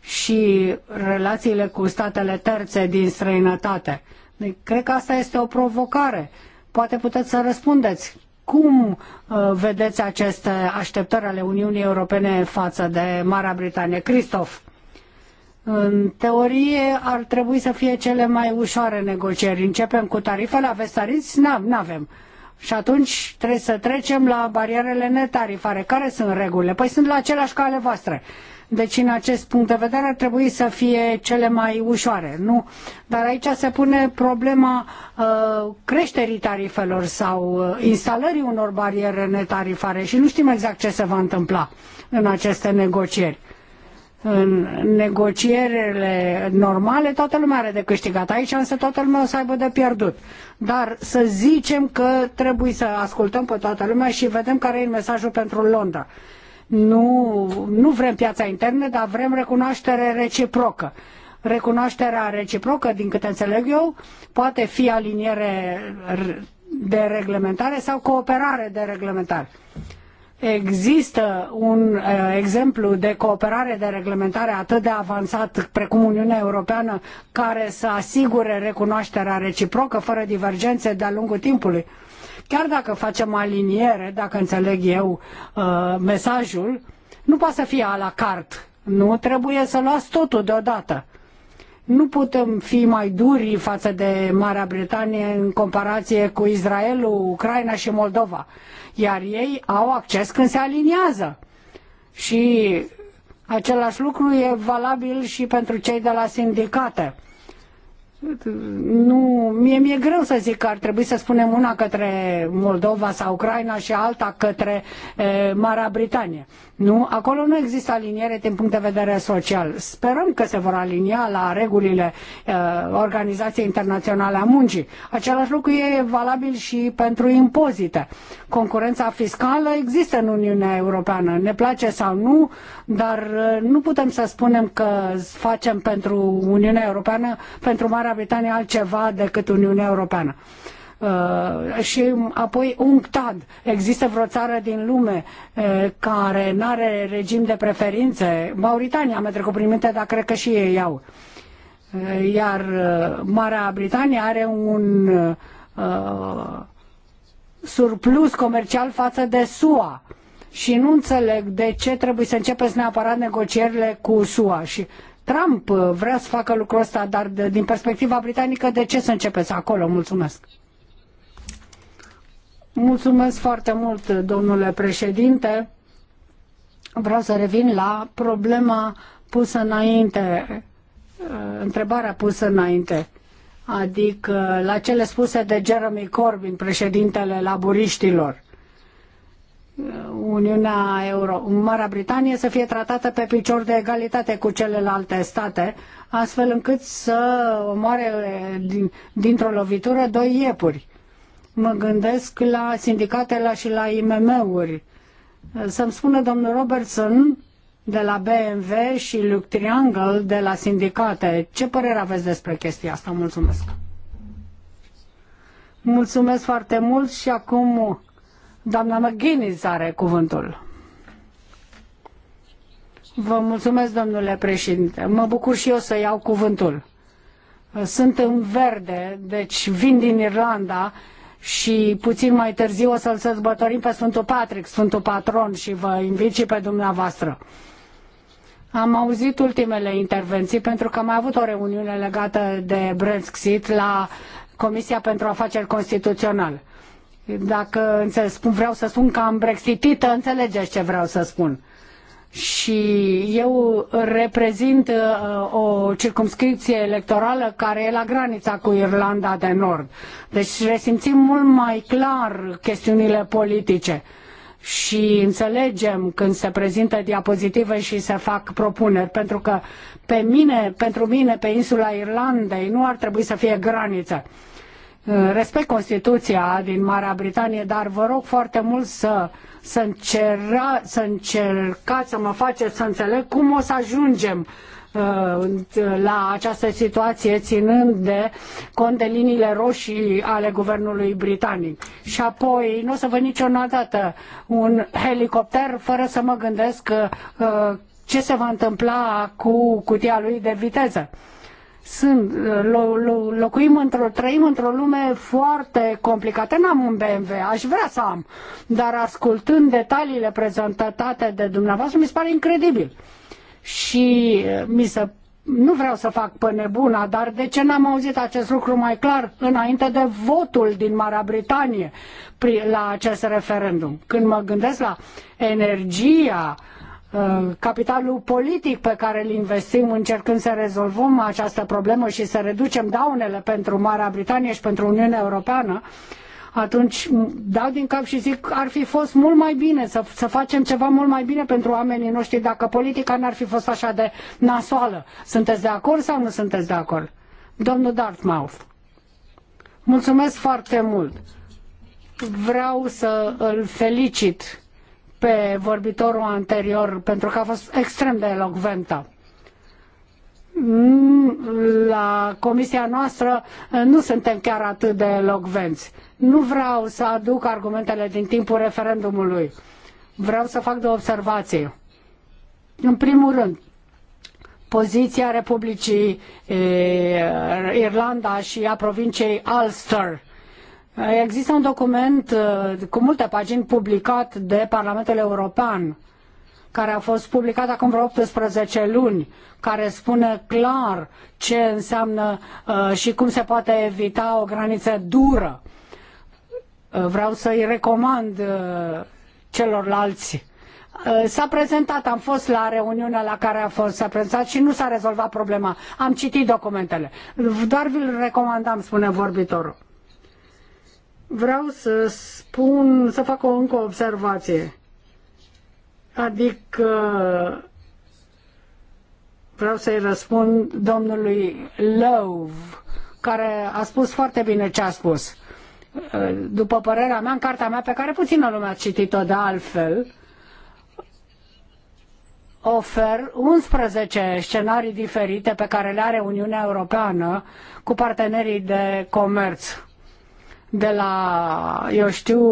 și relațiile cu statele terțe din străinătate. Deci, cred că asta este o provocare Poate puteți să răspundeți. Cum uh, vedeți aceste așteptări ale Uniunii Europene față de Marea Britanie? Cristof, în teorie ar trebui să fie cele mai ușoare negocieri. Începem cu tarifele, aveți tariți? Nu avem. Și atunci trebuie să trecem la barierele netarifare. Care sunt regulile? Păi sunt la același ca ale voastre. Deci, în acest punct de vedere, ar trebui să fie cele mai ușoare, nu? Dar aici se pune problema uh, creșterii tarifelor sau uh, instalării unor bariere netarifare și nu știm exact ce se va întâmpla în aceste negocieri în negocierile normale, toată lumea are de câștigat. Aici însă toată lumea o să aibă de pierdut. Dar să zicem că trebuie să ascultăm pe toată lumea și vedem care e mesajul pentru Londra. Nu, nu vrem piața internă, dar vrem recunoaștere reciprocă. Recunoașterea reciprocă, din câte înțeleg eu, poate fi aliniere de reglementare sau cooperare de reglementare. Există un uh, exemplu de cooperare de reglementare atât de avansat precum Uniunea Europeană care să asigure recunoașterea reciprocă fără divergențe de-a lungul timpului? Uh, Chiar dacă facem aliniere, dacă înțeleg eu uh, mesajul, nu poate să fie a la cart. Nu trebuie să luați totul deodată. Nu putem fi mai duri față de Marea Britanie în comparație cu Israelul, Ucraina și Moldova. Iar ei au acces când se aliniază. Și același lucru e valabil și pentru cei de la sindicate nu, mie mi-e greu să zic că ar trebui să spunem una către Moldova sau Ucraina și alta către e, eh, Marea Britanie. Nu, acolo nu există aliniere din punct de vedere social. Sperăm că se vor alinia la regulile uh, Organizației Internaționale a Muncii. Același lucru e valabil și pentru impozite. Concurența fiscală există în Uniunea Europeană, ne place sau nu, dar uh, nu putem să spunem că facem pentru Uniunea Europeană, pentru Marea Britanie altceva decât Uniunea Europeană. Uh, Uh, și apoi UNCTAD. Există vreo țară din lume uh, care nu are regim de preferințe? Mauritania mă trecut prin minte, dar cred că și ei au. Uh, iar Marea Britanie are un uh, surplus comercial față de SUA și nu înțeleg de ce trebuie să începeți neapărat negocierile cu SUA și Trump vrea să facă lucrul ăsta, dar de, din perspectiva britanică, de ce să începeți acolo? Mulțumesc! Mulțumesc foarte mult, domnule președinte. Vreau să revin la problema pusă înainte, întrebarea pusă înainte, adică la cele spuse de Jeremy Corbyn, președintele laburiștilor. Uniunea Euro, Marea Britanie să fie tratată pe picior de egalitate cu celelalte state, astfel încât să omoare dintr-o lovitură doi iepuri mă gândesc la sindicatele și la IMM-uri. Să-mi spună domnul Robertson de la BMW și Luke Triangle de la sindicate. Ce părere aveți despre chestia asta? Mulțumesc! Mulțumesc foarte mult și acum doamna McGuinness are cuvântul. Vă mulțumesc, domnule președinte. Mă bucur și eu să iau cuvântul. Sunt în verde, deci vin din Irlanda și puțin mai târziu o să-l sărbătorim pe Sfântul Patrick, Sfântul Patron și vă invit și pe dumneavoastră. Am auzit ultimele intervenții pentru că am avut o reuniune legată de Brexit la Comisia pentru Afaceri Constituționale. Dacă înțeles, vreau să spun că am brexitită, înțelegeți ce vreau să spun și eu reprezint uh, o circumscripție electorală care e la granița cu Irlanda de Nord. Deci resimțim mult mai clar chestiunile politice și înțelegem când se prezintă diapozitive și se fac propuneri, pentru că pe mine, pentru mine, pe insula Irlandei nu ar trebui să fie graniță. Eh, respect Constituția din Marea Britanie, dar vă rog foarte mult să, să, încerca, să încercați să mă faceți să înțeleg cum o să ajungem eh, la această situație ținând de cont de liniile roșii ale guvernului britanic. Și apoi nu o să văd niciodată un helicopter fără să mă gândesc eh, ce se va întâmpla cu cutia lui de viteză. Sunt, lo, lo, locuim într-o, trăim într-o lume foarte complicată. N-am un BMW, aș vrea să am, dar ascultând detaliile prezentate de dumneavoastră, mi se pare incredibil. Și mi se nu vreau să fac pe nebuna, dar de ce n-am auzit acest lucru mai clar înainte de votul din Marea Britanie la acest referendum? Când mă gândesc la energia, uh, Uh, capitalul politic pe care îl investim încercând să rezolvăm această problemă și să reducem daunele pentru Marea Britanie și pentru Uniunea Europeană, atunci dau din cap și zic ar fi fost mult mai bine să, să facem ceva mult mai bine pentru oamenii noștri dacă politica n-ar fi fost așa de nasoală. Sunteți de acord sau nu sunteți de acord? Domnul Dartmouth. Mulțumesc foarte mult. Vreau să îl felicit pe vorbitorul anterior pentru că a fost extrem de elocventă. La comisia noastră nu suntem chiar atât de elocvenți. Nu vreau să aduc argumentele din timpul referendumului. Vreau să fac două observații. În primul rând, poziția Republicii eh, Irlanda și a provinciei Ulster Există un document uh, cu multe pagini publicat de Parlamentul European care a fost publicat acum vreo 18 luni, care spune clar ce înseamnă uh, și cum se poate evita o graniță dură. Uh, vreau să-i recomand celorlalți S-a prezentat, am fost la reuniunea la care a fost, s-a prezentat și nu s-a rezolvat problema. Am citit documentele. Doar vi-l recomandam, spune vorbitorul vreau să spun, să fac o încă o observație. Adică vreau să-i răspund domnului Love, care a spus foarte bine ce a spus. După părerea mea, în cartea mea, pe care puțină lume a citit-o de altfel, ofer 11 scenarii diferite pe care le are Uniunea Europeană cu partenerii de comerț de la, eu știu,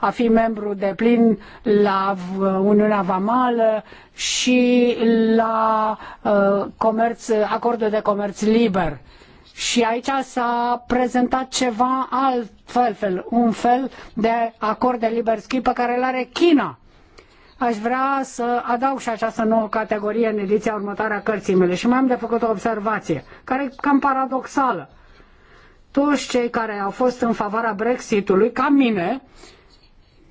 a fi membru de plin la Uniunea Vamală și la uh, comerț, acordul de comerț liber. Și aici s-a prezentat ceva altfel, fel, un fel de acord de liber schimb pe care îl are China. Aș vrea să adaug și această nouă categorie în ediția următoare a cărții mele și mai am de făcut o observație, care e cam paradoxală toți cei care au fost în favoarea Brexitului, ca mine,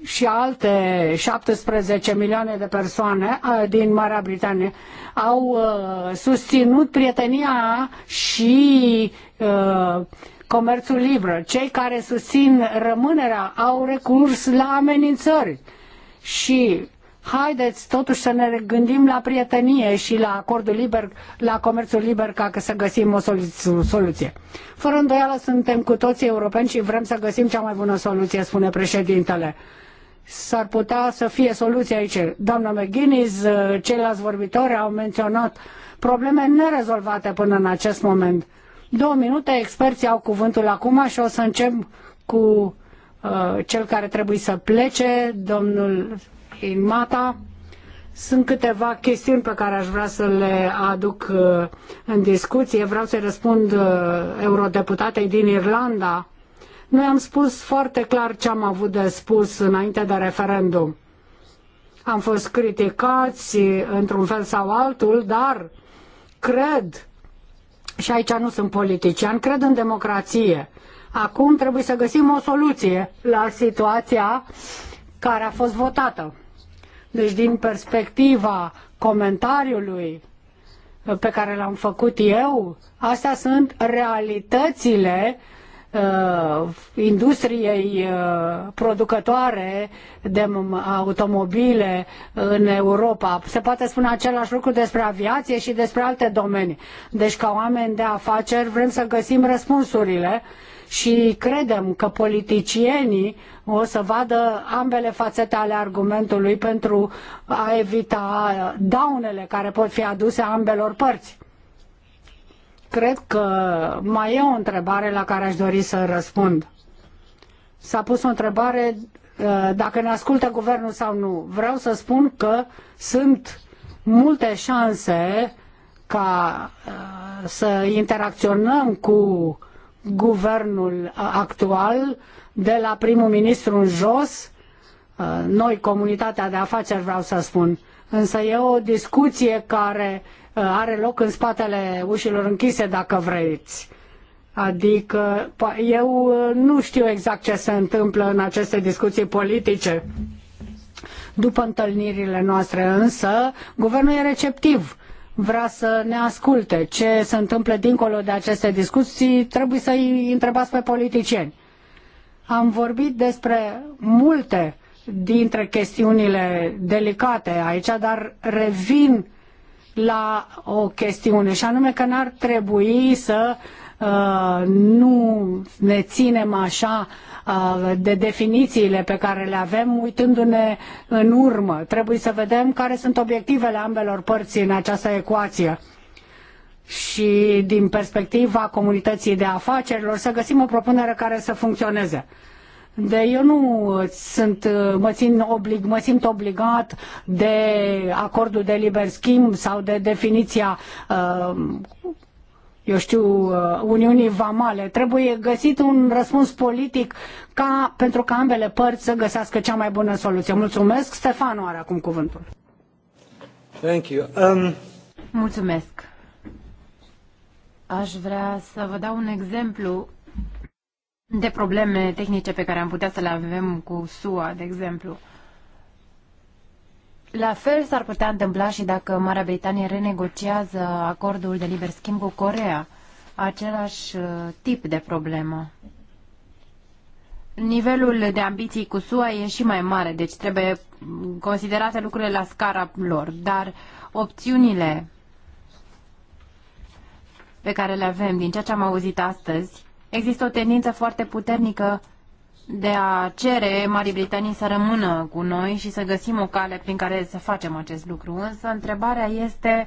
și alte 17 milioane de persoane din Marea Britanie au susținut prietenia și comerțul liber. Cei care susțin rămânerea au recurs la amenințări și haideți totuși să ne gândim la prietenie și la acordul liber, la comerțul liber ca să găsim o soluție. Fără îndoială suntem cu toții europeni și vrem să găsim cea mai bună soluție, spune președintele. S-ar putea să fie soluția aici. Doamna McGuinness, uh, ceilalți vorbitori au menționat probleme nerezolvate până în acest moment. Două minute, experții au cuvântul acum și o să încep cu uh, cel care trebuie să plece, domnul Mata. Sunt câteva chestiuni pe care aș vrea să le aduc uh, în discuție. Vreau să-i răspund uh, eurodeputatei din Irlanda. Noi am spus foarte clar ce am avut de spus înainte de referendum. Am fost criticați uh, într-un fel sau altul, dar cred, și aici nu sunt politician, cred în democrație. Acum trebuie să găsim o soluție la situația care a fost votată. Deci din perspectiva comentariului pe care l-am făcut eu, astea sunt realitățile uh, industriei uh, producătoare de automobile în Europa. Se poate spune același lucru despre aviație și despre alte domenii. Deci ca oameni de afaceri vrem să găsim răspunsurile uh, și credem că politicienii o să vadă ambele fațete ale argumentului pentru a evita daunele care pot fi aduse ambelor părți. Cred că mai e o întrebare la care aș dori să răspund. S-a pus o întrebare uh, dacă ne ascultă guvernul sau nu. Vreau să spun că sunt multe șanse ca uh, să interacționăm cu guvernul actual, de la primul ministru în jos, uh, noi, comunitatea de afaceri, vreau să spun. Însă e o discuție care uh, are loc în spatele ușilor închise, dacă vreți. Adică eu uh, nu știu exact ce se întâmplă în aceste discuții politice. După întâlnirile noastre însă, guvernul e receptiv vrea să ne asculte. Ce se întâmplă dincolo de aceste discuții, trebuie să-i întrebați pe politicieni. Am vorbit despre multe dintre chestiunile delicate aici, dar revin la o chestiune și anume că n-ar trebui să uh, Uh, nu ne ținem așa uh, de definițiile pe care le avem uitându-ne în urmă. Trebuie să vedem care sunt obiectivele ambelor părți în această ecuație și din perspectiva comunității de afacerilor să găsim o propunere care să funcționeze. De eu nu sunt, mă, țin oblig, mă simt obligat de acordul de liber schimb sau de definiția uh, eu știu, uh, Uniunii Vamale. Trebuie găsit un răspuns politic ca, pentru ca ambele părți să găsească cea mai bună soluție. Mulțumesc. Stefano are acum cuvântul. Thank you. Um... Mulțumesc. Aș vrea să vă dau un exemplu de probleme tehnice pe care am putea să le avem cu SUA, de exemplu. La fel s-ar putea întâmpla și dacă Marea Britanie renegociază acordul de liber schimb cu Corea. Același uh, tip de problemă. Nivelul de ambiții cu SUA e și mai mare, deci trebuie considerate lucrurile la scara lor, dar opțiunile pe care le avem din ceea ce am auzit astăzi, există o tendință foarte puternică de a cere Marii Britanii să rămână cu noi și să găsim o cale prin care să facem acest lucru. Însă întrebarea este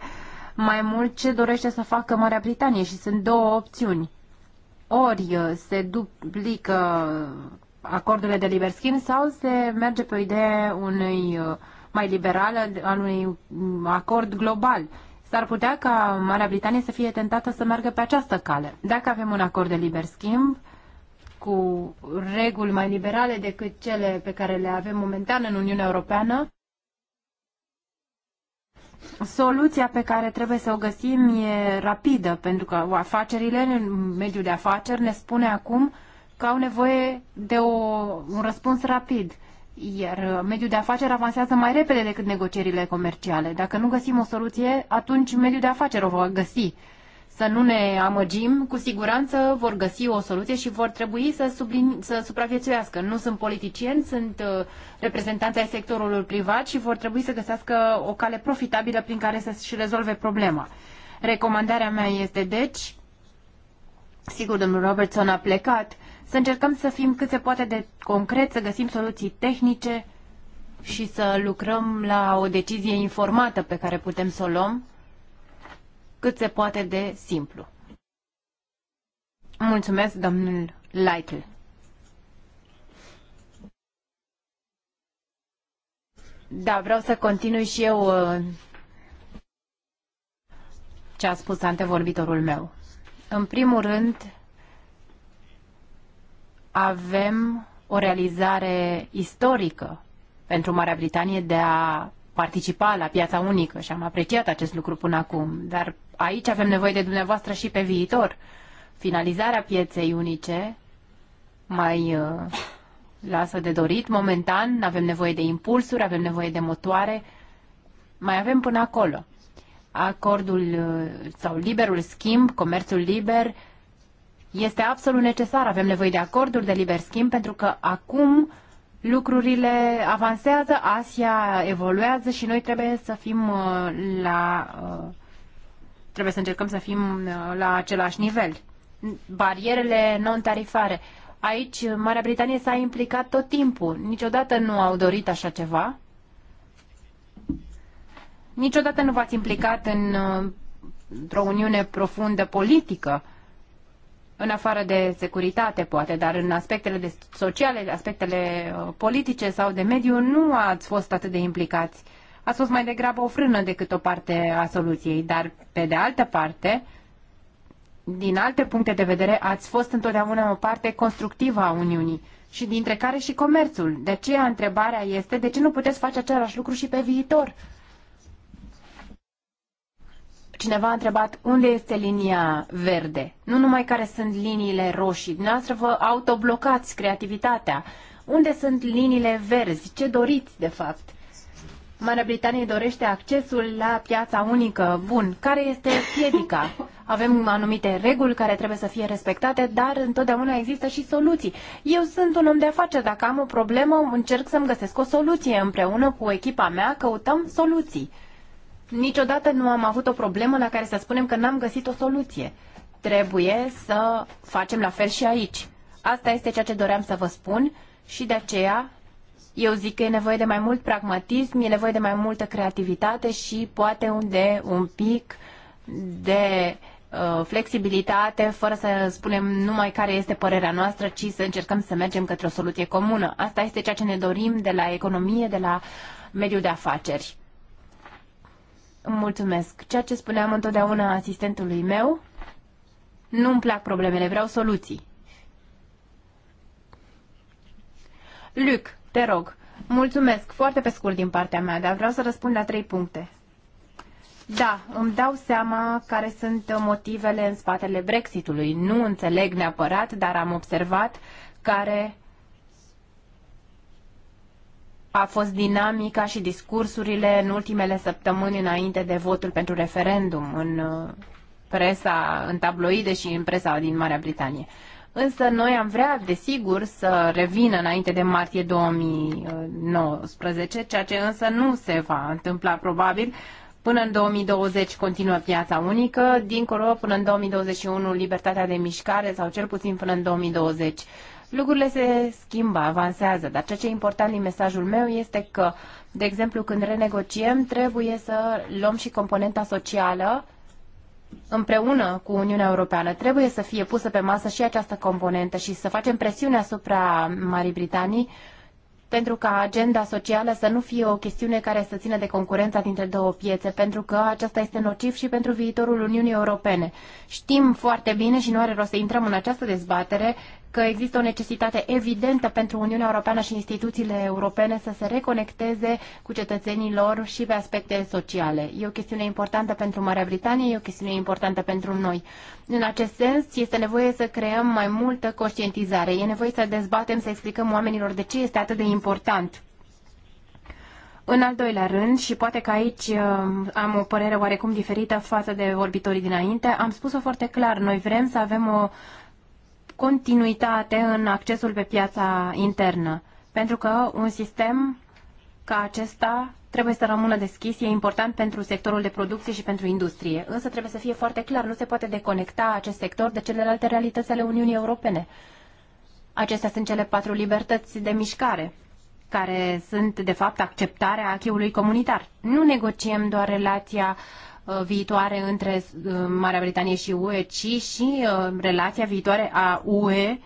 mai mult ce dorește să facă Marea Britanie și sunt două opțiuni. Ori uh, se duplică acordurile de liber schimb sau se merge pe o idee unei uh, mai liberală al unui mm, acord global. S-ar putea ca Marea Britanie să fie tentată să meargă pe această cale. Dacă avem un acord de liber schimb, cu reguli mai liberale decât cele pe care le avem momentan în Uniunea Europeană. Soluția pe care trebuie să o găsim e rapidă, pentru că afacerile în mediul de afaceri ne spune acum că au nevoie de o, un răspuns rapid. Iar mediul de afaceri avansează mai repede decât negocierile comerciale. Dacă nu găsim o soluție, atunci mediul de afaceri o va găsi să nu ne amăgim, cu siguranță vor găsi o soluție și vor trebui să, sublin, să supraviețuiască. Nu sunt politicieni, sunt uh, reprezentanți ai sectorului privat și vor trebui să găsească o cale profitabilă prin care să-și rezolve problema. Recomandarea mea este deci, sigur domnul Robertson a plecat, să încercăm să fim cât se poate de concret, să găsim soluții tehnice și să lucrăm la o decizie informată pe care putem să o luăm cât se poate de simplu. Mulțumesc, domnul Leitl. Da, vreau să continui și eu uh, ce a spus antevorbitorul meu. În primul rând, avem o realizare istorică pentru Marea Britanie de a participa la piața unică și am apreciat acest lucru până acum, dar aici avem nevoie de dumneavoastră și pe viitor. Finalizarea pieței unice mai uh, lasă de dorit momentan, avem nevoie de impulsuri, avem nevoie de motoare, mai avem până acolo. Acordul uh, sau liberul schimb, comerțul liber, este absolut necesar. Avem nevoie de acorduri de liber schimb pentru că acum lucrurile avansează, Asia evoluează și noi trebuie să fim uh, la uh, Trebuie să încercăm să fim uh, la același nivel. Barierele non-tarifare. Aici Marea Britanie s-a implicat tot timpul. Niciodată nu au dorit așa ceva. Niciodată nu v-ați implicat în, uh, într-o uniune profundă politică, în afară de securitate, poate, dar în aspectele de sociale, aspectele uh, politice sau de mediu, nu ați fost atât de implicați a fost mai degrabă o frână decât o parte a soluției, dar pe de altă parte, din alte puncte de vedere, ați fost întotdeauna o parte constructivă a Uniunii și dintre care și comerțul. De aceea întrebarea este de ce nu puteți face același lucru și pe viitor? Cineva a întrebat unde este linia verde, nu numai care sunt liniile roșii. Dumneavoastră vă autoblocați creativitatea. Unde sunt liniile verzi? Ce doriți, de fapt? Marea Britanie dorește accesul la piața unică. Bun, care este piedica? Avem anumite reguli care trebuie să fie respectate, dar întotdeauna există și soluții. Eu sunt un om de afaceri. Dacă am o problemă, încerc să-mi găsesc o soluție. Împreună cu echipa mea căutăm soluții. Niciodată nu am avut o problemă la care să spunem că n-am găsit o soluție. Trebuie să facem la fel și aici. Asta este ceea ce doream să vă spun și de aceea eu zic că e nevoie de mai mult pragmatism, e nevoie de mai multă creativitate și poate unde un pic de uh, flexibilitate, fără să spunem numai care este părerea noastră, ci să încercăm să mergem către o soluție comună. Asta este ceea ce ne dorim de la economie, de la mediul de afaceri. Mulțumesc. Ceea ce spuneam întotdeauna asistentului meu, nu-mi plac problemele, vreau soluții. Luc, te rog. Mulțumesc. Foarte pe scurt din partea mea, dar vreau să răspund la trei puncte. Da, îmi dau seama care sunt motivele în spatele Brexitului. Nu înțeleg neapărat, dar am observat care a fost dinamica și discursurile în ultimele săptămâni înainte de votul pentru referendum în uh, presa, în tabloide și în presa din Marea Britanie. Însă noi am vrea, desigur, să revină înainte de martie 2019, ceea ce însă nu se va întâmpla probabil. Până în 2020 continuă piața unică, dincolo până în 2021 libertatea de mișcare sau cel puțin până în 2020. Lucrurile se schimbă, avansează, dar ceea ce e important din mesajul meu este că, de exemplu, când renegociem, trebuie să luăm și componenta socială împreună cu Uniunea Europeană. Trebuie să fie pusă pe masă și această componentă și să facem presiune asupra Marii Britanii pentru ca agenda socială să nu fie o chestiune care să țină de concurența dintre două piețe, pentru că aceasta este nociv și pentru viitorul Uniunii Europene. Știm foarte bine și nu are rost să intrăm în această dezbatere că există o necesitate evidentă pentru Uniunea Europeană și instituțiile europene să se reconecteze cu cetățenii lor și pe aspecte sociale. E o chestiune importantă pentru Marea Britanie, e o chestiune importantă pentru noi. În acest sens, este nevoie să creăm mai multă conștientizare. E nevoie să dezbatem, să explicăm oamenilor de ce este atât de important. În al doilea rând, și poate că aici uh, am o părere oarecum diferită față de vorbitorii dinainte, am spus-o foarte clar, noi vrem să avem o continuitate în accesul pe piața internă. Pentru că un sistem ca acesta trebuie să rămână deschis, e important pentru sectorul de producție și pentru industrie. Însă trebuie să fie foarte clar, nu se poate deconecta acest sector de celelalte realități ale Uniunii Europene. Acestea sunt cele patru libertăți de mișcare, care sunt, de fapt, acceptarea acheului comunitar. Nu negociem doar relația uh, Uh, viitoare între uh, Marea Britanie și UE, ci și uh, relația viitoare a UE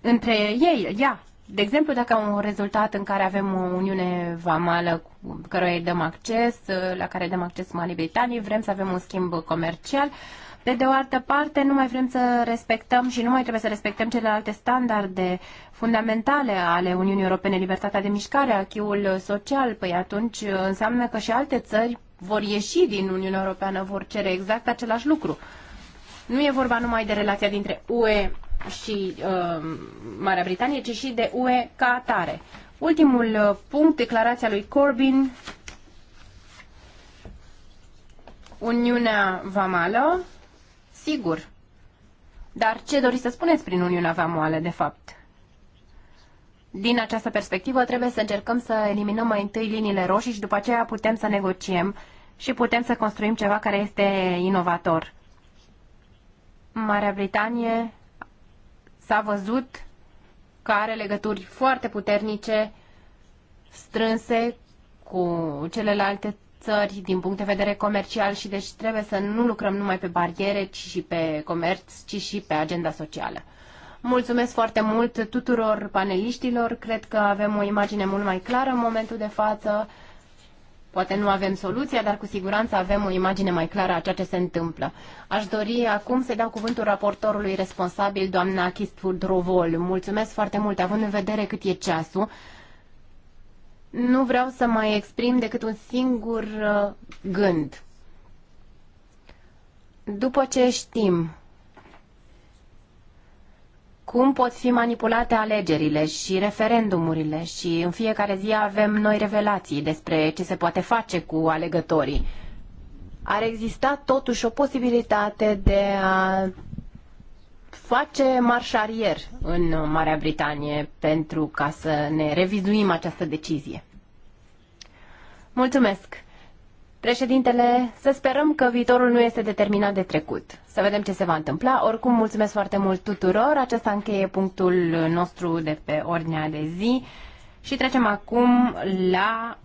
între ei, ea. De exemplu, dacă un rezultat în care avem o uniune vamală cu căruia îi dăm acces, la care dăm acces Marii Britanii, vrem să avem un schimb comercial, pe de o altă parte, nu mai vrem să respectăm și nu mai trebuie să respectăm celelalte standarde fundamentale ale Uniunii Europene, libertatea de mișcare, achiul social, păi atunci înseamnă că și alte țări vor ieși din Uniunea Europeană vor cere exact același lucru. Nu e vorba numai de relația dintre UE și uh, Marea Britanie, ci și de UE ca atare. Ultimul uh, punct, declarația lui Corbyn. Uniunea Vamală, sigur. Dar ce doriți să spuneți prin Uniunea Vamală, de fapt? Din această perspectivă, trebuie să încercăm să eliminăm mai întâi liniile roșii și după aceea putem să negociem și putem să construim ceva care este inovator. Marea Britanie s-a văzut că are legături foarte puternice, strânse cu celelalte țări din punct de vedere comercial și deci trebuie să nu lucrăm numai pe bariere, ci și pe comerț, ci și pe agenda socială. Mulțumesc foarte mult tuturor paneliștilor, cred că avem o imagine mult mai clară în momentul de față Poate nu avem soluția, dar cu siguranță avem o imagine mai clară a ceea ce se întâmplă. Aș dori acum să dau cuvântul raportorului responsabil, doamna Chistford Rovol. Mulțumesc foarte mult, având în vedere cât e ceasul. Nu vreau să mai exprim decât un singur uh, gând. După ce știm cum pot fi manipulate alegerile și referendumurile și în fiecare zi avem noi revelații despre ce se poate face cu alegătorii. Ar exista totuși o posibilitate de a face marșarier în Marea Britanie pentru ca să ne revizuim această decizie. Mulțumesc! Președintele, să sperăm că viitorul nu este determinat de trecut. Să vedem ce se va întâmpla. Oricum, mulțumesc foarte mult tuturor. Acesta încheie punctul nostru de pe ordinea de zi. Și trecem acum la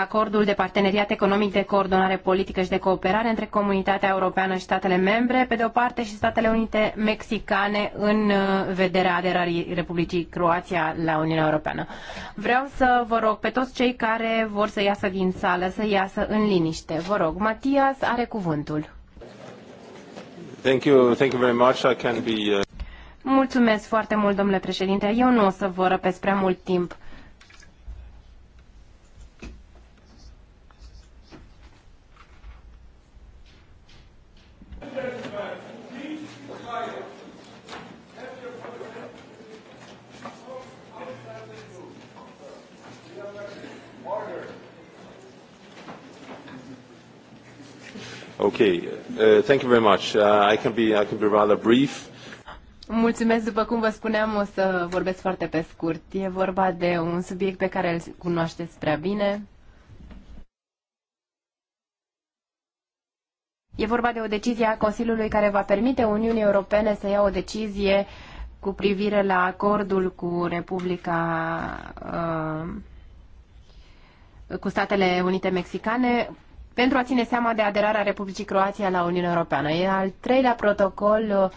acordul de parteneriat economic de coordonare politică și de cooperare între Comunitatea Europeană și statele membre, pe de o parte, și Statele Unite Mexicane în uh, vederea aderării Republicii Croația la Uniunea Europeană. Vreau să vă rog pe toți cei care vor să iasă din sală să iasă în liniște. Vă rog, Matias are cuvântul. Thank you, thank you very much. I can be, uh... Mulțumesc foarte mult, domnule președinte. Eu nu o să vă răpesc prea mult timp. Okay. Uh, thank you very much. Uh, I can be I can be rather brief. Mulțumesc, după cum vă spuneam, o să vorbesc foarte pe scurt. E vorba de un subiect pe care îl cunoașteți prea bine. E vorba de o decizie a Consiliului care va permite Uniunii Europene să ia o decizie cu privire la acordul cu Republica uh, cu Statele Unite Mexicane pentru a ține seama de aderarea Republicii Croația la Uniunea Europeană. E al treilea protocol uh,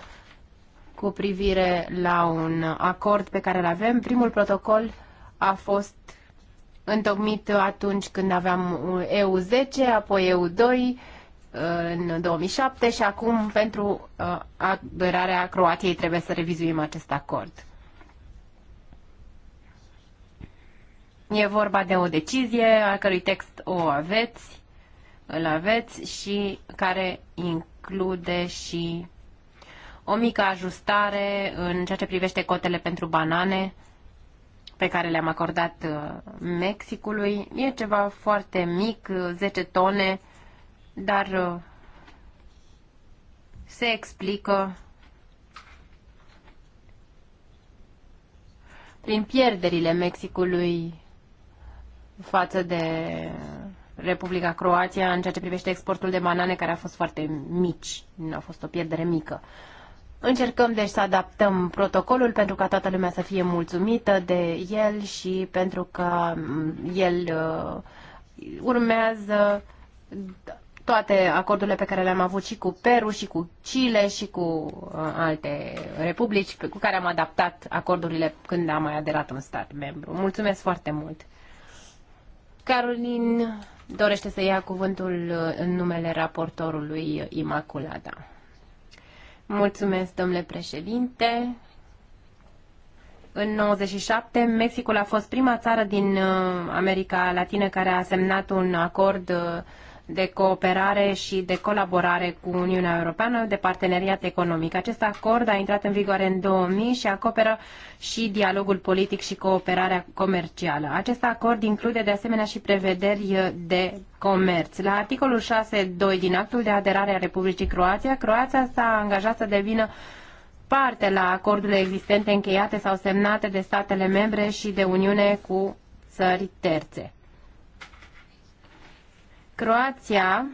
cu privire la un acord pe care îl avem. Primul protocol a fost întocmit atunci când aveam uh, EU10, apoi EU2 uh, în 2007 și acum pentru aderarea Croației trebuie să revizuim acest acord. E vorba de o decizie a cărui text o aveți îl aveți și care include și o mică ajustare în ceea ce privește cotele pentru banane pe care le-am acordat uh, Mexicului. E ceva foarte mic, 10 uh, tone, dar uh, se explică prin pierderile Mexicului față de Republica Croația în ceea ce privește exportul de banane, care a fost foarte mici, nu a fost o pierdere mică. Încercăm deci să adaptăm protocolul pentru ca toată lumea să fie mulțumită de el și pentru că mm, el uh, urmează toate acordurile pe care le-am avut și cu Peru, și cu Chile, și cu uh, alte republici cu care am adaptat acordurile când am mai aderat un stat membru. Mulțumesc foarte mult! Carolin dorește să ia cuvântul uh, în numele raportorului Imaculada. Mulțumesc, domnule președinte. În 97, Mexicul a fost prima țară din uh, America Latină care a semnat un acord uh, de cooperare și de colaborare cu Uniunea Europeană de parteneriat economic. Acest acord a intrat în vigoare în 2000 și acoperă și dialogul politic și cooperarea comercială. Acest acord include de asemenea și prevederi de comerț. La articolul 6.2 din actul de aderare a Republicii Croația, Croația s-a angajat să devină parte la acordurile existente încheiate sau semnate de statele membre și de Uniune cu țări terțe. Croația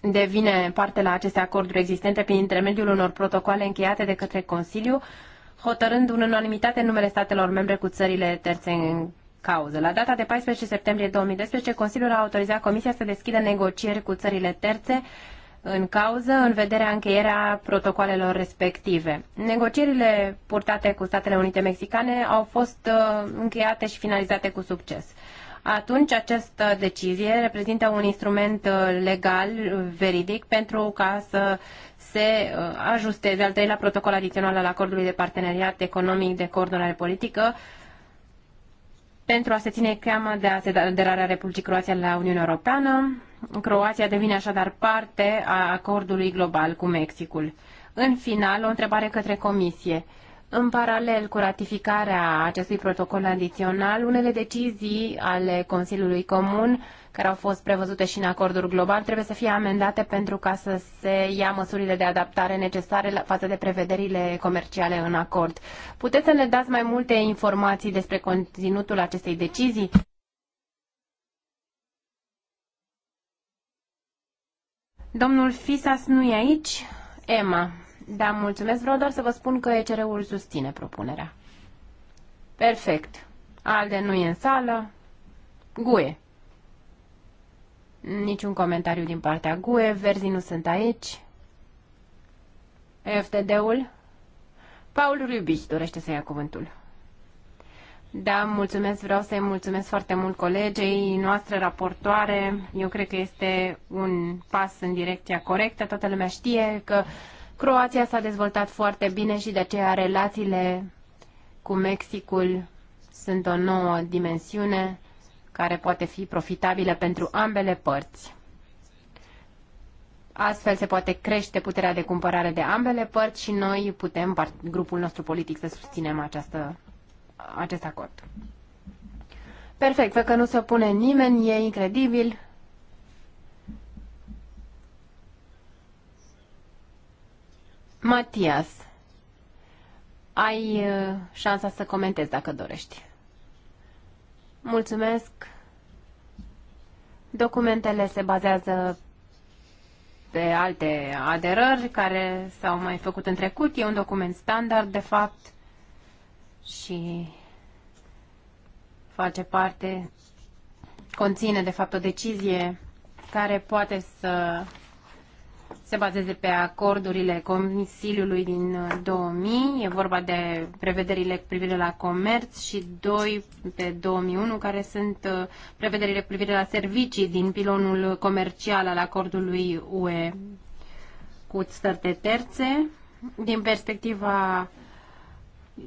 devine parte la aceste acorduri existente prin intermediul unor protocoale încheiate de către Consiliu, hotărând în unanimitate numele statelor membre cu țările terțe în cauză. La data de 14 septembrie 2012, Consiliul a autorizat Comisia să deschidă negocieri cu țările terțe în cauză în vederea încheierea protocoalelor respective. Negocierile purtate cu Statele Unite Mexicane au fost uh, încheiate și finalizate cu succes atunci această decizie reprezintă un instrument uh, legal, uh, veridic, pentru ca să se uh, ajusteze al treilea protocol adițional al acordului de parteneriat economic de coordonare politică pentru a se ține cheamă de aderarea Republicii Croația la Uniunea Europeană. Croația devine așadar parte a acordului global cu Mexicul. În final, o întrebare către Comisie. În paralel cu ratificarea acestui protocol adițional, unele decizii ale Consiliului Comun, care au fost prevăzute și în acordul global, trebuie să fie amendate pentru ca să se ia măsurile de adaptare necesare față de prevederile comerciale în acord. Puteți să ne dați mai multe informații despre conținutul acestei decizii? Domnul Fisas nu e aici. Emma, da, mulțumesc. Vreau doar să vă spun că ECR-ul susține propunerea. Perfect. Alde nu e în sală. Guie. Niciun comentariu din partea GUE, verzii nu sunt aici. FTD-ul? Paul Rubich dorește să ia cuvântul. Da, mulțumesc, vreau să-i mulțumesc foarte mult colegei noastre raportoare. Eu cred că este un pas în direcția corectă. Toată lumea știe că uh, Croația s-a dezvoltat foarte bine și de aceea relațiile cu Mexicul sunt o nouă dimensiune care poate fi profitabilă pentru ambele părți. Astfel se poate crește puterea de cumpărare de ambele părți și noi putem, grupul nostru politic, să susținem această, acest acord. Perfect, văd că nu se opune nimeni, e incredibil. Matias, ai uh, șansa să comentezi dacă dorești. Mulțumesc. Documentele se bazează pe alte aderări care s-au mai făcut în trecut. E un document standard, de fapt, și face parte, conține, de fapt, o decizie care poate să se bazeze pe acordurile Consiliului din 2000, uh, e vorba de prevederile cu privire la comerț și 2 de 2001, care sunt uh, prevederile cu privire la servicii din pilonul comercial al acordului UE cu stărte terțe. Din perspectiva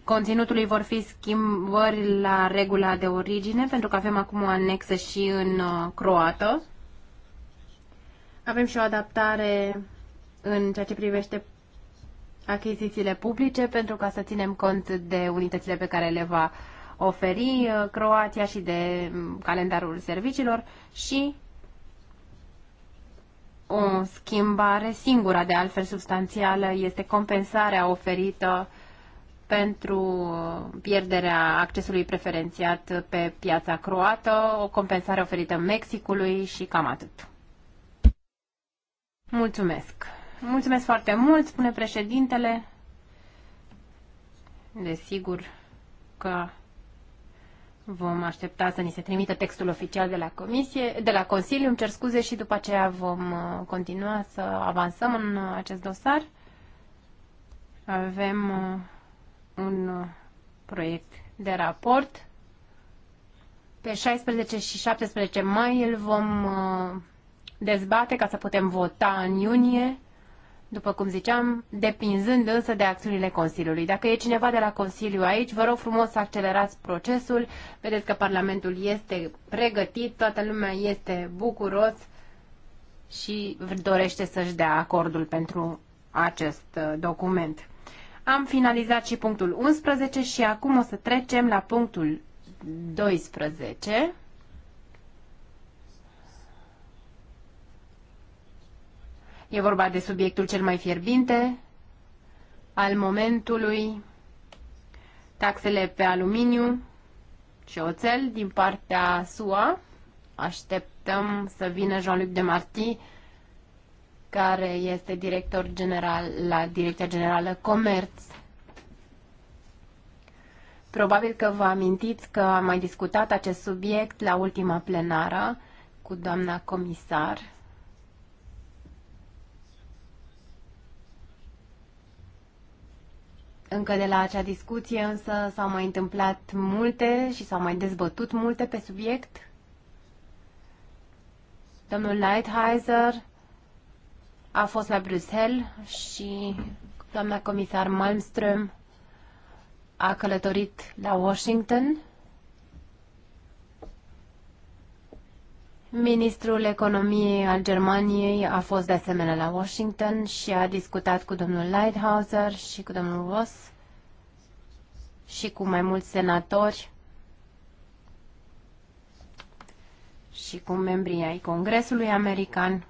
conținutului vor fi schimbări la regula de origine, pentru că avem acum o anexă și în uh, croată avem și o adaptare în ceea ce privește achizițiile publice pentru ca să ținem cont de unitățile pe care le va oferi uh, Croația și de mm, calendarul serviciilor și o schimbare singura de altfel substanțială este compensarea oferită pentru uh, pierderea accesului preferențiat pe piața croată, o compensare oferită Mexicului și cam atât. Mulțumesc. Mulțumesc foarte mult, spune președintele. Desigur că vom aștepta să ni se trimită textul oficial de la comisie, de la Consiliu, îmi cer scuze și după aceea vom uh, continua să avansăm în uh, acest dosar. Avem uh, un proiect de raport. Pe 16 și 17 mai îl vom dezbate ca să putem vota în iunie, după cum ziceam, depinzând însă de acțiunile Consiliului. Dacă e cineva de la Consiliu aici, vă rog frumos să accelerați procesul. Vedeți că Parlamentul este pregătit, toată lumea este bucuros și dorește să-și dea acordul pentru acest uh, document. Am finalizat și punctul 11 și acum o să trecem la punctul 12. E vorba de subiectul cel mai fierbinte al momentului, taxele pe aluminiu și oțel din partea SUA. Așteptăm să vină Jean-Luc Marti, care este director general la Direcția Generală Comerț Probabil că vă amintiți că am mai discutat acest subiect la ultima plenară cu doamna comisar Încă de la acea discuție însă s-au mai întâmplat multe și s-au mai dezbătut multe pe subiect. Domnul Lighthizer a fost la Bruxelles și doamna comisar Malmström a călătorit la Washington Ministrul Economiei al Germaniei a fost de asemenea la Washington și a discutat cu domnul Lighthouser și cu domnul Ross și cu mai mulți senatori și cu membrii ai Congresului American.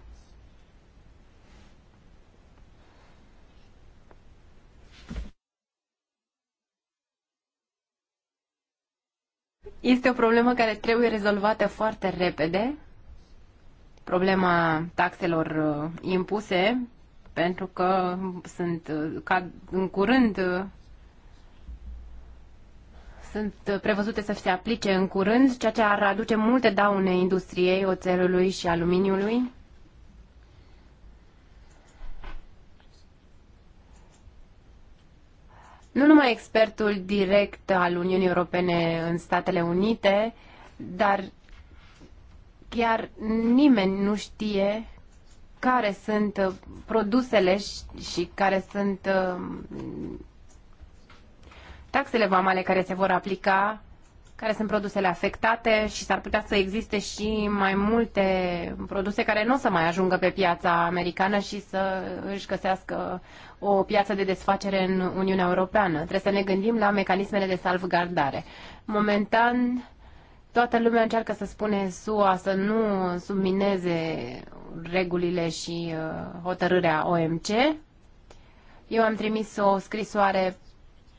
Este o problemă care trebuie rezolvată foarte repede problema taxelor uh, impuse, pentru că sunt uh, ca în curând uh, sunt prevăzute să se aplice în curând, ceea ce ar aduce multe daune industriei oțelului și aluminiului. Nu numai expertul direct al Uniunii Europene în Statele Unite, dar chiar nimeni nu știe care sunt uh, produsele și care sunt um, taxele vamale care se vor aplica, care sunt produsele afectate și s-ar putea să existe și mai multe produse care nu o să mai ajungă pe piața americană și să își găsească o piață de desfacere în Uniunea Europeană. Trebuie să ne gândim la mecanismele de salvgardare. Momentan, Toată lumea încearcă să spune SUA să nu submineze regulile și uh, hotărârea OMC. Eu am trimis o scrisoare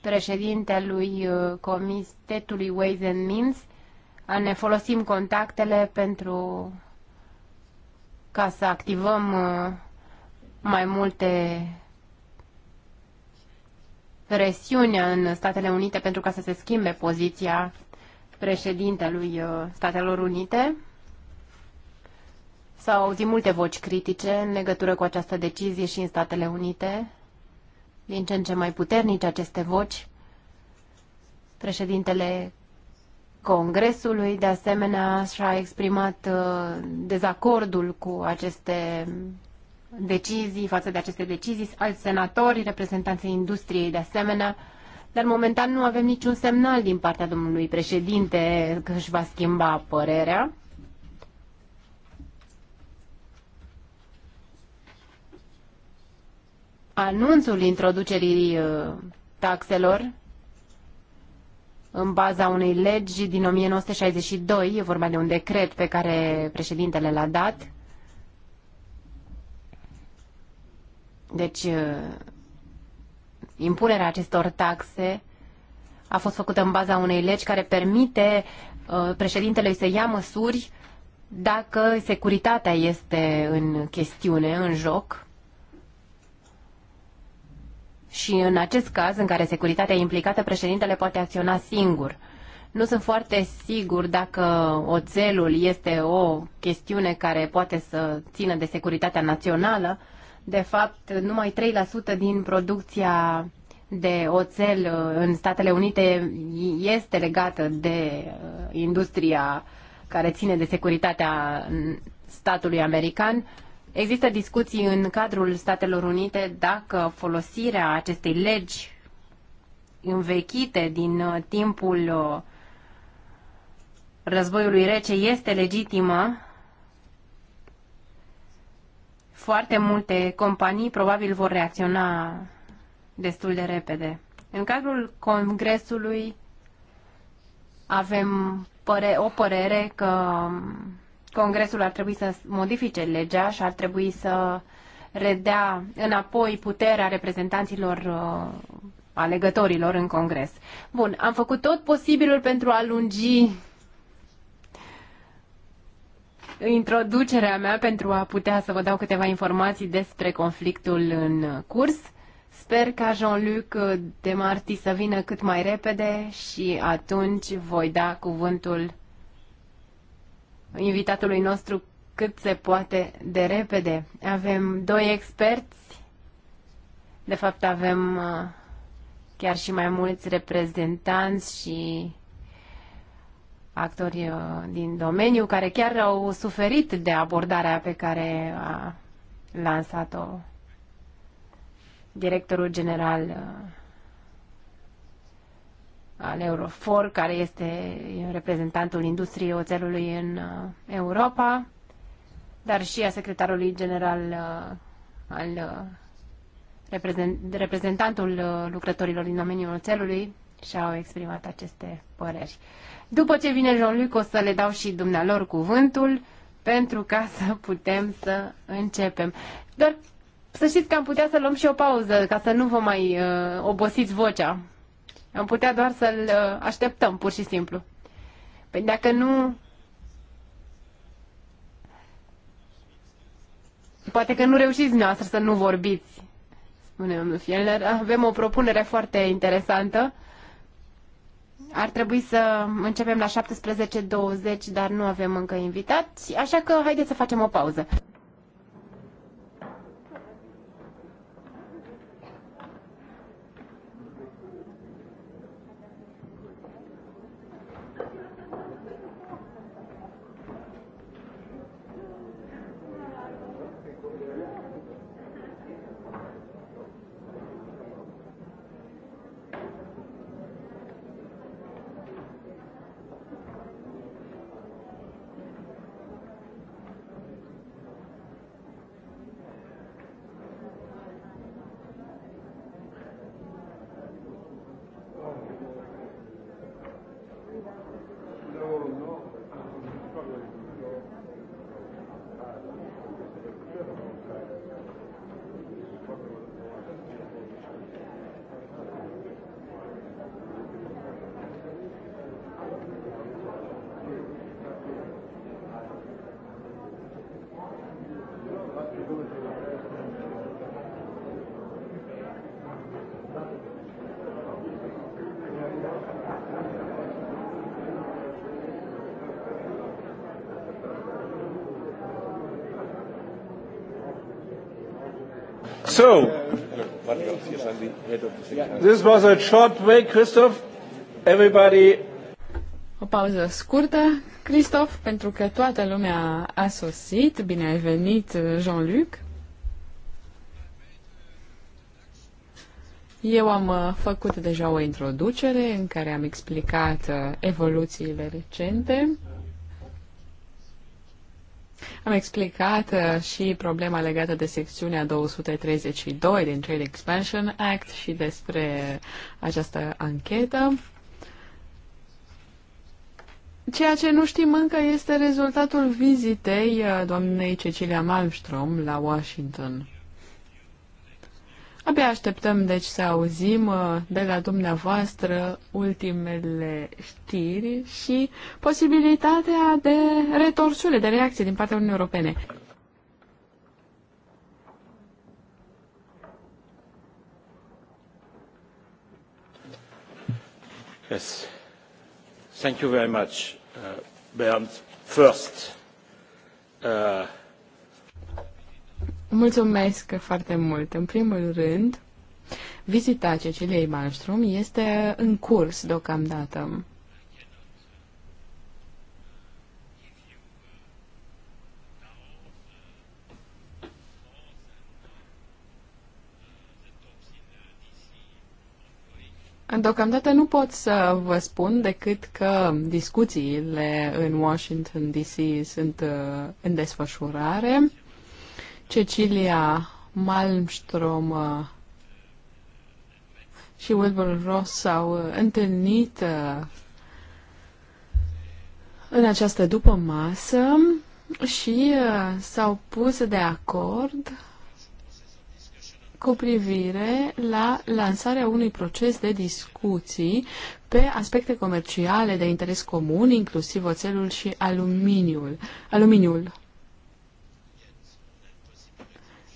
președintelui uh, Comitetului Ways and Means a ne folosim contactele pentru ca să activăm uh, mai multe presiuni în Statele Unite pentru ca să se schimbe poziția președintelui uh, Statelor Unite. S-au auzit multe voci critice în legătură cu această decizie și în Statele Unite. Din ce în ce mai puternici aceste voci. Președintele Congresului, de asemenea, și-a exprimat uh, dezacordul cu aceste decizii, față de aceste decizii, alți senatori, reprezentanții industriei, de asemenea, dar momentan nu avem niciun semnal din partea domnului președinte că își va schimba părerea. Anunțul introducerii uh, taxelor în baza unei legi din 1962, e vorba de un decret pe care președintele l-a dat. Deci uh, impunerea acestor taxe a fost făcută în baza unei legi care permite uh, președintelui să ia măsuri dacă securitatea este în chestiune, în joc. Și în acest caz, în care securitatea e implicată, președintele poate acționa singur. Nu sunt foarte sigur dacă oțelul este o chestiune care poate să țină de securitatea națională, de fapt, numai 3% din producția de oțel uh, în Statele Unite este legată de uh, industria care ține de securitatea mm, statului american. Există discuții în cadrul Statelor Unite dacă folosirea acestei legi învechite din uh, timpul războiului rece este legitimă foarte multe companii probabil vor reacționa destul de repede. În cadrul Congresului avem păre- o părere că Congresul ar trebui să modifice legea și ar trebui să redea înapoi puterea reprezentanților uh, alegătorilor în Congres. Bun, am făcut tot posibilul pentru a lungi introducerea mea pentru a putea să vă dau câteva informații despre conflictul în curs. Sper ca Jean-Luc de Marti să vină cât mai repede și atunci voi da cuvântul invitatului nostru cât se poate de repede. Avem doi experți, de fapt avem uh, chiar și mai mulți reprezentanți și actori uh, din domeniu care chiar au suferit de abordarea pe care a lansat-o directorul general uh, al Eurofor, care este reprezentantul industriei oțelului în uh, Europa, dar și a secretarului general al reprezentantul lucrătorilor din domeniul oțelului și au exprimat aceste păreri. După ce vine Jean-Luc, o să le dau și dumnealor cuvântul pentru ca să putem să începem. Dar să știți că am putea să luăm și o pauză ca să nu vă mai uh, obosiți vocea. Am putea doar să-l uh, așteptăm, pur și simplu. Păi dacă nu... Poate că nu reușiți noastră să nu vorbiți, spune domnul Fielner. Avem o propunere foarte interesantă ar trebui să începem la 17.20, dar nu avem încă invitați, așa că haideți să facem o pauză. This was a short way, Christoph. Everybody... O pauză scurtă, Christoph, pentru că toată lumea a sosit. Bine ai venit, Jean-Luc. Eu am uh, făcut deja o introducere în care am explicat uh, evoluțiile recente am explicat uh, și problema legată de secțiunea 232 din Trade Expansion Act și despre această anchetă. Ceea ce nu știm încă este rezultatul vizitei uh, doamnei Cecilia Malmström la Washington. Abia așteptăm, deci, să auzim uh, de la dumneavoastră ultimele știri și posibilitatea de retorsiune, de reacție din partea Uniunii Europene. Yes. Thank you very much, uh, Bernd. First, uh, Mulțumesc foarte mult. În primul rând, vizita Ceciliei Malmström este în curs deocamdată. Deocamdată nu pot să vă spun decât că discuțiile în Washington DC sunt uh, în desfășurare. Cecilia Malmström uh, și Wilbur Ross s-au uh, întâlnit uh, în această după masă și s-au pus de acord cu privire la lansarea unui proces de discuții pe aspecte comerciale de interes comun, inclusiv oțelul și aluminiul. aluminiul.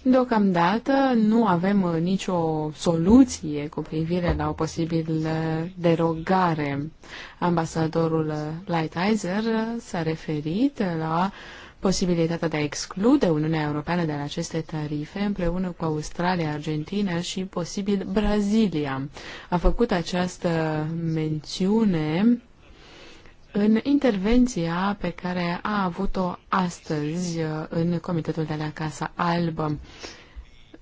Deocamdată nu avem uh, nicio soluție cu privire la o posibilă derogare. Ambasadorul uh, Lighthizer uh, s-a referit la posibilitatea de a exclude Uniunea Europeană de la aceste tarife împreună cu Australia, Argentina și posibil Brazilia. A făcut această mențiune în intervenția pe care a avut-o astăzi uh, în Comitetul de la Casa Albă,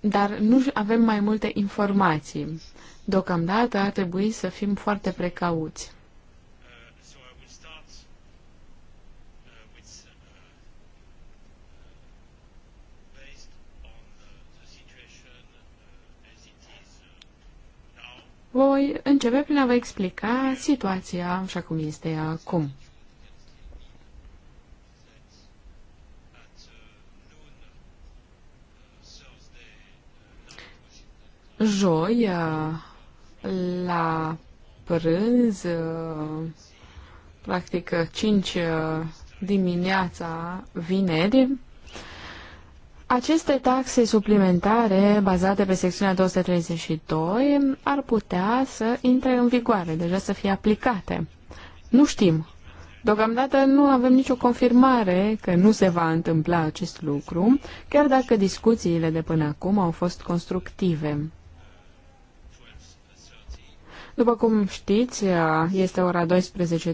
dar nu avem mai multe informații. Deocamdată ar trebui să fim foarte precauți. Voi începe prin a vă explica situația așa cum este acum. Joi, la prânz, practic 5 dimineața vineri, aceste taxe suplimentare bazate pe secțiunea 232 ar putea să intre în vigoare, deja să fie aplicate. Nu știm. Deocamdată nu avem nicio confirmare că nu se va întâmpla acest lucru, chiar dacă discuțiile de până acum au fost constructive. După cum știți, este ora 12.30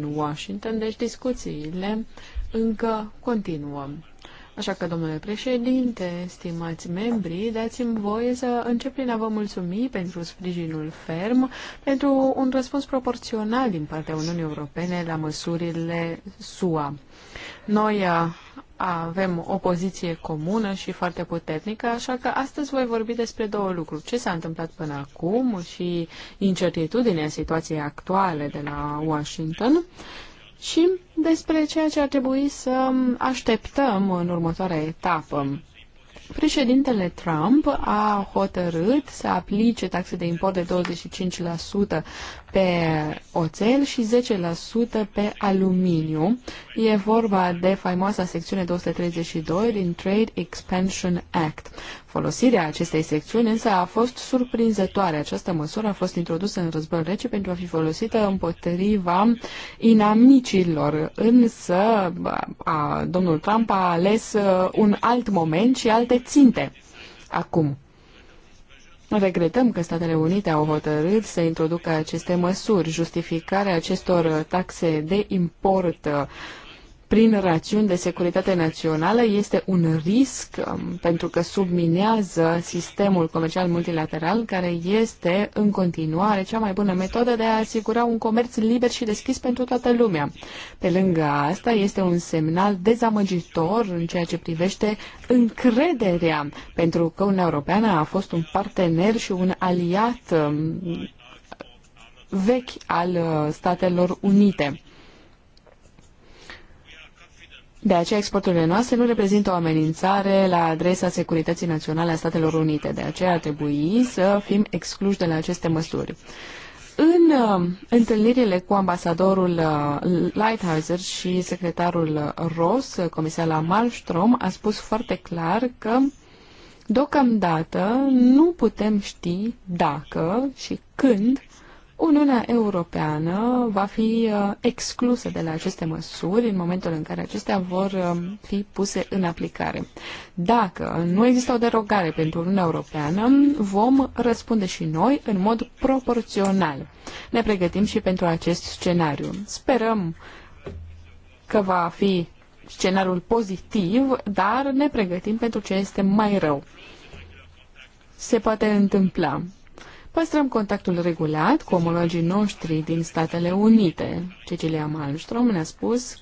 în Washington, deci discuțiile încă continuăm. Așa că, domnule președinte, stimați membri, dați-mi voie să încep prin a vă mulțumi pentru sprijinul ferm, pentru un răspuns proporțional din partea Uniunii Europene la măsurile SUA. Noi avem o poziție comună și foarte puternică, așa că astăzi voi vorbi despre două lucruri. Ce s-a întâmplat până acum și incertitudinea situației actuale de la Washington și despre ceea ce ar trebui să așteptăm în următoarea etapă. Președintele Trump a hotărât să aplice taxe de import de 25% pe oțel și 10% pe aluminiu. E vorba de faimoasa secțiune 232 din Trade Expansion Act. Folosirea acestei secțiuni însă a fost surprinzătoare. Această măsură a fost introdusă în război rece pentru a fi folosită împotriva inamicilor. Însă a, domnul Trump a ales uh, un alt moment și alte ținte acum. Regretăm că Statele Unite au hotărât să introducă aceste măsuri. Justificarea acestor taxe de import prin rațiuni de securitate națională este un risc um, pentru că subminează sistemul comercial multilateral, care este în continuare cea mai bună metodă de a asigura un comerț liber și deschis pentru toată lumea. Pe lângă asta, este un semnal dezamăgitor în ceea ce privește încrederea, pentru că Uniunea Europeană a fost un partener și un aliat um, vechi al uh, Statelor Unite de aceea, exporturile noastre nu reprezintă o amenințare la adresa securității naționale a Statelor Unite. De aceea ar trebui să fim excluși de la aceste măsuri. În uh, întâlnirile cu ambasadorul uh, Lighthizer și secretarul Ross, uh, comisarul Malmström, a spus foarte clar că deocamdată nu putem ști dacă și când Uniunea Europeană va fi uh, exclusă de la aceste măsuri în momentul în care acestea vor uh, fi puse în aplicare. Dacă nu există o derogare pentru Uniunea Europeană, vom răspunde și noi în mod proporțional. Ne pregătim și pentru acest scenariu. Sperăm că va fi scenariul pozitiv, dar ne pregătim pentru ce este mai rău. Se poate întâmpla. Păstrăm contactul regulat cu omologii noștri din Statele Unite. Cecilia Malmström ne-a spus,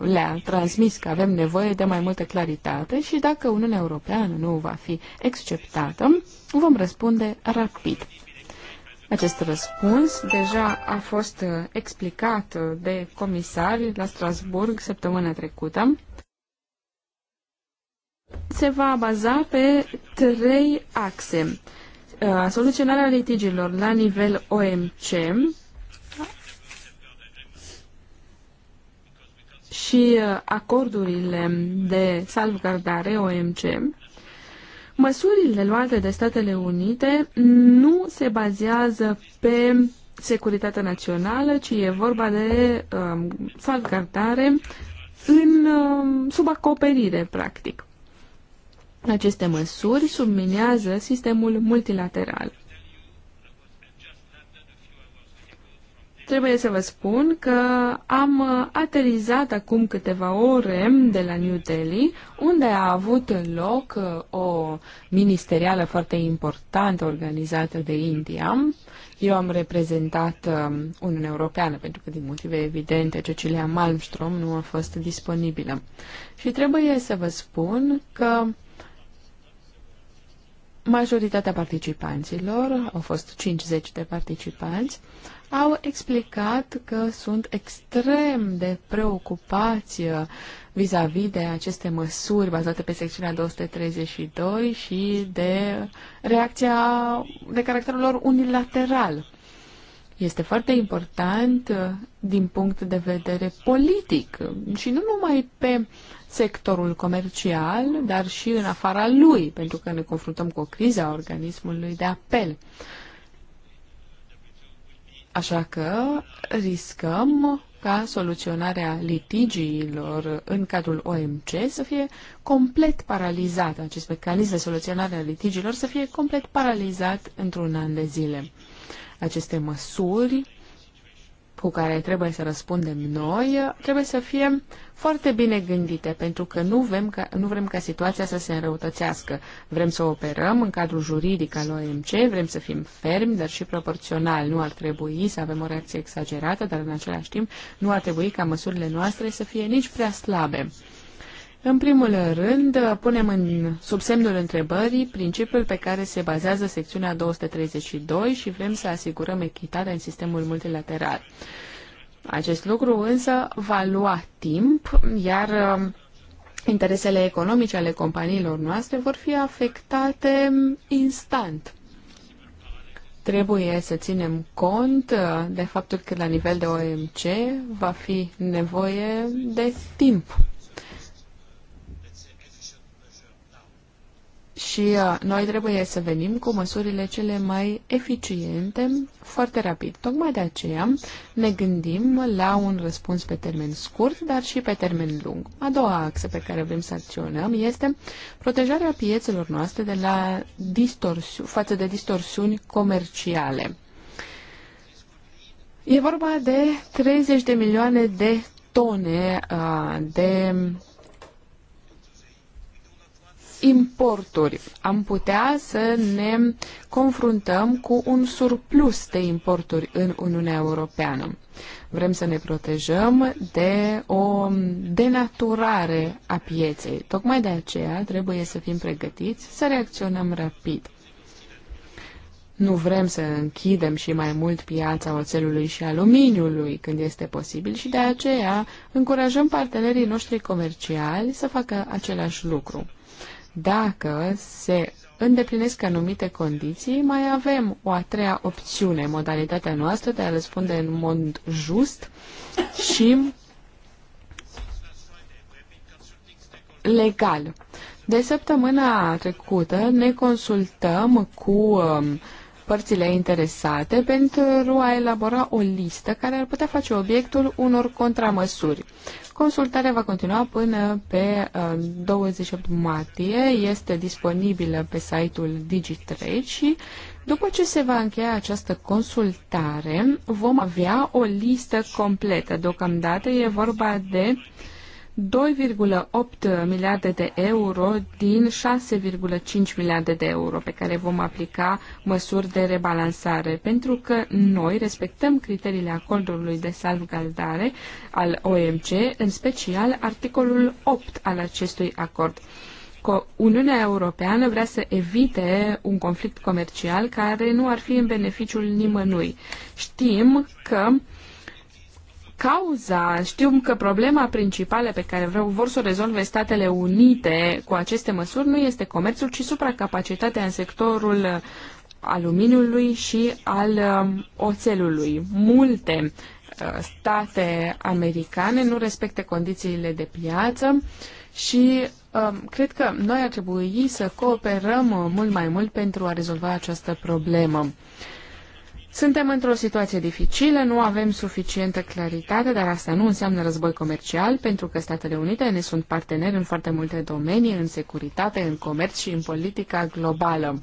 le-a transmis că avem nevoie de mai multă claritate și dacă Uniunea Europeană nu va fi acceptată, vom răspunde rapid. Acest răspuns deja a fost explicat de comisari la Strasburg săptămâna trecută. Se va baza pe trei axe. Uh, soluționarea litigiilor la nivel OMC și uh, acordurile de salvgardare OMC, măsurile luate de Statele Unite nu se bazează pe securitatea națională, ci e vorba de um, salvgardare în subacoperire um, sub acoperire, practic. Aceste măsuri subminează sistemul multilateral. Trebuie să vă spun că am aterizat acum câteva ore de la New Delhi, unde a avut loc uh, o ministerială foarte importantă organizată de India. Eu am reprezentat uh, Uniunea Europeană, pentru că din motive evidente Cecilia Malmström nu a fost disponibilă. Și trebuie să vă spun că majoritatea participanților, au fost 50 de participanți, au explicat că sunt extrem de preocupați uh, vis-a-vis -vis de aceste măsuri bazate pe secțiunea 232 și de reacția de caracterul lor unilateral. Este foarte important uh, din punct de vedere politic uh, și nu numai pe sectorul comercial, dar și în afara lui, pentru că ne confruntăm cu o criză a organismului de apel. Așa că riscăm ca soluționarea litigiilor în cadrul OMC să fie complet paralizată, acest mecanism de soluționare a litigiilor să fie complet paralizat într-un an de zile. Aceste măsuri cu care trebuie să răspundem noi trebuie să fie foarte bine gândite, pentru că nu vrem ca, nu vrem ca situația să se înrăutățească. Vrem să operăm în cadrul juridic al OMC, vrem să fim fermi, dar și proporțional. Nu ar trebui să avem o reacție exagerată, dar în același timp nu ar trebui ca măsurile noastre să fie nici prea slabe. În primul rând, punem în, sub semnul întrebării principiul pe care se bazează secțiunea 232 și vrem să asigurăm echitatea în sistemul multilateral. Acest lucru însă va lua timp, iar um, interesele economice ale companiilor noastre vor fi afectate instant. Trebuie să ținem cont uh, de faptul că la nivel de OMC va fi nevoie de timp Și uh, noi trebuie să venim cu măsurile cele mai eficiente, foarte rapid. Tocmai de aceea ne gândim la un răspuns pe termen scurt, dar și pe termen lung. A doua axă pe care vrem să acționăm este protejarea piețelor noastre de la distorsi- față de distorsiuni comerciale. E vorba de 30 de milioane de tone uh, de importuri. Am putea să ne confruntăm cu un surplus de importuri în Uniunea Europeană. Vrem să ne protejăm de o denaturare a pieței. Tocmai de aceea trebuie să fim pregătiți să reacționăm rapid. Nu vrem să închidem și mai mult piața oțelului și aluminiului când este posibil și de aceea încurajăm partenerii noștri comerciali să facă același lucru. Dacă se îndeplinesc anumite condiții, mai avem o a treia opțiune, modalitatea noastră de a răspunde în mod just și legal. De săptămâna trecută ne consultăm cu um, părțile interesate pentru a elabora o listă care ar putea face obiectul unor contramăsuri. Consultarea va continua până pe 28 uh, martie, este disponibilă pe site-ul DigiTrade și după ce se va încheia această consultare, vom avea o listă completă. Deocamdată e vorba de uh, 2,8 miliarde de euro din 6,5 miliarde de euro pe care vom aplica măsuri de rebalansare, pentru că noi respectăm criteriile acordului de salvgardare al OMC, în special articolul 8 al acestui acord. Uniunea Europeană vrea să evite un conflict comercial care nu ar fi în beneficiul nimănui. Știm că uh, cauza, știu că problema principală pe care vreau, vor să o rezolve Statele Unite cu aceste măsuri nu este comerțul, ci supracapacitatea în sectorul aluminiului și al um, oțelului. Multe uh, state americane nu respectă condițiile de piață și um, cred că noi ar trebui să cooperăm uh, mult mai mult pentru a rezolva această problemă. Suntem într-o situație dificilă, nu avem suficientă claritate, dar asta nu înseamnă război comercial, pentru că Statele Unite ne sunt parteneri în foarte multe domenii, în securitate, în comerț și în politica globală.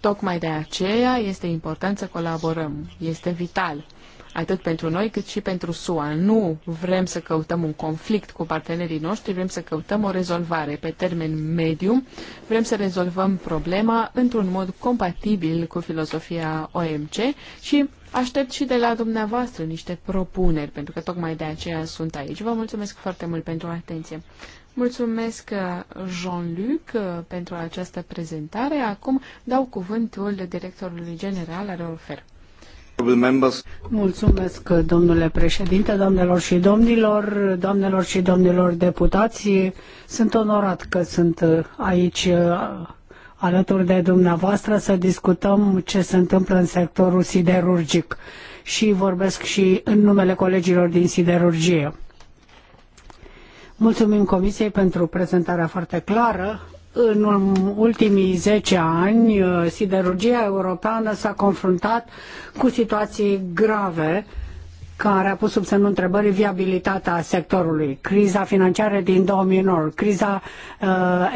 Tocmai de aceea este important să colaborăm, este vital atât pentru noi cât și pentru SUA. Nu vrem să căutăm un conflict cu partenerii noștri, vrem să căutăm o rezolvare pe termen mediu, vrem să rezolvăm problema într-un mod compatibil cu filozofia OMC și aștept și de la dumneavoastră niște propuneri, pentru că tocmai de aceea sunt aici. Vă mulțumesc foarte mult pentru atenție. Mulțumesc, Jean-Luc, pentru această prezentare. Acum dau cuvântul directorului general al Mulțumesc, domnule președinte, doamnelor și domnilor, doamnelor și domnilor deputați. Sunt onorat că sunt aici uh, alături de dumneavoastră să discutăm ce se întâmplă în sectorul siderurgic și vorbesc și în numele colegilor din siderurgie. Mulțumim Comisiei pentru prezentarea foarte clară în ultimii 10 ani, uh, siderurgia europeană s-a confruntat cu situații grave care a pus sub semnul întrebării viabilitatea sectorului. Criza financiară din 2009, criza uh,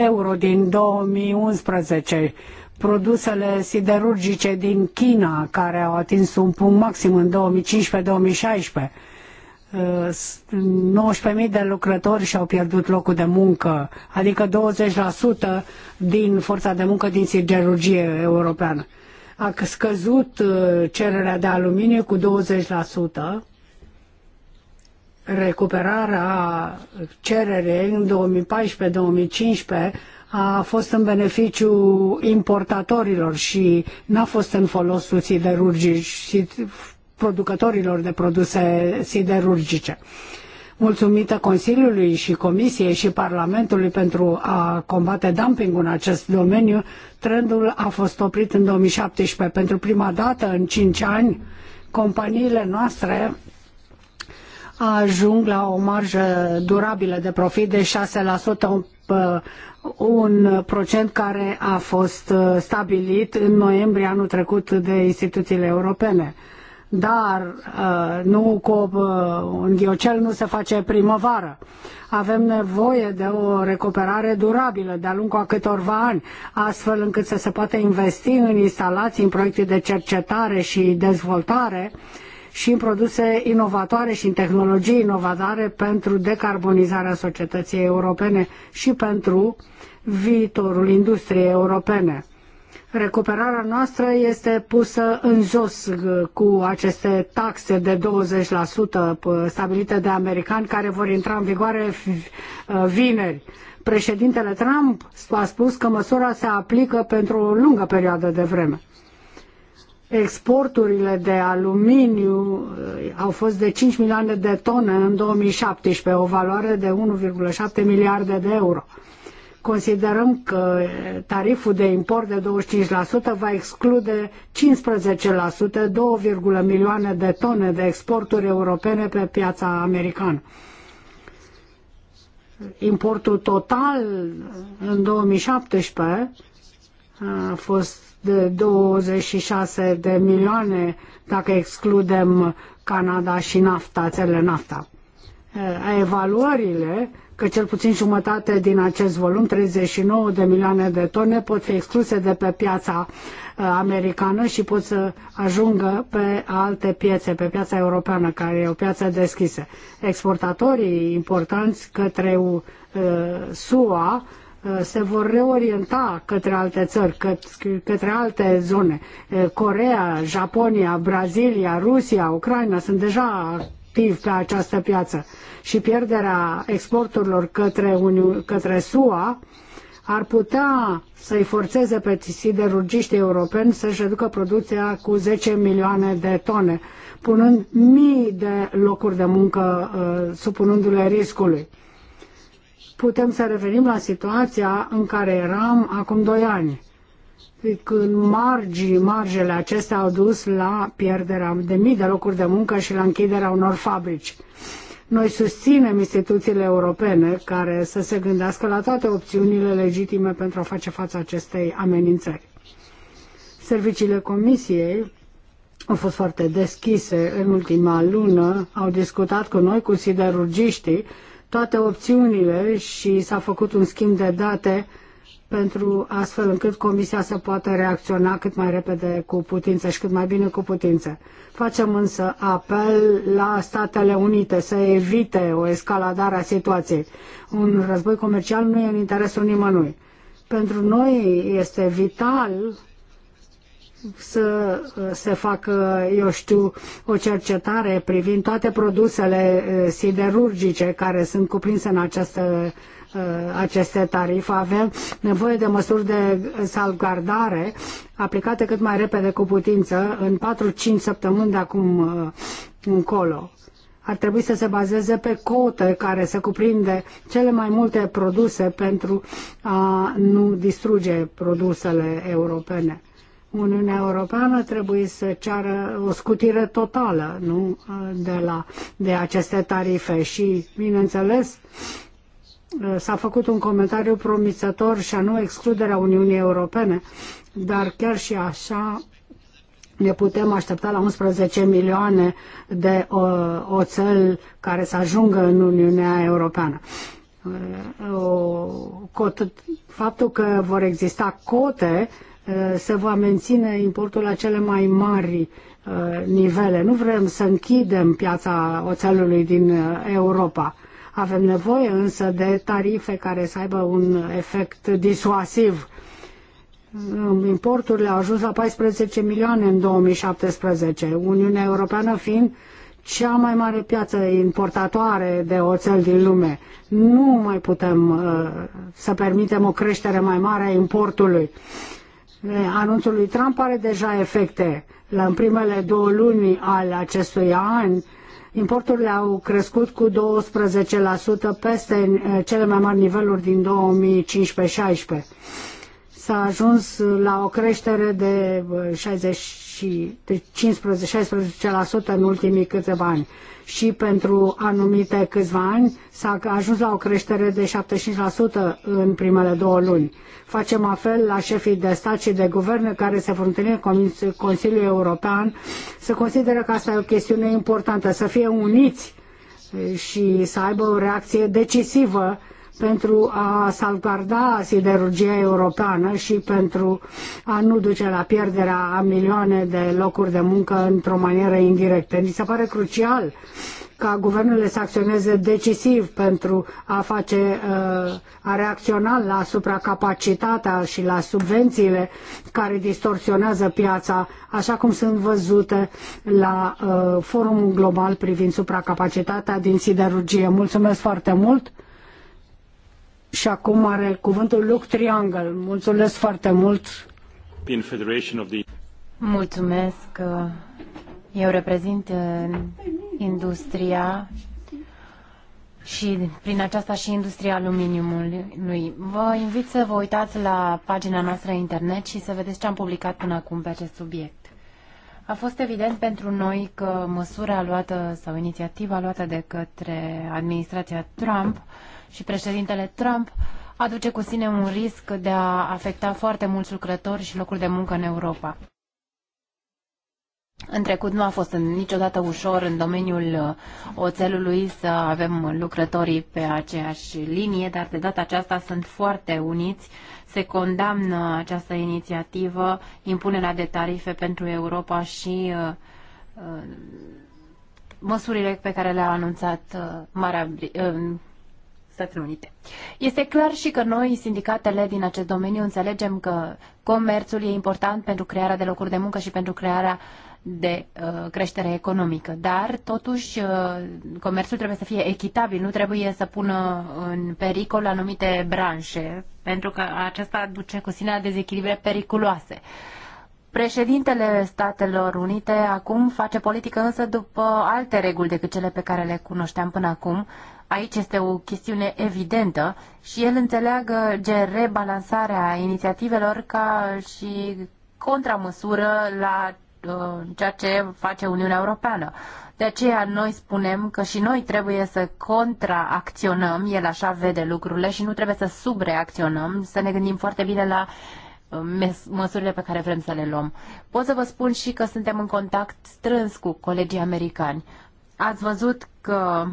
euro din 2011, produsele siderurgice din China care au atins un punct maxim în 2015-2016 19.000 uh, de lucrători și-au pierdut locul de muncă, adică 20% din forța de muncă din siderurgie europeană. A scăzut uh, cererea de aluminiu cu 20%, recuperarea cererii în 2014-2015 a fost în beneficiu importatorilor și n-a fost în folosul siderurgii și producătorilor de produse siderurgice. Mulțumită Consiliului și Comisiei și Parlamentului pentru a combate dumpingul în acest domeniu, trendul a fost oprit în 2017. Pentru prima dată în cinci ani, companiile noastre ajung la o marjă durabilă de profit de 6%, uh, un procent care a fost uh, stabilit în noiembrie anul trecut de instituțiile europene dar uh, nu cu uh, un ghiocel nu se face primăvară. Avem nevoie de o recuperare durabilă de-a lungul a câtorva ani, astfel încât să se poată investi în instalații, în proiecte de cercetare și dezvoltare și în produse inovatoare și în tehnologii inovatoare pentru decarbonizarea societății europene și pentru viitorul industriei europene recuperarea noastră este pusă în jos uh, cu aceste taxe de 20% stabilite de americani care vor intra în vigoare uh, vineri. Președintele Trump a spus că măsura se aplică pentru o lungă perioadă de vreme. Exporturile de aluminiu uh, au fost de 5 milioane de tone în 2017, o valoare de 1,7 miliarde de euro. Considerăm că tariful de import de 25% va exclude 15%, 2, milioane de tone de exporturi europene pe piața americană. Importul total în 2017 a fost de 26 de milioane dacă excludem Canada și nafta, țele nafta. Evaluările că cel puțin jumătate din acest volum, 39 de milioane de tone, pot fi excluse de pe piața uh, americană și pot să ajungă pe alte piețe, pe piața europeană, care e o piață deschisă. Exportatorii importanți către uh, SUA uh, se vor reorienta către alte țări, către alte zone. Corea, Japonia, Brazilia, Rusia, Ucraina sunt deja activ pe această piață și pierderea exporturilor către, Uni- către SUA ar putea să-i forțeze pe siderurgiștii europeni să-și reducă producția cu 10 milioane de tone, punând mii de locuri de muncă, uh, supunându-le riscului. Putem să revenim la situația în care eram acum 2 ani când margi, margele acestea au dus la pierderea de mii de locuri de muncă și la închiderea unor fabrici. Noi susținem instituțiile europene care să se gândească la toate opțiunile legitime pentru a face față acestei amenințări. Serviciile Comisiei au fost foarte deschise în ultima lună, au discutat cu noi, cu siderurgiștii, toate opțiunile și s-a făcut un schimb de date pentru astfel încât Comisia să poată reacționa cât mai repede cu putință și cât mai bine cu putință. Facem însă apel la Statele Unite să evite o escaladare a situației. Un război comercial nu e în interesul nimănui. Pentru noi este vital să se facă, eu știu, o cercetare privind toate produsele eh, siderurgice care sunt cuprinse în această Uh, aceste tarife, avem nevoie de măsuri de salvgardare aplicate cât mai repede cu putință, în 4-5 săptămâni de acum uh, încolo. Ar trebui să se bazeze pe cote care să cuprinde cele mai multe produse pentru a nu distruge produsele europene. Uniunea Europeană trebuie să ceară o scutire totală nu? Uh, de, la, de aceste tarife și, bineînțeles, uh, s-a făcut un comentariu promițător și anume excluderea Uniunii Europene, dar chiar și așa ne putem aștepta la 11 milioane de oțel care să ajungă în Uniunea Europeană. Faptul că vor exista cote se va menține importul la cele mai mari uh, nivele. Nu vrem să închidem piața oțelului din uh, Europa avem nevoie însă de tarife care să aibă un efect disuasiv. Importurile au ajuns la 14 milioane în 2017, Uniunea Europeană fiind cea mai mare piață importatoare de oțel din lume. Nu mai putem uh, să permitem o creștere mai mare a importului. Anunțul lui Trump are deja efecte. La în primele două luni ale acestui an, Importurile au crescut cu 12% peste eh, cele mai mari niveluri din 2015-16. S-a ajuns la o creștere de 60 eh, și de 15-16% în ultimii câțiva ani și pentru anumite câțiva ani s-a ajuns la o creștere de 75% în primele două luni. Facem apel la șefii de stat și de guvern care se vor întâlni în Consiliul European să consideră că asta e o chestiune importantă, să fie uniți și să aibă o reacție decisivă pentru a salvarda siderurgia europeană și pentru a nu duce la pierderea a milioane de locuri de muncă într-o manieră indirectă. Mi se pare crucial ca guvernele să acționeze decisiv pentru a face, uh, a reacționa la supracapacitatea și la subvențiile care distorsionează piața, așa cum sunt văzute la uh, Forumul Global privind supracapacitatea din siderurgie. Mulțumesc foarte mult! Și acum are cuvântul Luc Triangle. Mulțumesc foarte mult! Mulțumesc! Eu reprezint uh, industria și prin aceasta și industria aluminiumului. Vă invit să vă uitați la pagina noastră internet și să vedeți ce am publicat până acum pe acest subiect. A fost evident pentru noi că măsura luată sau inițiativa luată de către administrația Trump și președintele Trump aduce cu sine un risc de a afecta foarte mulți lucrători și locuri de muncă în Europa. În trecut nu a fost niciodată ușor în domeniul uh, oțelului să avem lucrătorii pe aceeași linie, dar de data aceasta sunt foarte uniți. Se condamnă această inițiativă, impunerea de tarife pentru Europa și uh, uh măsurile pe care le-a anunțat uh, Marea Britanie uh, Statele Unite. Este clar și că noi, sindicatele din acest domeniu, înțelegem că comerțul e important pentru crearea de locuri de muncă și pentru crearea de uh, creștere economică. Dar, totuși, uh, comerțul trebuie să fie echitabil, nu trebuie să pună în pericol anumite branșe, pentru că acesta duce cu sine la dezechilibre periculoase. Președintele Statelor Unite acum face politică însă după alte reguli decât cele pe care le cunoșteam până acum aici este o chestiune evidentă și el înțeleagă rebalansarea inițiativelor ca și contramăsură la uh, ceea ce face Uniunea Europeană. De aceea noi spunem că și noi trebuie să contraacționăm, el așa vede lucrurile și nu trebuie să subreacționăm, să ne gândim foarte bine la uh, măsurile pe care vrem să le luăm. Pot să vă spun și că suntem în contact strâns cu colegii americani. Ați văzut că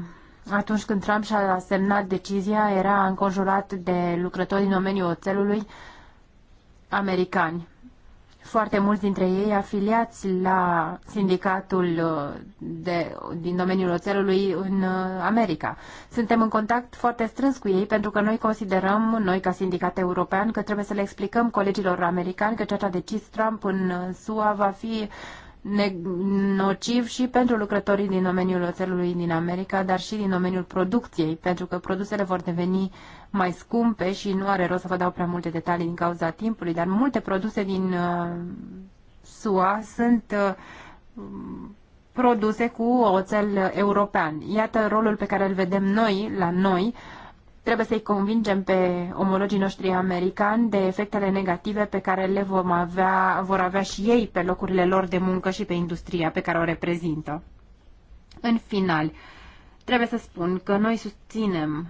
atunci când Trump și-a semnat decizia, era înconjurat de lucrători din domeniul oțelului americani. Foarte mulți dintre ei afiliați la sindicatul uh, de, din domeniul oțelului în uh, America. Suntem în contact foarte strâns cu ei pentru că noi considerăm, noi ca sindicat european, că trebuie să le explicăm colegilor americani că ceea ce a decis Trump în uh, SUA va fi uh, nociv și pentru lucrătorii din domeniul oțelului din America, dar și din domeniul producției, pentru că produsele vor deveni mai scumpe și nu are rost să vă dau prea multe detalii din cauza timpului, dar multe produse din uh, SUA sunt uh, produse cu oțel european. Iată rolul pe care îl vedem noi, la noi, uh, Trebuie să-i convingem pe omologii noștri americani de efectele negative pe care le vom avea, vor avea și ei pe locurile lor de muncă și pe industria pe care o reprezintă. În final, trebuie să spun că noi susținem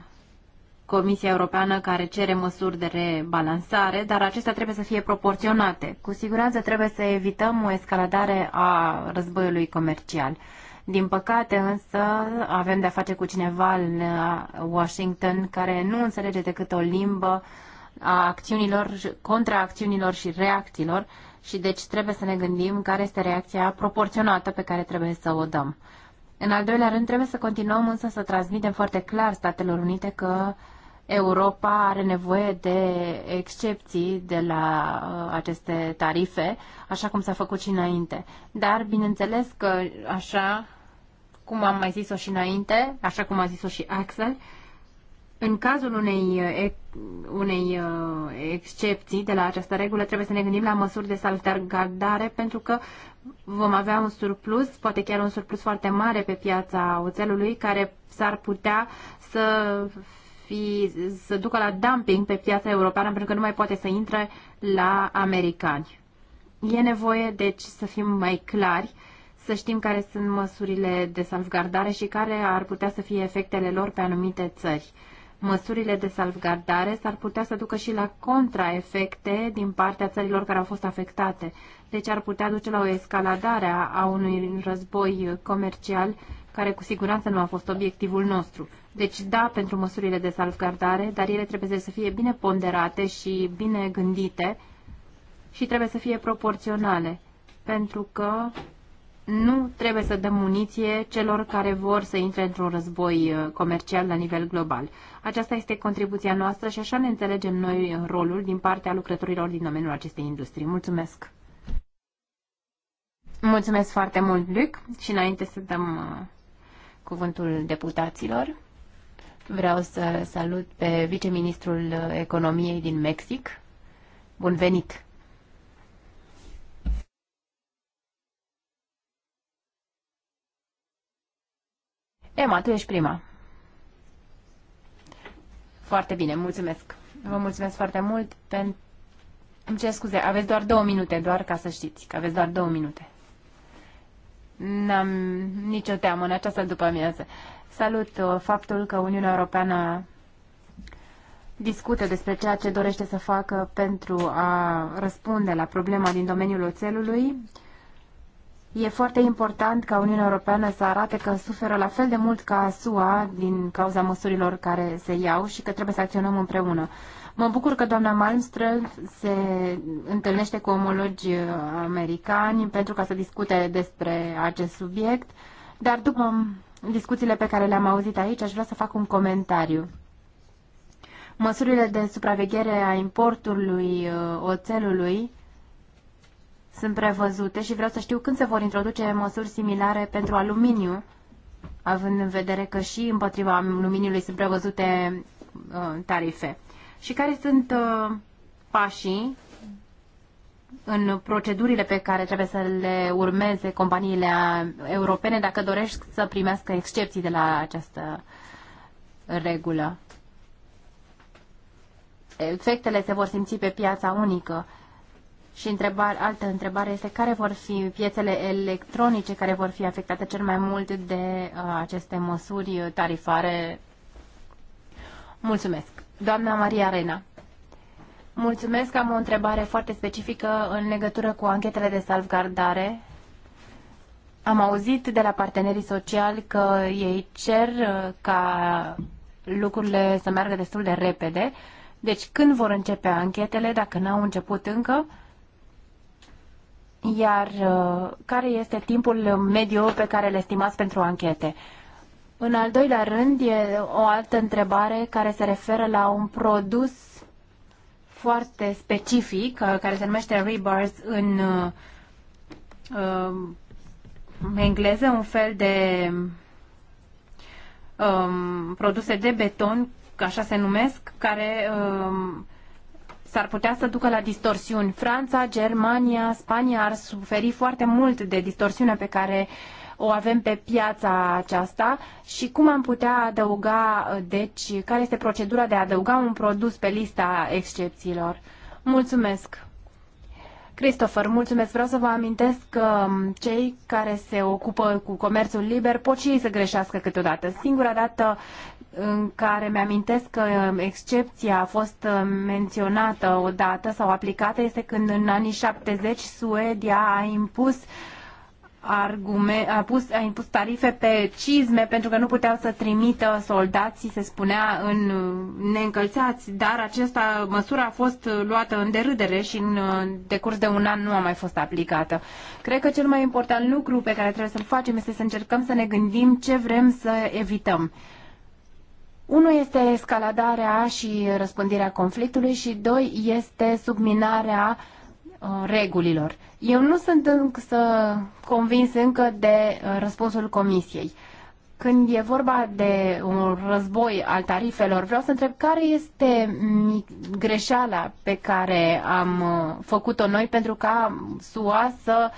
Comisia Europeană care cere măsuri de rebalansare, dar acestea trebuie să fie proporționate. Cu siguranță trebuie să evităm o escaladare a războiului comercial. Din păcate însă avem de-a face cu cineva în uh, Washington care nu înțelege decât o limbă a acțiunilor, contraacțiunilor și reacțiilor și deci trebuie să ne gândim care este reacția proporționată pe care trebuie să o dăm. În al doilea rând, trebuie să continuăm însă să transmitem foarte clar Statelor Unite că Europa are nevoie de excepții de la uh, aceste tarife, așa cum s-a făcut și înainte. Dar, bineînțeles că așa cum am mai zis-o și înainte, așa cum a zis-o și Axel, în cazul unei, uh, unei uh, excepții de la această regulă, trebuie să ne gândim la măsuri de salvgardare, pentru că vom avea un surplus, poate chiar un surplus foarte mare pe piața oțelului, care s-ar putea să, fi, să ducă la dumping pe piața europeană, pentru că nu mai poate să intre la americani. E nevoie, deci, să fim mai clari să știm care sunt măsurile de salvgardare și care ar putea să fie efectele lor pe anumite țări. Măsurile de salvgardare s-ar putea să ducă și la contraefecte din partea țărilor care au fost afectate. Deci ar putea duce la o escaladare a unui război comercial care cu siguranță nu a fost obiectivul nostru. Deci da pentru măsurile de salvgardare, dar ele trebuie să fie bine ponderate și bine gândite și trebuie să fie proporționale, pentru că nu trebuie să dăm muniție celor care vor să intre într-un război uh, comercial la nivel global. Aceasta este contribuția noastră și așa ne înțelegem noi rolul din partea lucrătorilor din domeniul acestei industrii. Mulțumesc! Mulțumesc foarte mult, Luc, și înainte să dăm uh, cuvântul deputaților, vreau să salut pe viceministrul uh, economiei din Mexic. Bun venit! Emma, tu ești prima. Foarte bine, mulțumesc. Vă mulțumesc foarte mult pentru... Îmi cer scuze, aveți doar două minute, doar ca să știți că aveți doar două minute. N-am nicio teamă în această după amiază. Salut uh, faptul că Uniunea Europeană discută despre ceea ce dorește să facă pentru a răspunde la problema din domeniul oțelului E foarte important ca Uniunea Europeană să arate că suferă la fel de mult ca SUA din cauza măsurilor care se iau și că trebuie să acționăm împreună. Mă bucur că doamna Malmström se întâlnește cu omologi americani pentru ca să discute despre acest subiect, dar după discuțiile pe care le-am auzit aici, aș vrea să fac un comentariu. Măsurile de supraveghere a importului uh, oțelului sunt prevăzute și vreau să știu când se vor introduce măsuri similare pentru aluminiu, având în vedere că și împotriva aluminiului sunt prevăzute uh, tarife. Și care sunt uh, pașii în procedurile pe care trebuie să le urmeze companiile europene dacă dorești să primească excepții de la această regulă. Efectele se vor simți pe piața unică și întrebare, altă întrebare este care vor fi piețele electronice care vor fi afectate cel mai mult de uh, aceste măsuri tarifare. Mulțumesc. Doamna Maria Arena. Mulțumesc, am o întrebare foarte specifică în legătură cu anchetele de salvgardare. Am auzit de la partenerii sociali că ei cer uh, ca lucrurile să meargă destul de repede. Deci când vor începe anchetele, dacă n-au început încă? Iar uh, care este timpul mediu pe care le estimați pentru anchete? În al doilea rând, e o altă întrebare care se referă la un produs foarte specific, uh, care se numește Rebars în uh, uh, engleză, un fel de um, produse de beton, așa se numesc, care um, s-ar putea să ducă la distorsiuni. Franța, Germania, Spania ar suferi foarte mult de distorsiunea pe care o avem pe piața aceasta și cum am putea adăuga, deci, care este procedura de a adăuga un produs pe lista excepțiilor. Mulțumesc! Christopher, mulțumesc. Vreau să vă amintesc că um, cei care se ocupă cu comerțul liber pot și ei să greșească câteodată. Singura dată în care mi-amintesc că um, excepția a fost um, menționată odată sau aplicată este când în anii 70 Suedia a impus argument, a, pus, a impus tarife pe cizme pentru că nu puteau să trimită soldații, se spunea, în uh, neîncălțați, dar această măsură a fost uh, luată în derâdere și în uh, decurs de un an nu a mai fost aplicată. Cred că cel mai important lucru pe care trebuie să-l facem este să încercăm să ne gândim ce vrem să evităm unul este escaladarea și răspândirea conflictului și doi este subminarea uh, regulilor. Eu nu sunt încă convins încă de uh, răspunsul comisiei. Când e vorba de un război al tarifelor, vreau să întreb care este greșeala pe care am uh, făcut-o noi pentru ca SUA să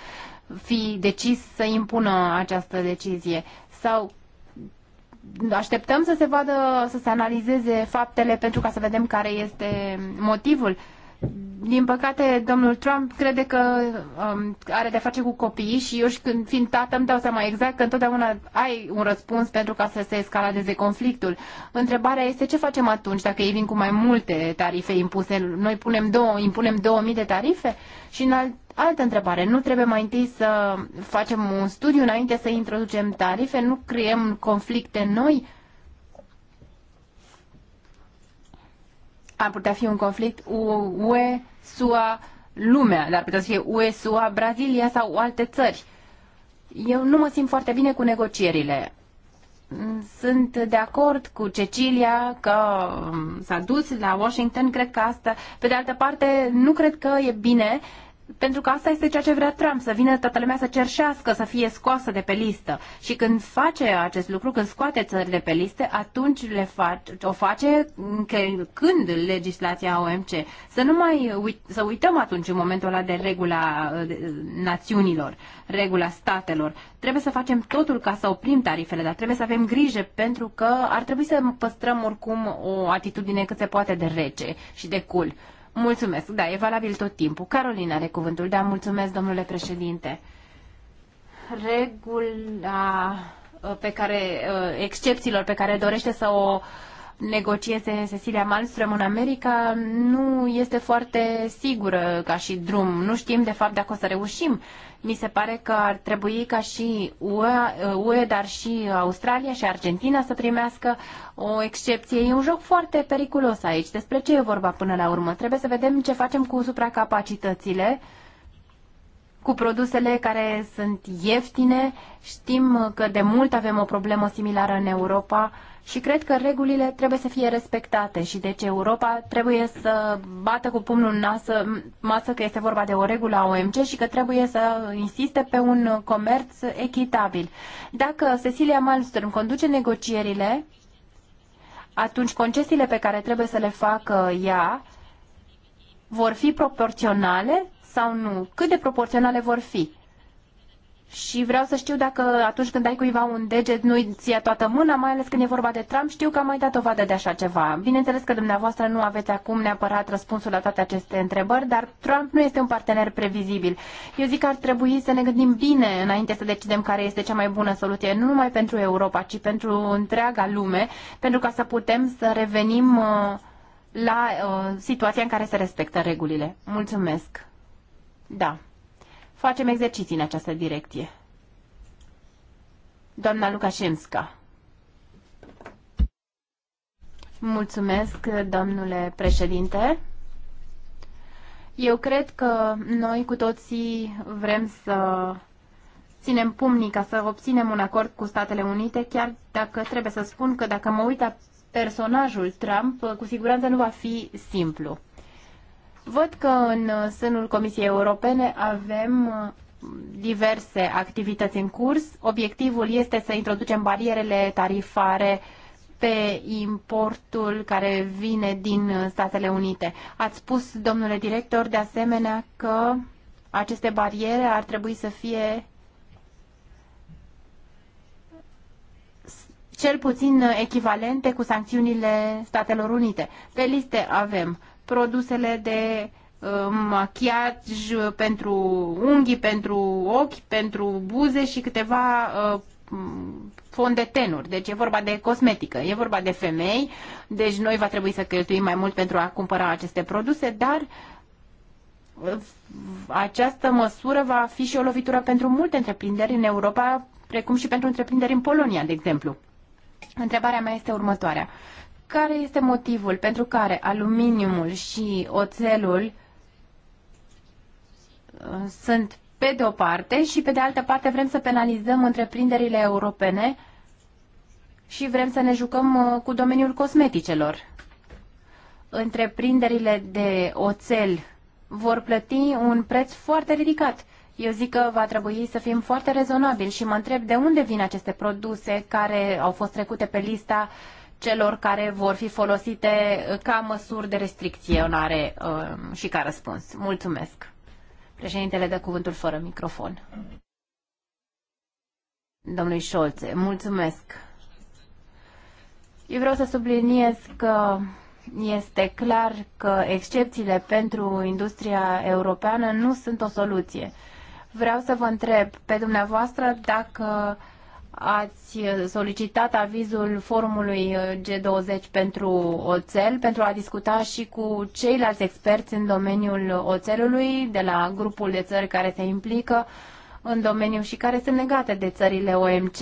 fi decis să impună această decizie sau așteptăm să se vadă, să se analizeze faptele pentru ca să vedem care este motivul. Din păcate, domnul Trump crede că um, are de face cu copiii și eu, când fiind tată, îmi dau seama exact că întotdeauna ai un răspuns pentru ca să se escaladeze conflictul. Întrebarea este ce facem atunci dacă ei vin cu mai multe tarife impuse? Noi punem două, impunem 2000 de tarife? Și în al Altă întrebare. Nu trebuie mai întâi să facem un studiu înainte să introducem tarife? Nu creăm conflicte noi? Ar putea fi un conflict UE, SUA, lumea, dar putea să fie UE, SUA, Brazilia sau alte țări. Eu nu mă simt foarte bine cu negocierile. Sunt de acord cu Cecilia că s-a dus la Washington, cred că asta. Pe de altă parte, nu cred că e bine pentru că asta este ceea ce vrea Trump, să vină toată lumea să cerșească, să fie scoasă de pe listă. Și când face acest lucru, când scoate țările de pe liste, atunci le fa- o face când legislația OMC. Să nu mai uit- să uităm atunci în momentul ăla de regula națiunilor, regula statelor. Trebuie să facem totul ca să oprim tarifele, dar trebuie să avem grijă pentru că ar trebui să păstrăm oricum o atitudine cât se poate de rece și de cool. Mulțumesc, da, e valabil tot timpul. Carolina are cuvântul, da, mulțumesc, domnule președinte. Regula uh, pe care, uh, excepțiilor pe care dorește să o uh, negocieze Cecilia Malmström în America nu este foarte sigură ca și drum. Nu știm de fapt dacă o să reușim. Mi se pare că ar trebui ca și UE, UE dar și Australia și Argentina să primească o excepție. E un joc foarte periculos aici. Despre ce e vorba până la urmă? Trebuie să vedem ce facem cu supracapacitățile cu produsele care sunt ieftine. Știm că de mult avem o problemă similară în Europa și cred că regulile trebuie să fie respectate și deci Europa trebuie să bată cu pumnul în nasă, masă că este vorba de o regulă a OMC și că trebuie să insiste pe un comerț echitabil. Dacă Cecilia Malmström conduce negocierile, atunci concesiile pe care trebuie să le facă ea vor fi proporționale sau nu? Cât de proporționale vor fi? Și vreau să știu dacă atunci când dai cuiva un deget nu-i ție toată mâna, mai ales când e vorba de Trump, știu că am mai dat o vadă de așa ceva. Bineînțeles că dumneavoastră nu aveți acum neapărat răspunsul la toate aceste întrebări, dar Trump nu este un partener previzibil. Eu zic că ar trebui să ne gândim bine înainte să decidem care este cea mai bună soluție, nu numai pentru Europa, ci pentru întreaga lume, pentru ca să putem să revenim uh, la uh, situația în care se respectă regulile. Mulțumesc! Da. Facem exerciții în această direcție. Doamna Lukashenska. Mulțumesc, domnule președinte. Eu cred că noi cu toții vrem să ținem pumnii ca să obținem un acord cu Statele Unite, chiar dacă trebuie să spun că dacă mă uit la personajul Trump, cu siguranță nu va fi simplu. Văd că în sânul Comisiei Europene avem uh, diverse activități în curs. Obiectivul este să introducem barierele tarifare pe importul care vine din uh, Statele Unite. Ați spus, domnule director, de asemenea că aceste bariere ar trebui să fie cel puțin echivalente cu sancțiunile Statelor Unite. Pe liste avem produsele de um, machiaj pentru unghii, pentru ochi, pentru buze și câteva uh, fond de tenuri. Deci e vorba de cosmetică, e vorba de femei, deci noi va trebui să cheltuim mai mult pentru a cumpăra aceste produse, dar uh, această măsură va fi și o lovitură pentru multe întreprinderi în Europa, precum și pentru întreprinderi în Polonia, de exemplu. Întrebarea mea este următoarea. Uh, care este motivul pentru care aluminiumul și oțelul uh, sunt pe de o parte și pe de altă parte vrem să penalizăm întreprinderile europene și vrem să ne jucăm uh, cu domeniul cosmeticelor. Întreprinderile de oțel vor plăti un preț foarte ridicat. Eu zic că va trebui să fim foarte rezonabili și mă întreb de unde vin aceste produse care au fost trecute pe lista uh, celor care vor fi folosite ca măsuri de restricționare um, și ca răspuns. Mulțumesc. Președintele de cuvântul fără microfon. Domnului Șolțe, mulțumesc. Eu vreau să subliniez că este clar că excepțiile pentru industria europeană nu sunt o soluție. Vreau să vă întreb pe dumneavoastră dacă uh, ați solicitat avizul forumului uh, G20 pentru oțel pentru a discuta și cu ceilalți experți în domeniul oțelului, de la grupul de țări care se implică în domeniu și care sunt legate de țările OMC,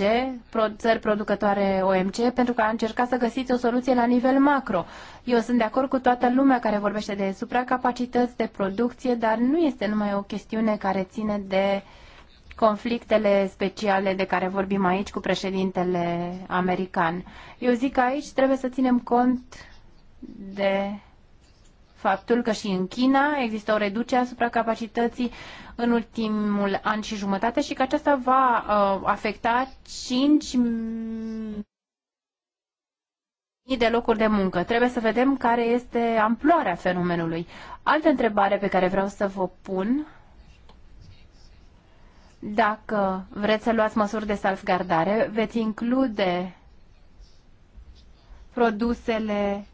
țări producătoare OMC, pentru că a încercat să găsiți o soluție la nivel macro. Eu sunt de acord cu toată lumea care vorbește de supracapacități de producție, dar nu este numai o chestiune care ține de uh, conflictele speciale de care vorbim aici cu președintele american. Eu zic că aici trebuie să ținem cont de faptul că și în China există o reducere asupra capacității în ultimul an și jumătate și că aceasta va uh, afecta 5 mii de locuri de muncă. Trebuie să vedem care este amploarea fenomenului. Altă întrebare pe care vreau să vă pun dacă vreți să luați măsuri de salvgardare, veți include produsele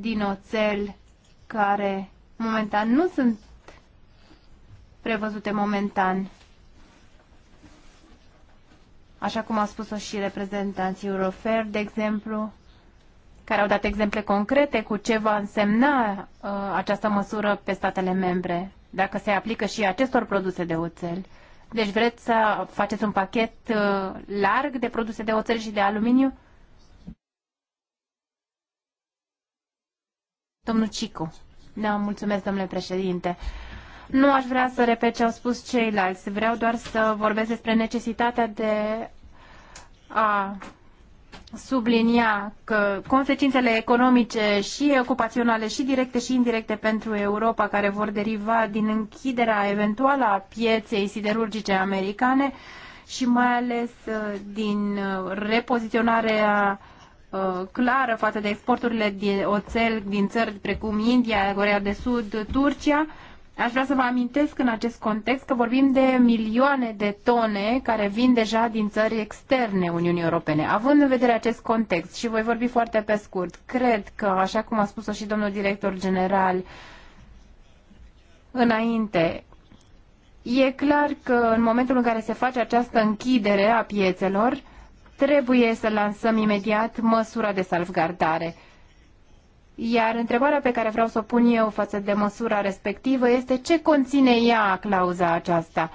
din oțel care momentan nu sunt prevăzute momentan, așa cum au spus-o și reprezentanții Eurofair, de exemplu, care au dat exemple concrete cu ce va însemna uh, această măsură pe statele membre, dacă se aplică și acestor produse de oțel. Deci vreți să faceți un pachet uh, larg de produse de oțel și de aluminiu? Domnul Cicu. Da, mulțumesc, domnule președinte. Nu aș vrea să repet ce au spus ceilalți. Vreau doar să vorbesc despre necesitatea de a sublinia că consecințele economice și ocupaționale și directe și indirecte pentru Europa care vor deriva din închiderea eventuală a pieței siderurgice americane și mai ales uh, din uh, repoziționarea uh, clară față de exporturile de oțel din țări precum India, Corea de Sud, Turcia, Aș vrea să vă amintesc în acest context că vorbim de milioane de tone care vin deja din țări externe Uniunii Europene. Având în vedere acest context și voi vorbi foarte pe scurt, cred că, așa cum a spus-o și domnul director general înainte, e clar că în momentul în care se face această închidere a piețelor, trebuie să lansăm imediat măsura de salvgardare iar întrebarea pe care vreau să o pun eu față de măsura respectivă este ce conține ea clauza aceasta.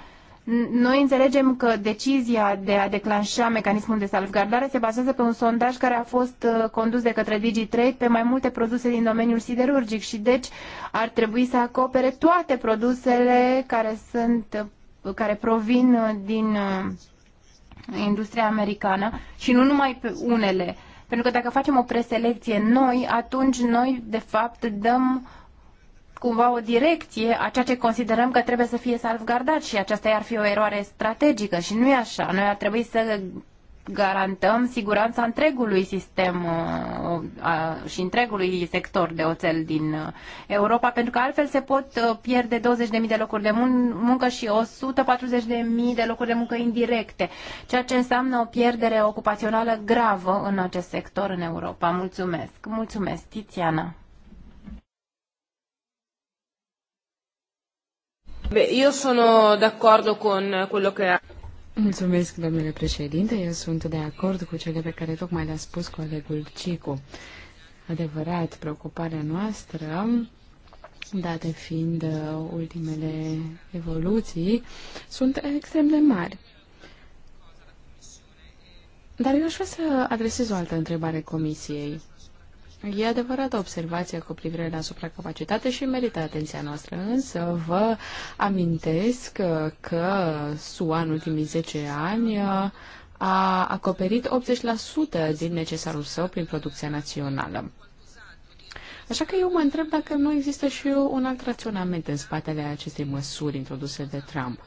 Noi înțelegem că decizia de a declanșa mecanismul de salvgardare se bazează pe un sondaj care a fost uh, condus de către DigiTrade pe mai multe produse din domeniul siderurgic și deci ar trebui să acopere toate produsele care, sunt, uh, care provin uh, din industria americană și nu numai pe unele. Uh, pentru că dacă facem o preselecție noi, atunci noi, de fapt, dăm cumva o direcție a ceea ce considerăm că trebuie să fie salvgardat și aceasta ar fi o eroare strategică și nu e așa. Noi ar trebui să garantăm siguranța întregului sistem uh, și întregului sector de oțel din uh, Europa, pentru că altfel se pot uh, pierde 20.000 de locuri de muncă și 140.000 de locuri de muncă indirecte, ceea ce înseamnă o pierdere ocupațională gravă în acest sector în Europa. Mulțumesc! Mulțumesc, Tiziana! Beh, io sono d'accordo con quello che ha Mulțumesc, domnule președinte. Eu sunt de acord cu cele pe care tocmai le-a spus colegul Cicu. Adevărat, preocuparea noastră, date fiind uh, ultimele evoluții, sunt extrem de mari. Dar eu aș vrea să adresez o altă întrebare comisiei. E adevărată observația cu privire la supracapacitate și merită atenția noastră, însă vă amintesc că SUA în ultimii 10 ani a acoperit 80% din necesarul său prin producția națională. Așa că eu mă întreb dacă nu există și un alt raționament în spatele acestei măsuri introduse de Trump.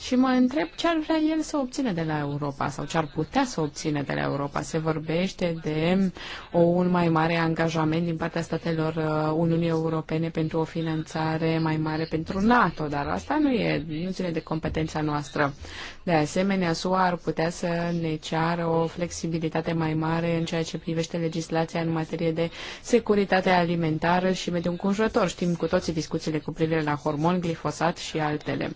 Și mă întreb ce ar vrea el să obține de la Europa sau ce ar putea să obține de la Europa. Se vorbește de o, un mai mare angajament din partea statelor uh, Uniunii Europene pentru o finanțare mai mare pentru NATO, dar asta nu, e, nu ține de competența noastră. De asemenea, SUA ar putea să ne ceară o flexibilitate mai mare în ceea ce privește legislația în materie de securitate alimentară și mediul înconjurător. Știm cu toții discuțiile cu privire la hormon, glifosat și altele.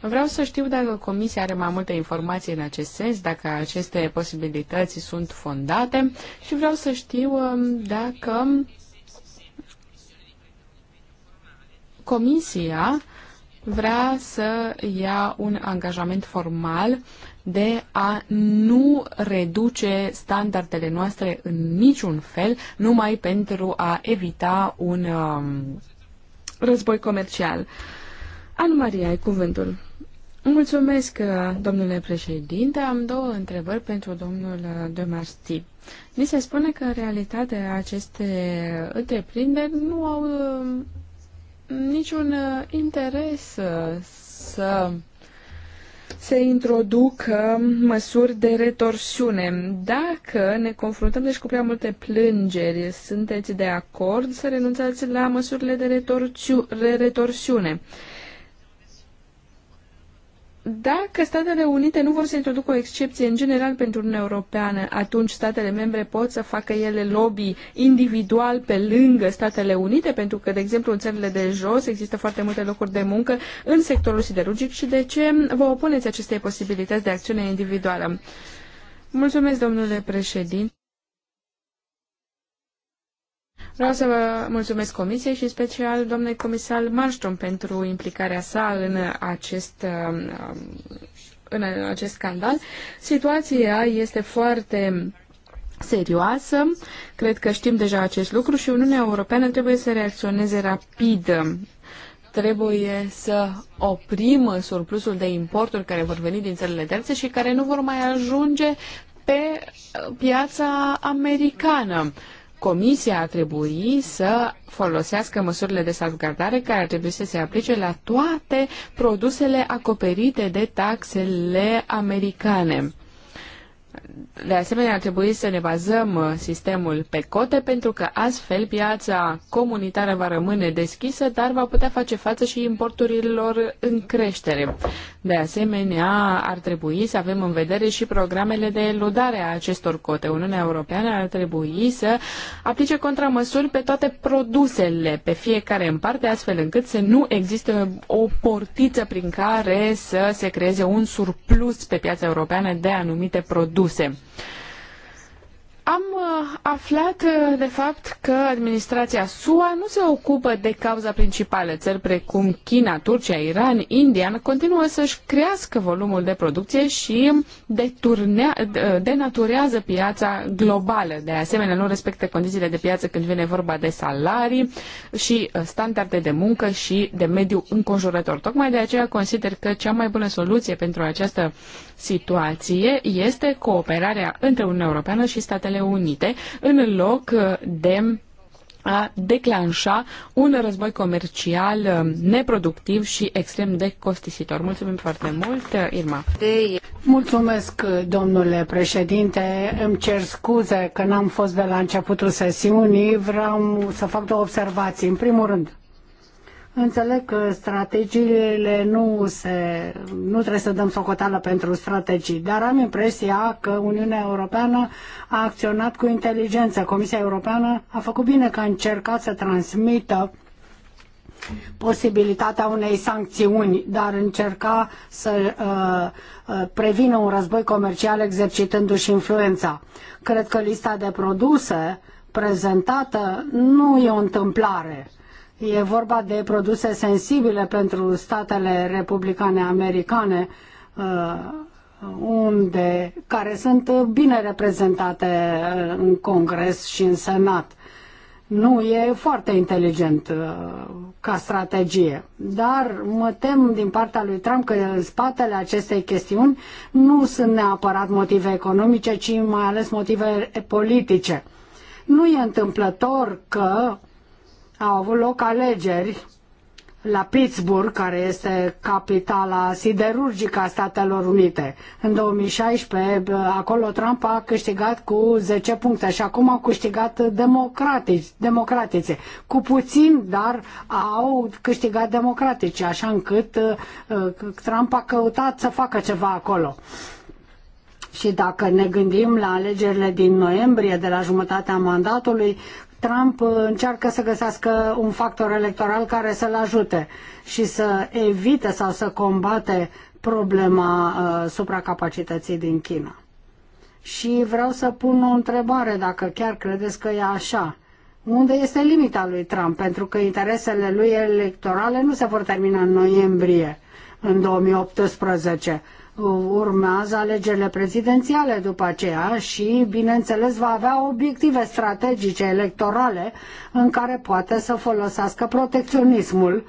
Vreau să știu știu dacă Comisia are mai multe informații în acest sens, dacă aceste posibilități sunt fondate și vreau să știu um, dacă Comisia vrea să ia un angajament formal de a nu reduce standardele noastre în niciun fel, numai pentru a evita un um, război comercial. Anu Maria, ai cuvântul. Mulțumesc, uh, domnule președinte. Am două întrebări pentru domnul uh, Demarsti. Mi se spune că, în realitate, aceste întreprinderi nu au uh, niciun interes să se introducă măsuri de retorsiune. Dacă ne confruntăm deci cu prea multe plângeri, sunteți de acord să renunțați la măsurile de retorsiune? Dacă Statele Unite nu vor să introducă o excepție în general pentru Uniunea Europeană, atunci statele membre pot să facă ele lobby individual pe lângă Statele Unite, pentru că, de exemplu, în țările de jos există foarte multe locuri de muncă în sectorul siderurgic și de ce vă opuneți acestei posibilități de acțiune individuală? Mulțumesc, domnule președinte. Vreau să vă mulțumesc Comisiei și special domnului comisar Marstrom pentru implicarea sa în acest um, în acest scandal. Situația este foarte serioasă. Cred că știm deja acest lucru și Uniunea Europeană trebuie să reacționeze rapid. Trebuie să oprim surplusul de importuri care vor veni din țările terțe și care nu vor mai ajunge pe piața americană. Comisia ar trebui să folosească măsurile de salvgardare care ar trebui să se aplice la toate produsele acoperite de taxele americane. De asemenea, ar trebui să ne bazăm uh, sistemul pe cote, pentru că astfel piața comunitară va rămâne deschisă, dar va putea face față și importurilor în creștere. De asemenea, ar trebui să avem în vedere și programele de eludare a acestor cote. Uniunea Europeană ar trebui să aplice contramăsuri pe toate produsele, pe fiecare în parte, astfel încât să nu existe o portiță prin care să se creeze un surplus pe piața europeană de anumite produse produse. Am uh, aflat uh, de fapt că administrația SUA nu se ocupă de cauza principală. Țări precum China, Turcia, Iran, India continuă să-și crească volumul de producție și uh, denaturează piața globală. De asemenea, nu respectă condițiile de piață când vine vorba de salarii și standarde de muncă și de mediu înconjurător. Tocmai de aceea consider că cea mai bună soluție pentru această situație este cooperarea între Uniunea Europeană și statele Statele Unite, în loc uh, de a declanșa un război comercial uh, neproductiv și extrem de costisitor. Mulțumim foarte mult, uh, Irma. Mulțumesc, domnule președinte. Îmi cer scuze că n-am fost de la începutul sesiunii. Vreau să fac două observații. În primul rând, Înțeleg că strategiile nu, se, nu trebuie să dăm socoteală pentru strategii, dar am impresia că Uniunea Europeană a acționat cu inteligență. Comisia Europeană a făcut bine că a încercat să transmită posibilitatea unei sancțiuni, dar încerca să uh, uh, prevină un război comercial exercitându-și influența. Cred că lista de produse prezentată nu e o întâmplare. Uh, E vorba de produse sensibile pentru statele republicane americane, uh, unde, care sunt bine reprezentate uh, în Congres și în Senat. Nu e foarte inteligent uh, ca strategie, dar mă tem din partea lui Trump că în spatele acestei chestiuni nu sunt neapărat motive economice, ci mai ales motive politice. Nu e întâmplător că uh, au avut loc alegeri la Pittsburgh, care este capitala siderurgică a Statelor Unite. În 2016, acolo Trump a câștigat cu 10 puncte și acum au câștigat democratici, democratice. Cu puțin, dar au câștigat democratici, așa încât uh, Trump a căutat să facă ceva acolo. Și dacă ne gândim la alegerile din noiembrie, de la jumătatea mandatului, Trump încearcă să găsească un factor electoral care să-l ajute și să evite sau să combate problema uh, supracapacității din China. Și vreau să pun o întrebare, dacă chiar credeți că e așa. Unde este limita lui Trump? Pentru că interesele lui electorale nu se vor termina în noiembrie în 2018 urmează alegerile prezidențiale după aceea și, bineînțeles, va avea obiective strategice electorale în care poate să folosească protecționismul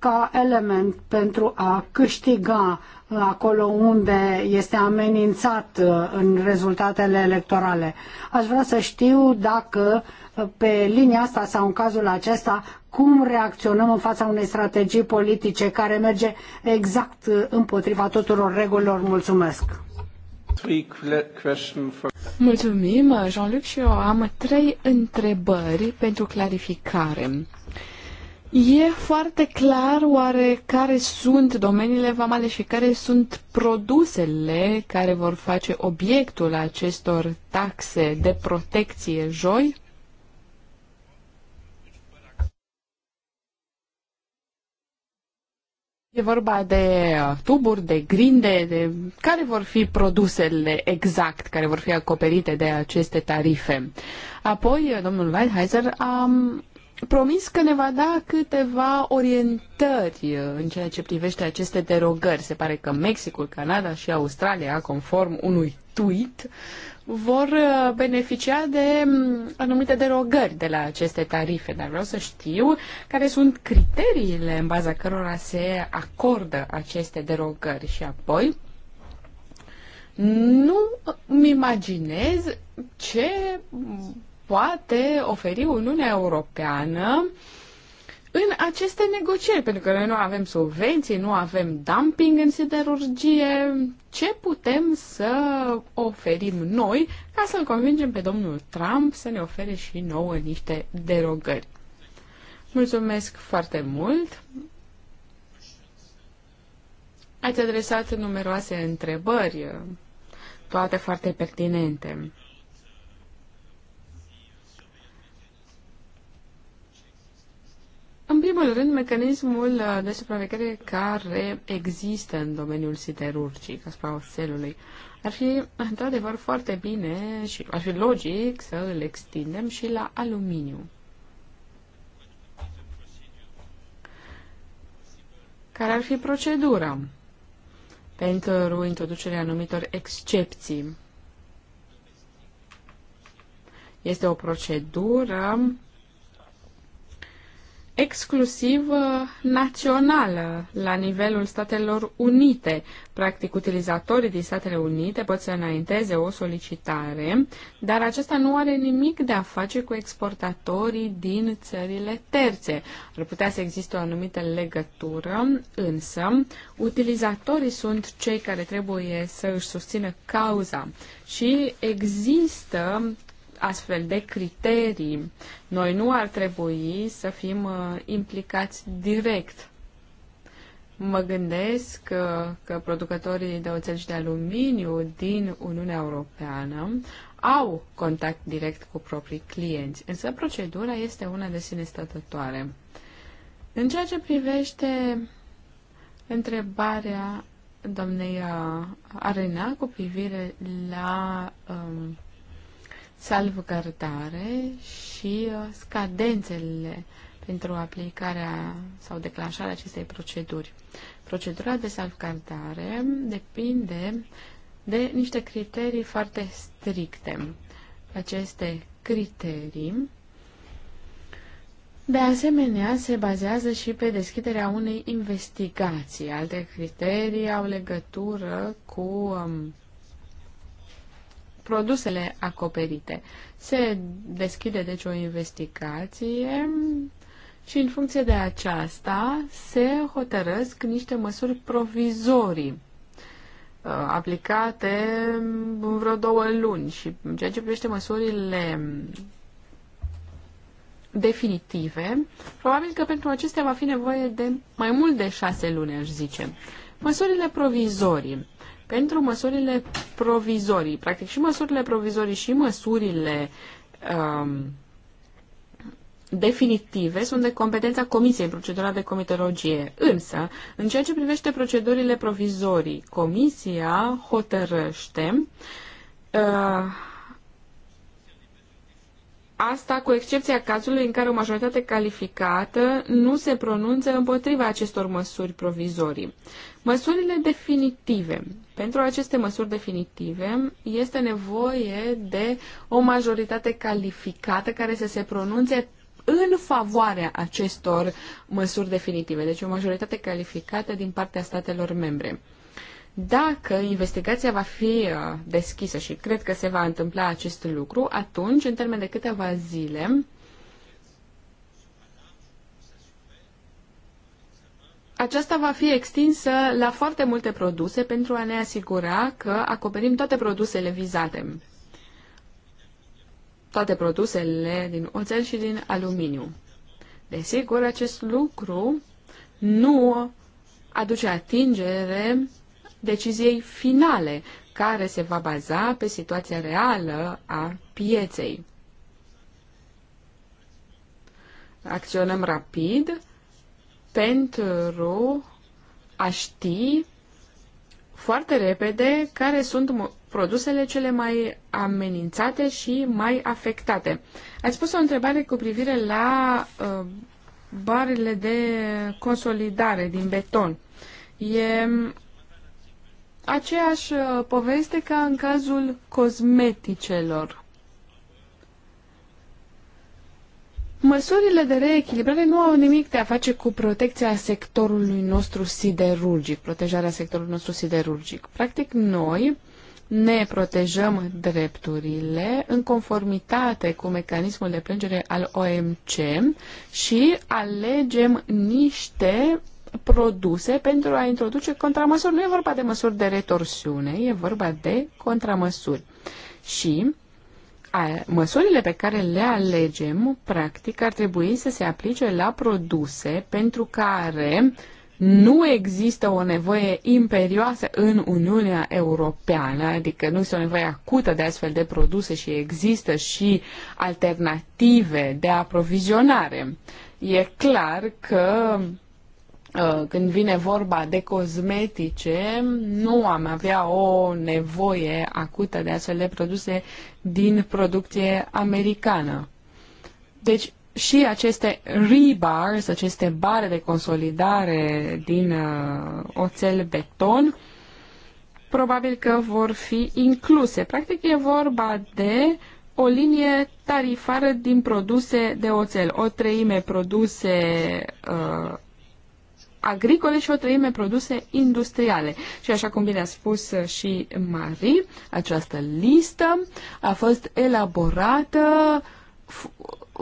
ca element pentru a câștiga uh, acolo unde este amenințat uh, în rezultatele electorale. Aș vrea să știu dacă uh, pe linia asta sau în cazul acesta cum reacționăm în fața unei strategii politice care merge exact împotriva tuturor regulilor. Mulțumesc! Mulțumim, Jean-Luc, și eu am trei întrebări pentru clarificare. E foarte clar oare care sunt domeniile vamale și care sunt produsele care vor face obiectul acestor taxe de protecție joi? E vorba de tuburi, de grinde, de care vor fi produsele exact care vor fi acoperite de aceste tarife. Apoi, domnul Weidheiser a promis că ne va da câteva orientări uh, în ceea ce privește aceste derogări. Se pare că Mexicul, Canada și Australia, conform unui tweet, vor uh, beneficia de mm, anumite derogări de la aceste tarife, dar vreau să știu care sunt criteriile în baza cărora se acordă aceste derogări și apoi nu îmi imaginez ce poate oferi Uniunea Europeană în aceste negocieri, pentru că noi nu avem subvenții, nu avem dumping în siderurgie, ce putem să oferim noi ca să-l convingem pe domnul Trump să ne ofere și nouă niște derogări. Mulțumesc foarte mult! Ați adresat numeroase întrebări, toate foarte pertinente. În primul rând, mecanismul uh, de supraveghere care există în domeniul siderurgic asupra oțelului. Ar fi, într-adevăr, foarte bine și ar fi logic să îl extindem și la aluminiu. Care ar fi procedura pentru introducerea anumitor excepții? Este o procedură exclusiv uh, națională, la nivelul Statelor Unite. Practic, utilizatorii din Statele Unite pot să înainteze o solicitare, dar aceasta nu are nimic de a face cu exportatorii din țările terțe. Ar putea să existe o anumită legătură, însă utilizatorii sunt cei care trebuie să își susțină cauza și există astfel de criterii. Noi nu ar trebui să fim uh, implicați direct. Mă gândesc că, că producătorii de oțel și de aluminiu din Uniunea Europeană au contact direct cu proprii clienți, însă procedura este una de sine stătătoare. În ceea ce privește întrebarea domnei Arena cu privire la um, salvgărdare și uh, scadențele pentru aplicarea sau declanșarea acestei proceduri. Procedura de salvgardare depinde de niște criterii foarte stricte. Aceste criterii de asemenea, se bazează și pe deschiderea unei investigații. Alte criterii au legătură cu um, produsele acoperite. Se deschide deci o investigație și în funcție de aceasta se hotărăsc niște măsuri provizorii uh, aplicate în um, vreo două luni și în ceea ce privește măsurile um, definitive, probabil că pentru acestea va fi nevoie de mai mult de șase luni, aș zice. Măsurile provizorii pentru măsurile provizorii. Practic și măsurile provizorii și măsurile um, definitive sunt de competența Comisiei în procedura de comitologie. Însă, în ceea ce privește procedurile provizorii, Comisia hotărăște uh, asta cu excepția cazului în care o majoritate calificată nu se pronunță împotriva acestor măsuri provizorii. Măsurile definitive pentru aceste măsuri definitive este nevoie de o majoritate calificată care să se pronunțe în favoarea acestor măsuri definitive, deci o majoritate calificată din partea statelor membre. Dacă investigația va fi uh, deschisă și cred că se va întâmpla acest lucru, atunci, în termen de câteva zile, aceasta va fi extinsă la foarte multe produse pentru a ne asigura că acoperim toate produsele vizate. Toate produsele din oțel și din aluminiu. Desigur, acest lucru nu aduce atingere deciziei finale, care se va baza pe situația reală a pieței. Acționăm rapid pentru a ști foarte repede care sunt produsele cele mai amenințate și mai afectate. Ați pus o întrebare cu privire la uh, barele de consolidare din beton. E aceeași uh, poveste ca în cazul cosmeticelor. Măsurile de reechilibrare nu au nimic de a face cu protecția sectorului nostru siderurgic, protejarea sectorului nostru siderurgic. Practic, noi ne protejăm drepturile în conformitate cu mecanismul de plângere al OMC și alegem niște produse pentru a introduce contramăsuri. Nu e vorba de măsuri de retorsiune, e vorba de contramăsuri. Și a, măsurile pe care le alegem, practic, ar trebui să se aplice la produse pentru care nu există o nevoie imperioasă în Uniunea Europeană, adică nu este o nevoie acută de astfel de produse și există și alternative de aprovizionare. E clar că Uh, când vine vorba de cosmetice, nu am avea o nevoie acută de acele produse din producție americană. Deci și aceste rebars, aceste bare de consolidare din uh, oțel beton, probabil că vor fi incluse. Practic e vorba de o linie tarifară din produse de oțel. O treime produse uh, agricole și o treime produse industriale. Și așa cum bine a spus uh, și Marie, această listă a fost elaborată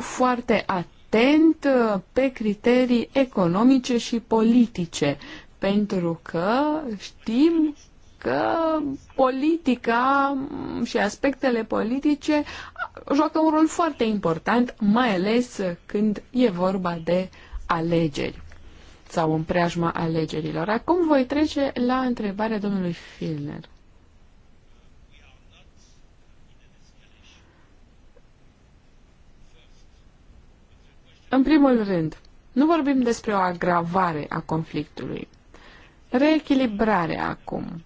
foarte atent uh, pe criterii economice și politice, pentru că știm că politica și aspectele politice uh, joacă un rol foarte important, mai ales când e vorba de alegeri sau în preajma alegerilor. Acum voi trece la întrebarea domnului Filner. În primul rând, nu vorbim despre o agravare a conflictului. Reechilibrare acum.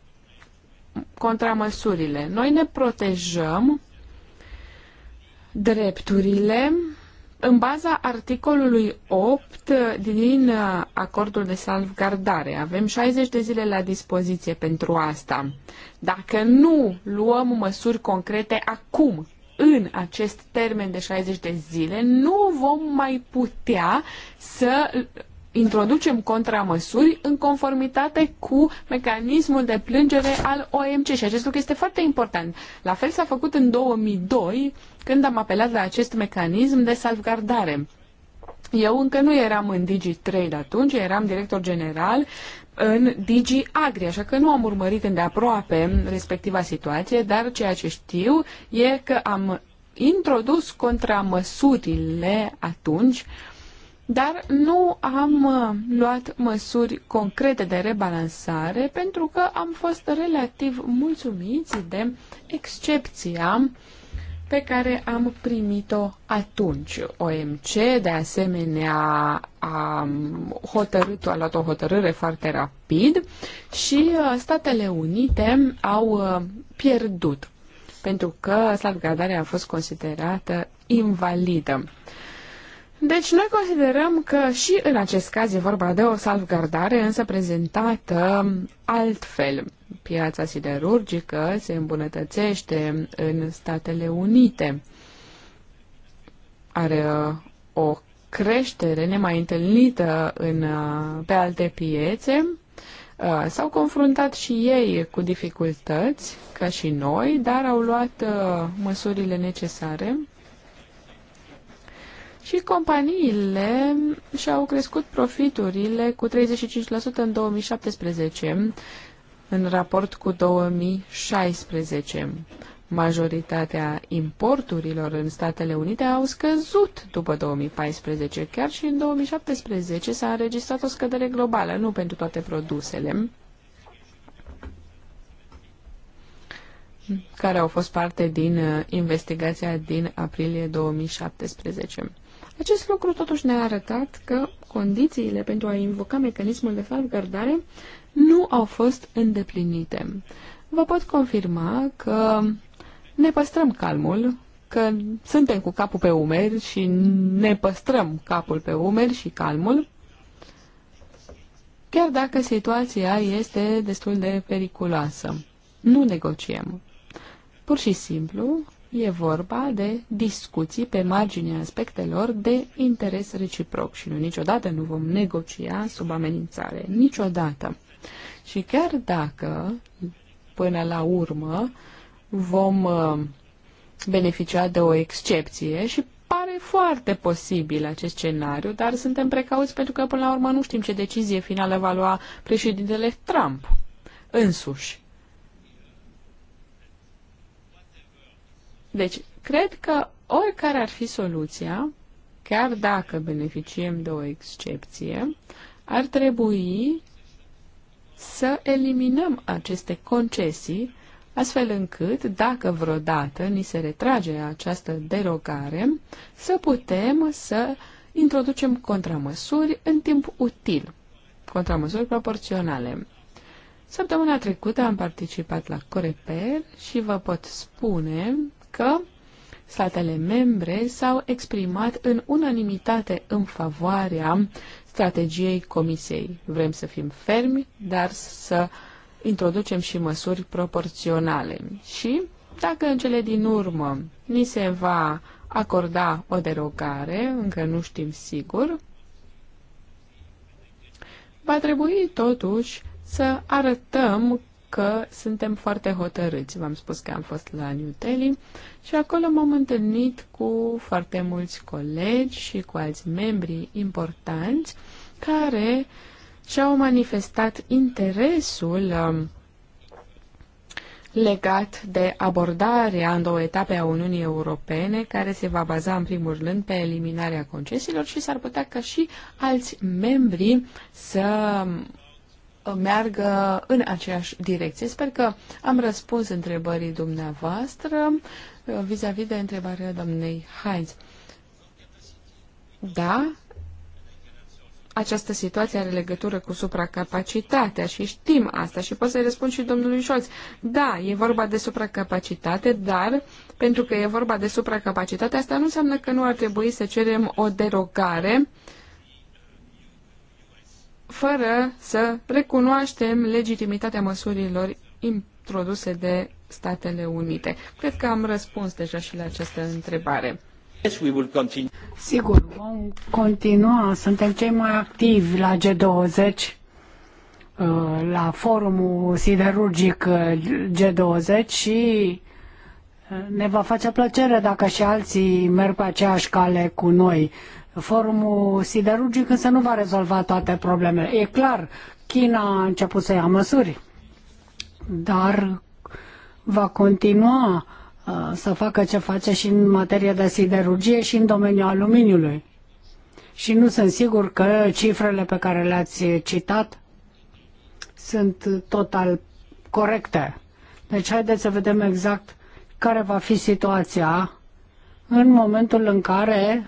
Contramăsurile. Noi ne protejăm drepturile în baza articolului 8 din acordul de salvgardare, avem 60 de zile la dispoziție pentru asta. Dacă nu luăm măsuri concrete acum, în acest termen de 60 de zile, nu vom mai putea să introducem contramăsuri în conformitate cu mecanismul de plângere al OMC și acest lucru este foarte important. La fel s-a făcut în 2002 când am apelat la acest mecanism de salvgardare. Eu încă nu eram în Digi 3 de atunci, eram director general în Digi Agri, așa că nu am urmărit îndeaproape respectiva situație, dar ceea ce știu e că am introdus contramăsurile atunci uh, dar nu am uh, luat măsuri concrete de rebalansare pentru că am fost relativ mulțumiți de excepția pe care am primit-o atunci. OMC, de asemenea, a hotărât, a luat o hotărâre foarte rapid și uh, Statele Unite au uh, pierdut pentru că salvgardarea a fost considerată invalidă. Deci noi considerăm că și în acest caz e vorba de o salvgardare, însă prezentată altfel. Piața siderurgică se îmbunătățește în Statele Unite. Are uh, o creștere nemai întâlnită în, uh, pe alte piețe. Uh, s-au confruntat și ei cu dificultăți, ca și noi, dar au luat măsurile necesare și companiile și-au crescut profiturile cu 35% în 2017 în raport cu 2016. Majoritatea importurilor în Statele Unite au scăzut după 2014. Chiar și în 2017 s-a înregistrat o scădere globală, nu pentru toate produsele, care au fost parte din uh, investigația din aprilie 2017. Acest lucru totuși ne-a arătat că condițiile pentru a invoca mecanismul de salvgardare nu au fost îndeplinite. Vă pot confirma că ne păstrăm calmul, că suntem cu capul pe umeri și ne păstrăm capul pe umeri și calmul, chiar dacă situația este destul de periculoasă. Nu negociem. Pur și simplu E vorba de discuții pe marginea aspectelor de interes reciproc și noi niciodată nu vom negocia sub amenințare. Niciodată. Și chiar dacă, până la urmă, vom uh, beneficia de o excepție și pare foarte posibil acest scenariu, dar suntem precauți pentru că, până la urmă, nu știm ce decizie finală va lua președintele Trump însuși. Deci, cred că oricare ar fi soluția, chiar dacă beneficiem de o excepție, ar trebui să eliminăm aceste concesii, astfel încât, dacă vreodată ni se retrage această derogare, să putem să introducem contramăsuri în timp util, contramăsuri proporționale. Săptămâna trecută am participat la Coreper și vă pot spune că statele membre s-au exprimat în unanimitate în favoarea strategiei Comisiei. Vrem să fim fermi, dar să introducem și măsuri proporționale. Și dacă în cele din urmă ni se va acorda o derogare, încă nu știm sigur, va trebui totuși să arătăm că suntem foarte hotărâți. V-am spus că am fost la New Delhi și acolo m-am întâlnit cu foarte mulți colegi și cu alți membri importanți care și-au manifestat interesul um, legat de abordarea în două etape a Uniunii Europene, care se va baza în primul rând pe eliminarea concesiilor și s-ar putea ca și alți membri să meargă în aceeași direcție. Sper că am răspuns întrebării dumneavoastră uh, vis-a-vis -vis de întrebarea doamnei Heinz. Da, această situație are legătură cu supracapacitatea și știm asta și pot să-i răspund și domnului Scholz. Da, e vorba de supracapacitate, dar pentru că e vorba de supracapacitate, asta nu înseamnă că nu ar trebui să cerem o derogare uh, fără să recunoaștem legitimitatea măsurilor introduse de Statele Unite. Cred că am răspuns deja și la această întrebare. Yes, we will continue. Sigur, vom continua. Suntem cei mai activi la G20, uh, la forumul siderurgic uh, G20 și uh, ne va face plăcere dacă și alții merg pe aceeași cale cu noi forumul siderurgic, însă nu va rezolva toate problemele. E clar, China a început să ia măsuri, dar va continua uh, să facă ce face și în materie de siderurgie și în domeniul aluminiului. Și nu sunt sigur că cifrele pe care le-ați citat sunt total corecte. Deci haideți să vedem exact care va fi situația în momentul în care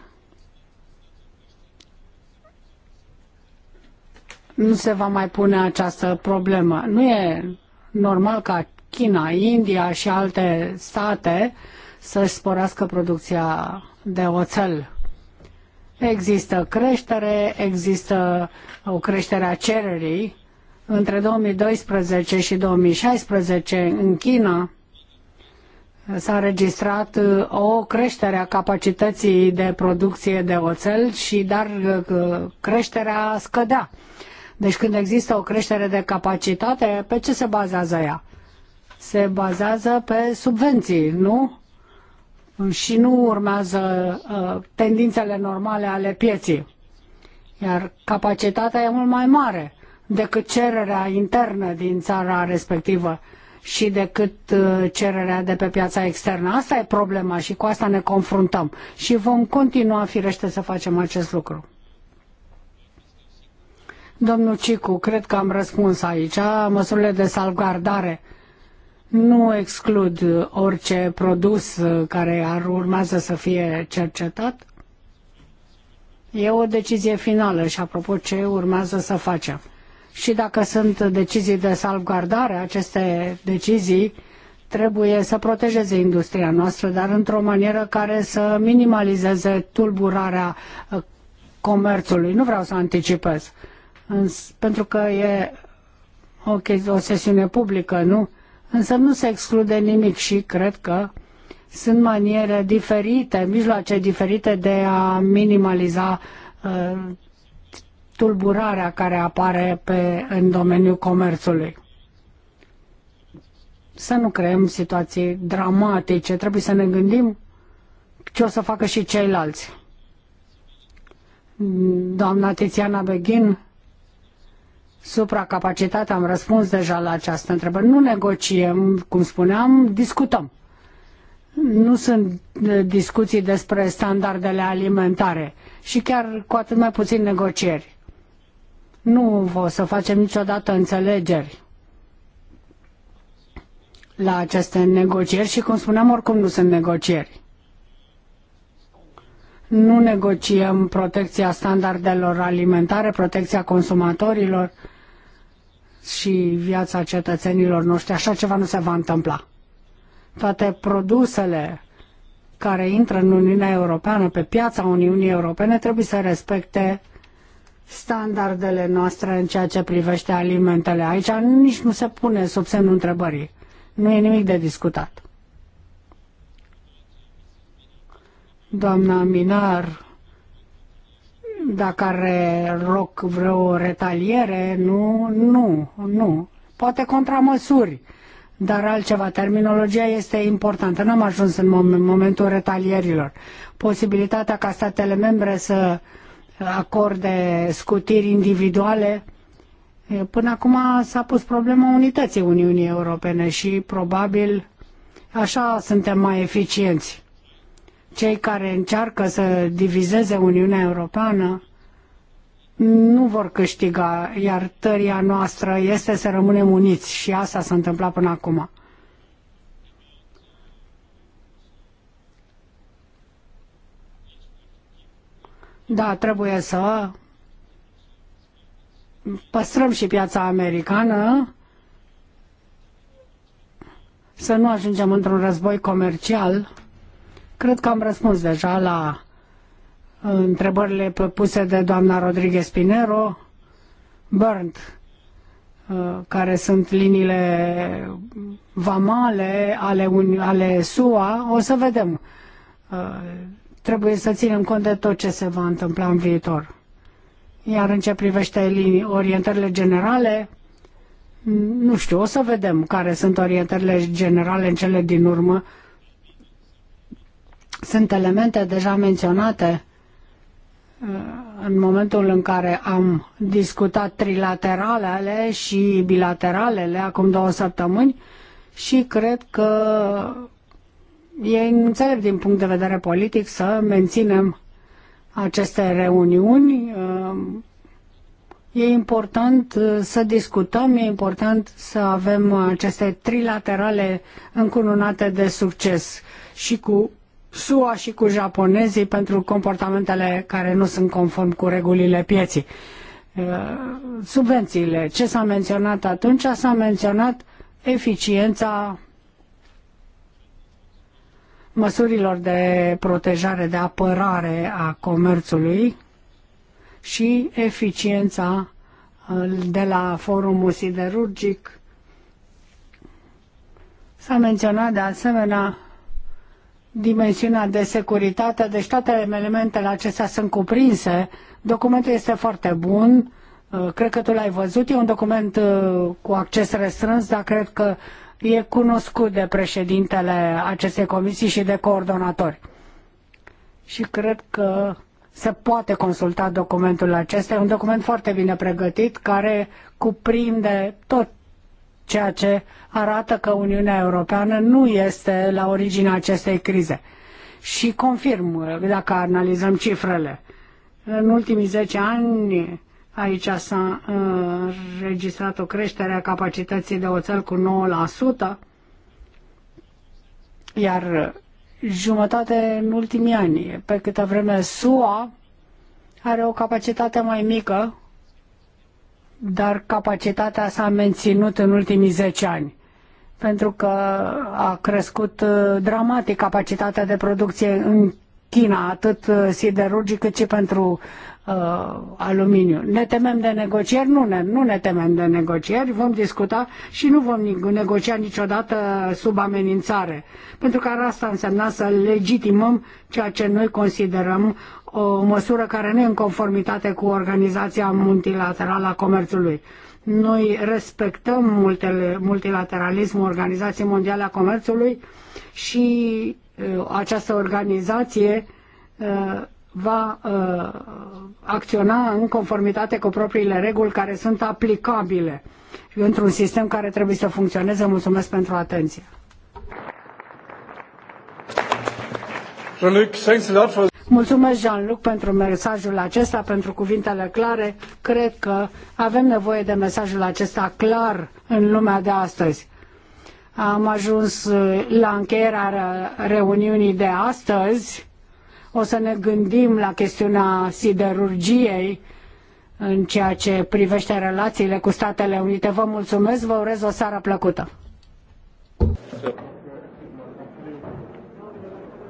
nu se va mai pune această problemă. Nu e normal ca China, India și alte state să-și sporească producția de oțel. Există creștere, există o creștere a cererii. Între 2012 și 2016 în China s-a înregistrat uh, o creștere a capacității de producție de oțel și dar uh, creșterea scădea deci când există o creștere de capacitate, pe ce se bazează ea? Se bazează pe subvenții, nu? Și nu urmează uh, tendințele normale ale pieții. Iar capacitatea e mult mai mare decât cererea internă din țara respectivă și decât uh, cererea de pe piața externă. Asta e problema și cu asta ne confruntăm. Și vom continua firește să facem acest lucru. Domnul Cicu, cred că am răspuns aici. Măsurile de salvgardare nu exclud orice produs care ar urmează să fie cercetat. E o decizie finală și apropo ce urmează să facem. Și dacă sunt decizii de salvgardare, aceste decizii trebuie să protejeze industria noastră, dar într-o manieră care să minimalizeze tulburarea uh, comerțului. Nu vreau să anticipez pentru că e o, o sesiune publică, nu? Însă nu se exclude nimic și cred că sunt maniere diferite, mijloace diferite de a minimaliza uh, tulburarea care apare pe, în domeniul comerțului. Să nu creăm situații dramatice, trebuie să ne gândim ce o să facă și ceilalți. Doamna Tiziana Beghin supracapacitate, am răspuns deja la această întrebare. Nu negociem, cum spuneam, discutăm. Nu sunt eh, discuții despre standardele alimentare și chiar cu atât mai puțin negocieri. Nu o să facem niciodată înțelegeri la aceste negocieri și, cum spuneam, oricum nu sunt negocieri. Nu negociem protecția standardelor alimentare, protecția consumatorilor, și viața cetățenilor noștri. Așa ceva nu se va întâmpla. Toate produsele care intră în Uniunea Europeană, pe piața Uniunii Europene, trebuie să respecte standardele noastre în ceea ce privește alimentele. Aici nici nu se pune sub semnul întrebării. Nu e nimic de discutat. Doamna Minar dacă are loc vreo retaliere, nu, nu, nu. Poate contramăsuri, dar altceva. Terminologia este importantă. N-am ajuns în momentul retalierilor. Posibilitatea ca statele membre să acorde scutiri individuale Până acum s-a pus problema unității Uniunii Europene și probabil așa suntem mai eficienți cei care încearcă să divizeze Uniunea Europeană nu vor câștiga, iar tăria noastră este să rămânem uniți și asta s-a întâmplat până acum. Da, trebuie să păstrăm și piața americană, să nu ajungem într-un război comercial, Cred că am răspuns deja la uh, întrebările puse de doamna Rodriguez Pinero, Burnt, uh, care sunt liniile vamale ale, un, ale SUA, o să vedem. Uh, trebuie să ținem cont de tot ce se va întâmpla în viitor. Iar în ce privește linii, orientările generale, nu știu, o să vedem care sunt orientările generale în cele din urmă sunt elemente deja menționate uh, în momentul în care am discutat trilateralele și bilateralele acum două săptămâni și cred că e înțelept din punct de vedere politic să menținem aceste reuniuni. Uh, e important uh, să discutăm, e important să avem aceste trilaterale încununate de succes și cu SUA și cu japonezii pentru comportamentele care nu sunt conform cu regulile pieții. Uh, subvențiile, ce s-a menționat atunci? S-a menționat eficiența măsurilor de protejare, de apărare a comerțului și eficiența uh, de la forumul siderurgic. S-a menționat de asemenea dimensiunea de securitate, deci toate elementele acestea sunt cuprinse. Documentul este foarte bun, uh, cred că tu l-ai văzut, e un document uh, cu acces restrâns, dar cred că e cunoscut de președintele acestei comisii și de coordonatori. Și cred că se poate consulta documentul acesta. E un document foarte bine pregătit care cuprinde tot ceea ce arată că Uniunea Europeană nu este la originea acestei crize. Și confirm, dacă analizăm cifrele, în ultimii 10 ani aici s-a uh, înregistrat o creștere a capacității de oțel cu 9%, iar jumătate în ultimii ani, pe câtă vreme SUA are o capacitate mai mică dar capacitatea s-a menținut în ultimii 10 ani pentru că a crescut uh, dramatic capacitatea de producție în China, atât uh, siderurgică, cât și pentru uh, aluminiu. Ne temem de negocieri? Nu ne, nu ne temem de negocieri, vom discuta și nu vom negocia niciodată sub amenințare, pentru că asta însemna să legitimăm ceea ce noi considerăm o măsură care nu e în conformitate cu Organizația Multilaterală a Comerțului. Noi respectăm multilateralismul Organizației Mondiale a Comerțului și uh, această organizație uh, va uh, acționa în conformitate cu propriile reguli care sunt aplicabile într-un sistem care trebuie să funcționeze. Mulțumesc pentru atenție. Mulțumesc, Jean-Luc, pentru mesajul acesta, pentru cuvintele clare. Cred că avem nevoie de mesajul acesta clar în lumea de astăzi. Am ajuns uh, la încheierea reuniunii de astăzi. O să ne gândim la chestiunea siderurgiei în ceea ce privește relațiile cu Statele Unite. Vă mulțumesc, vă urez o seară plăcută!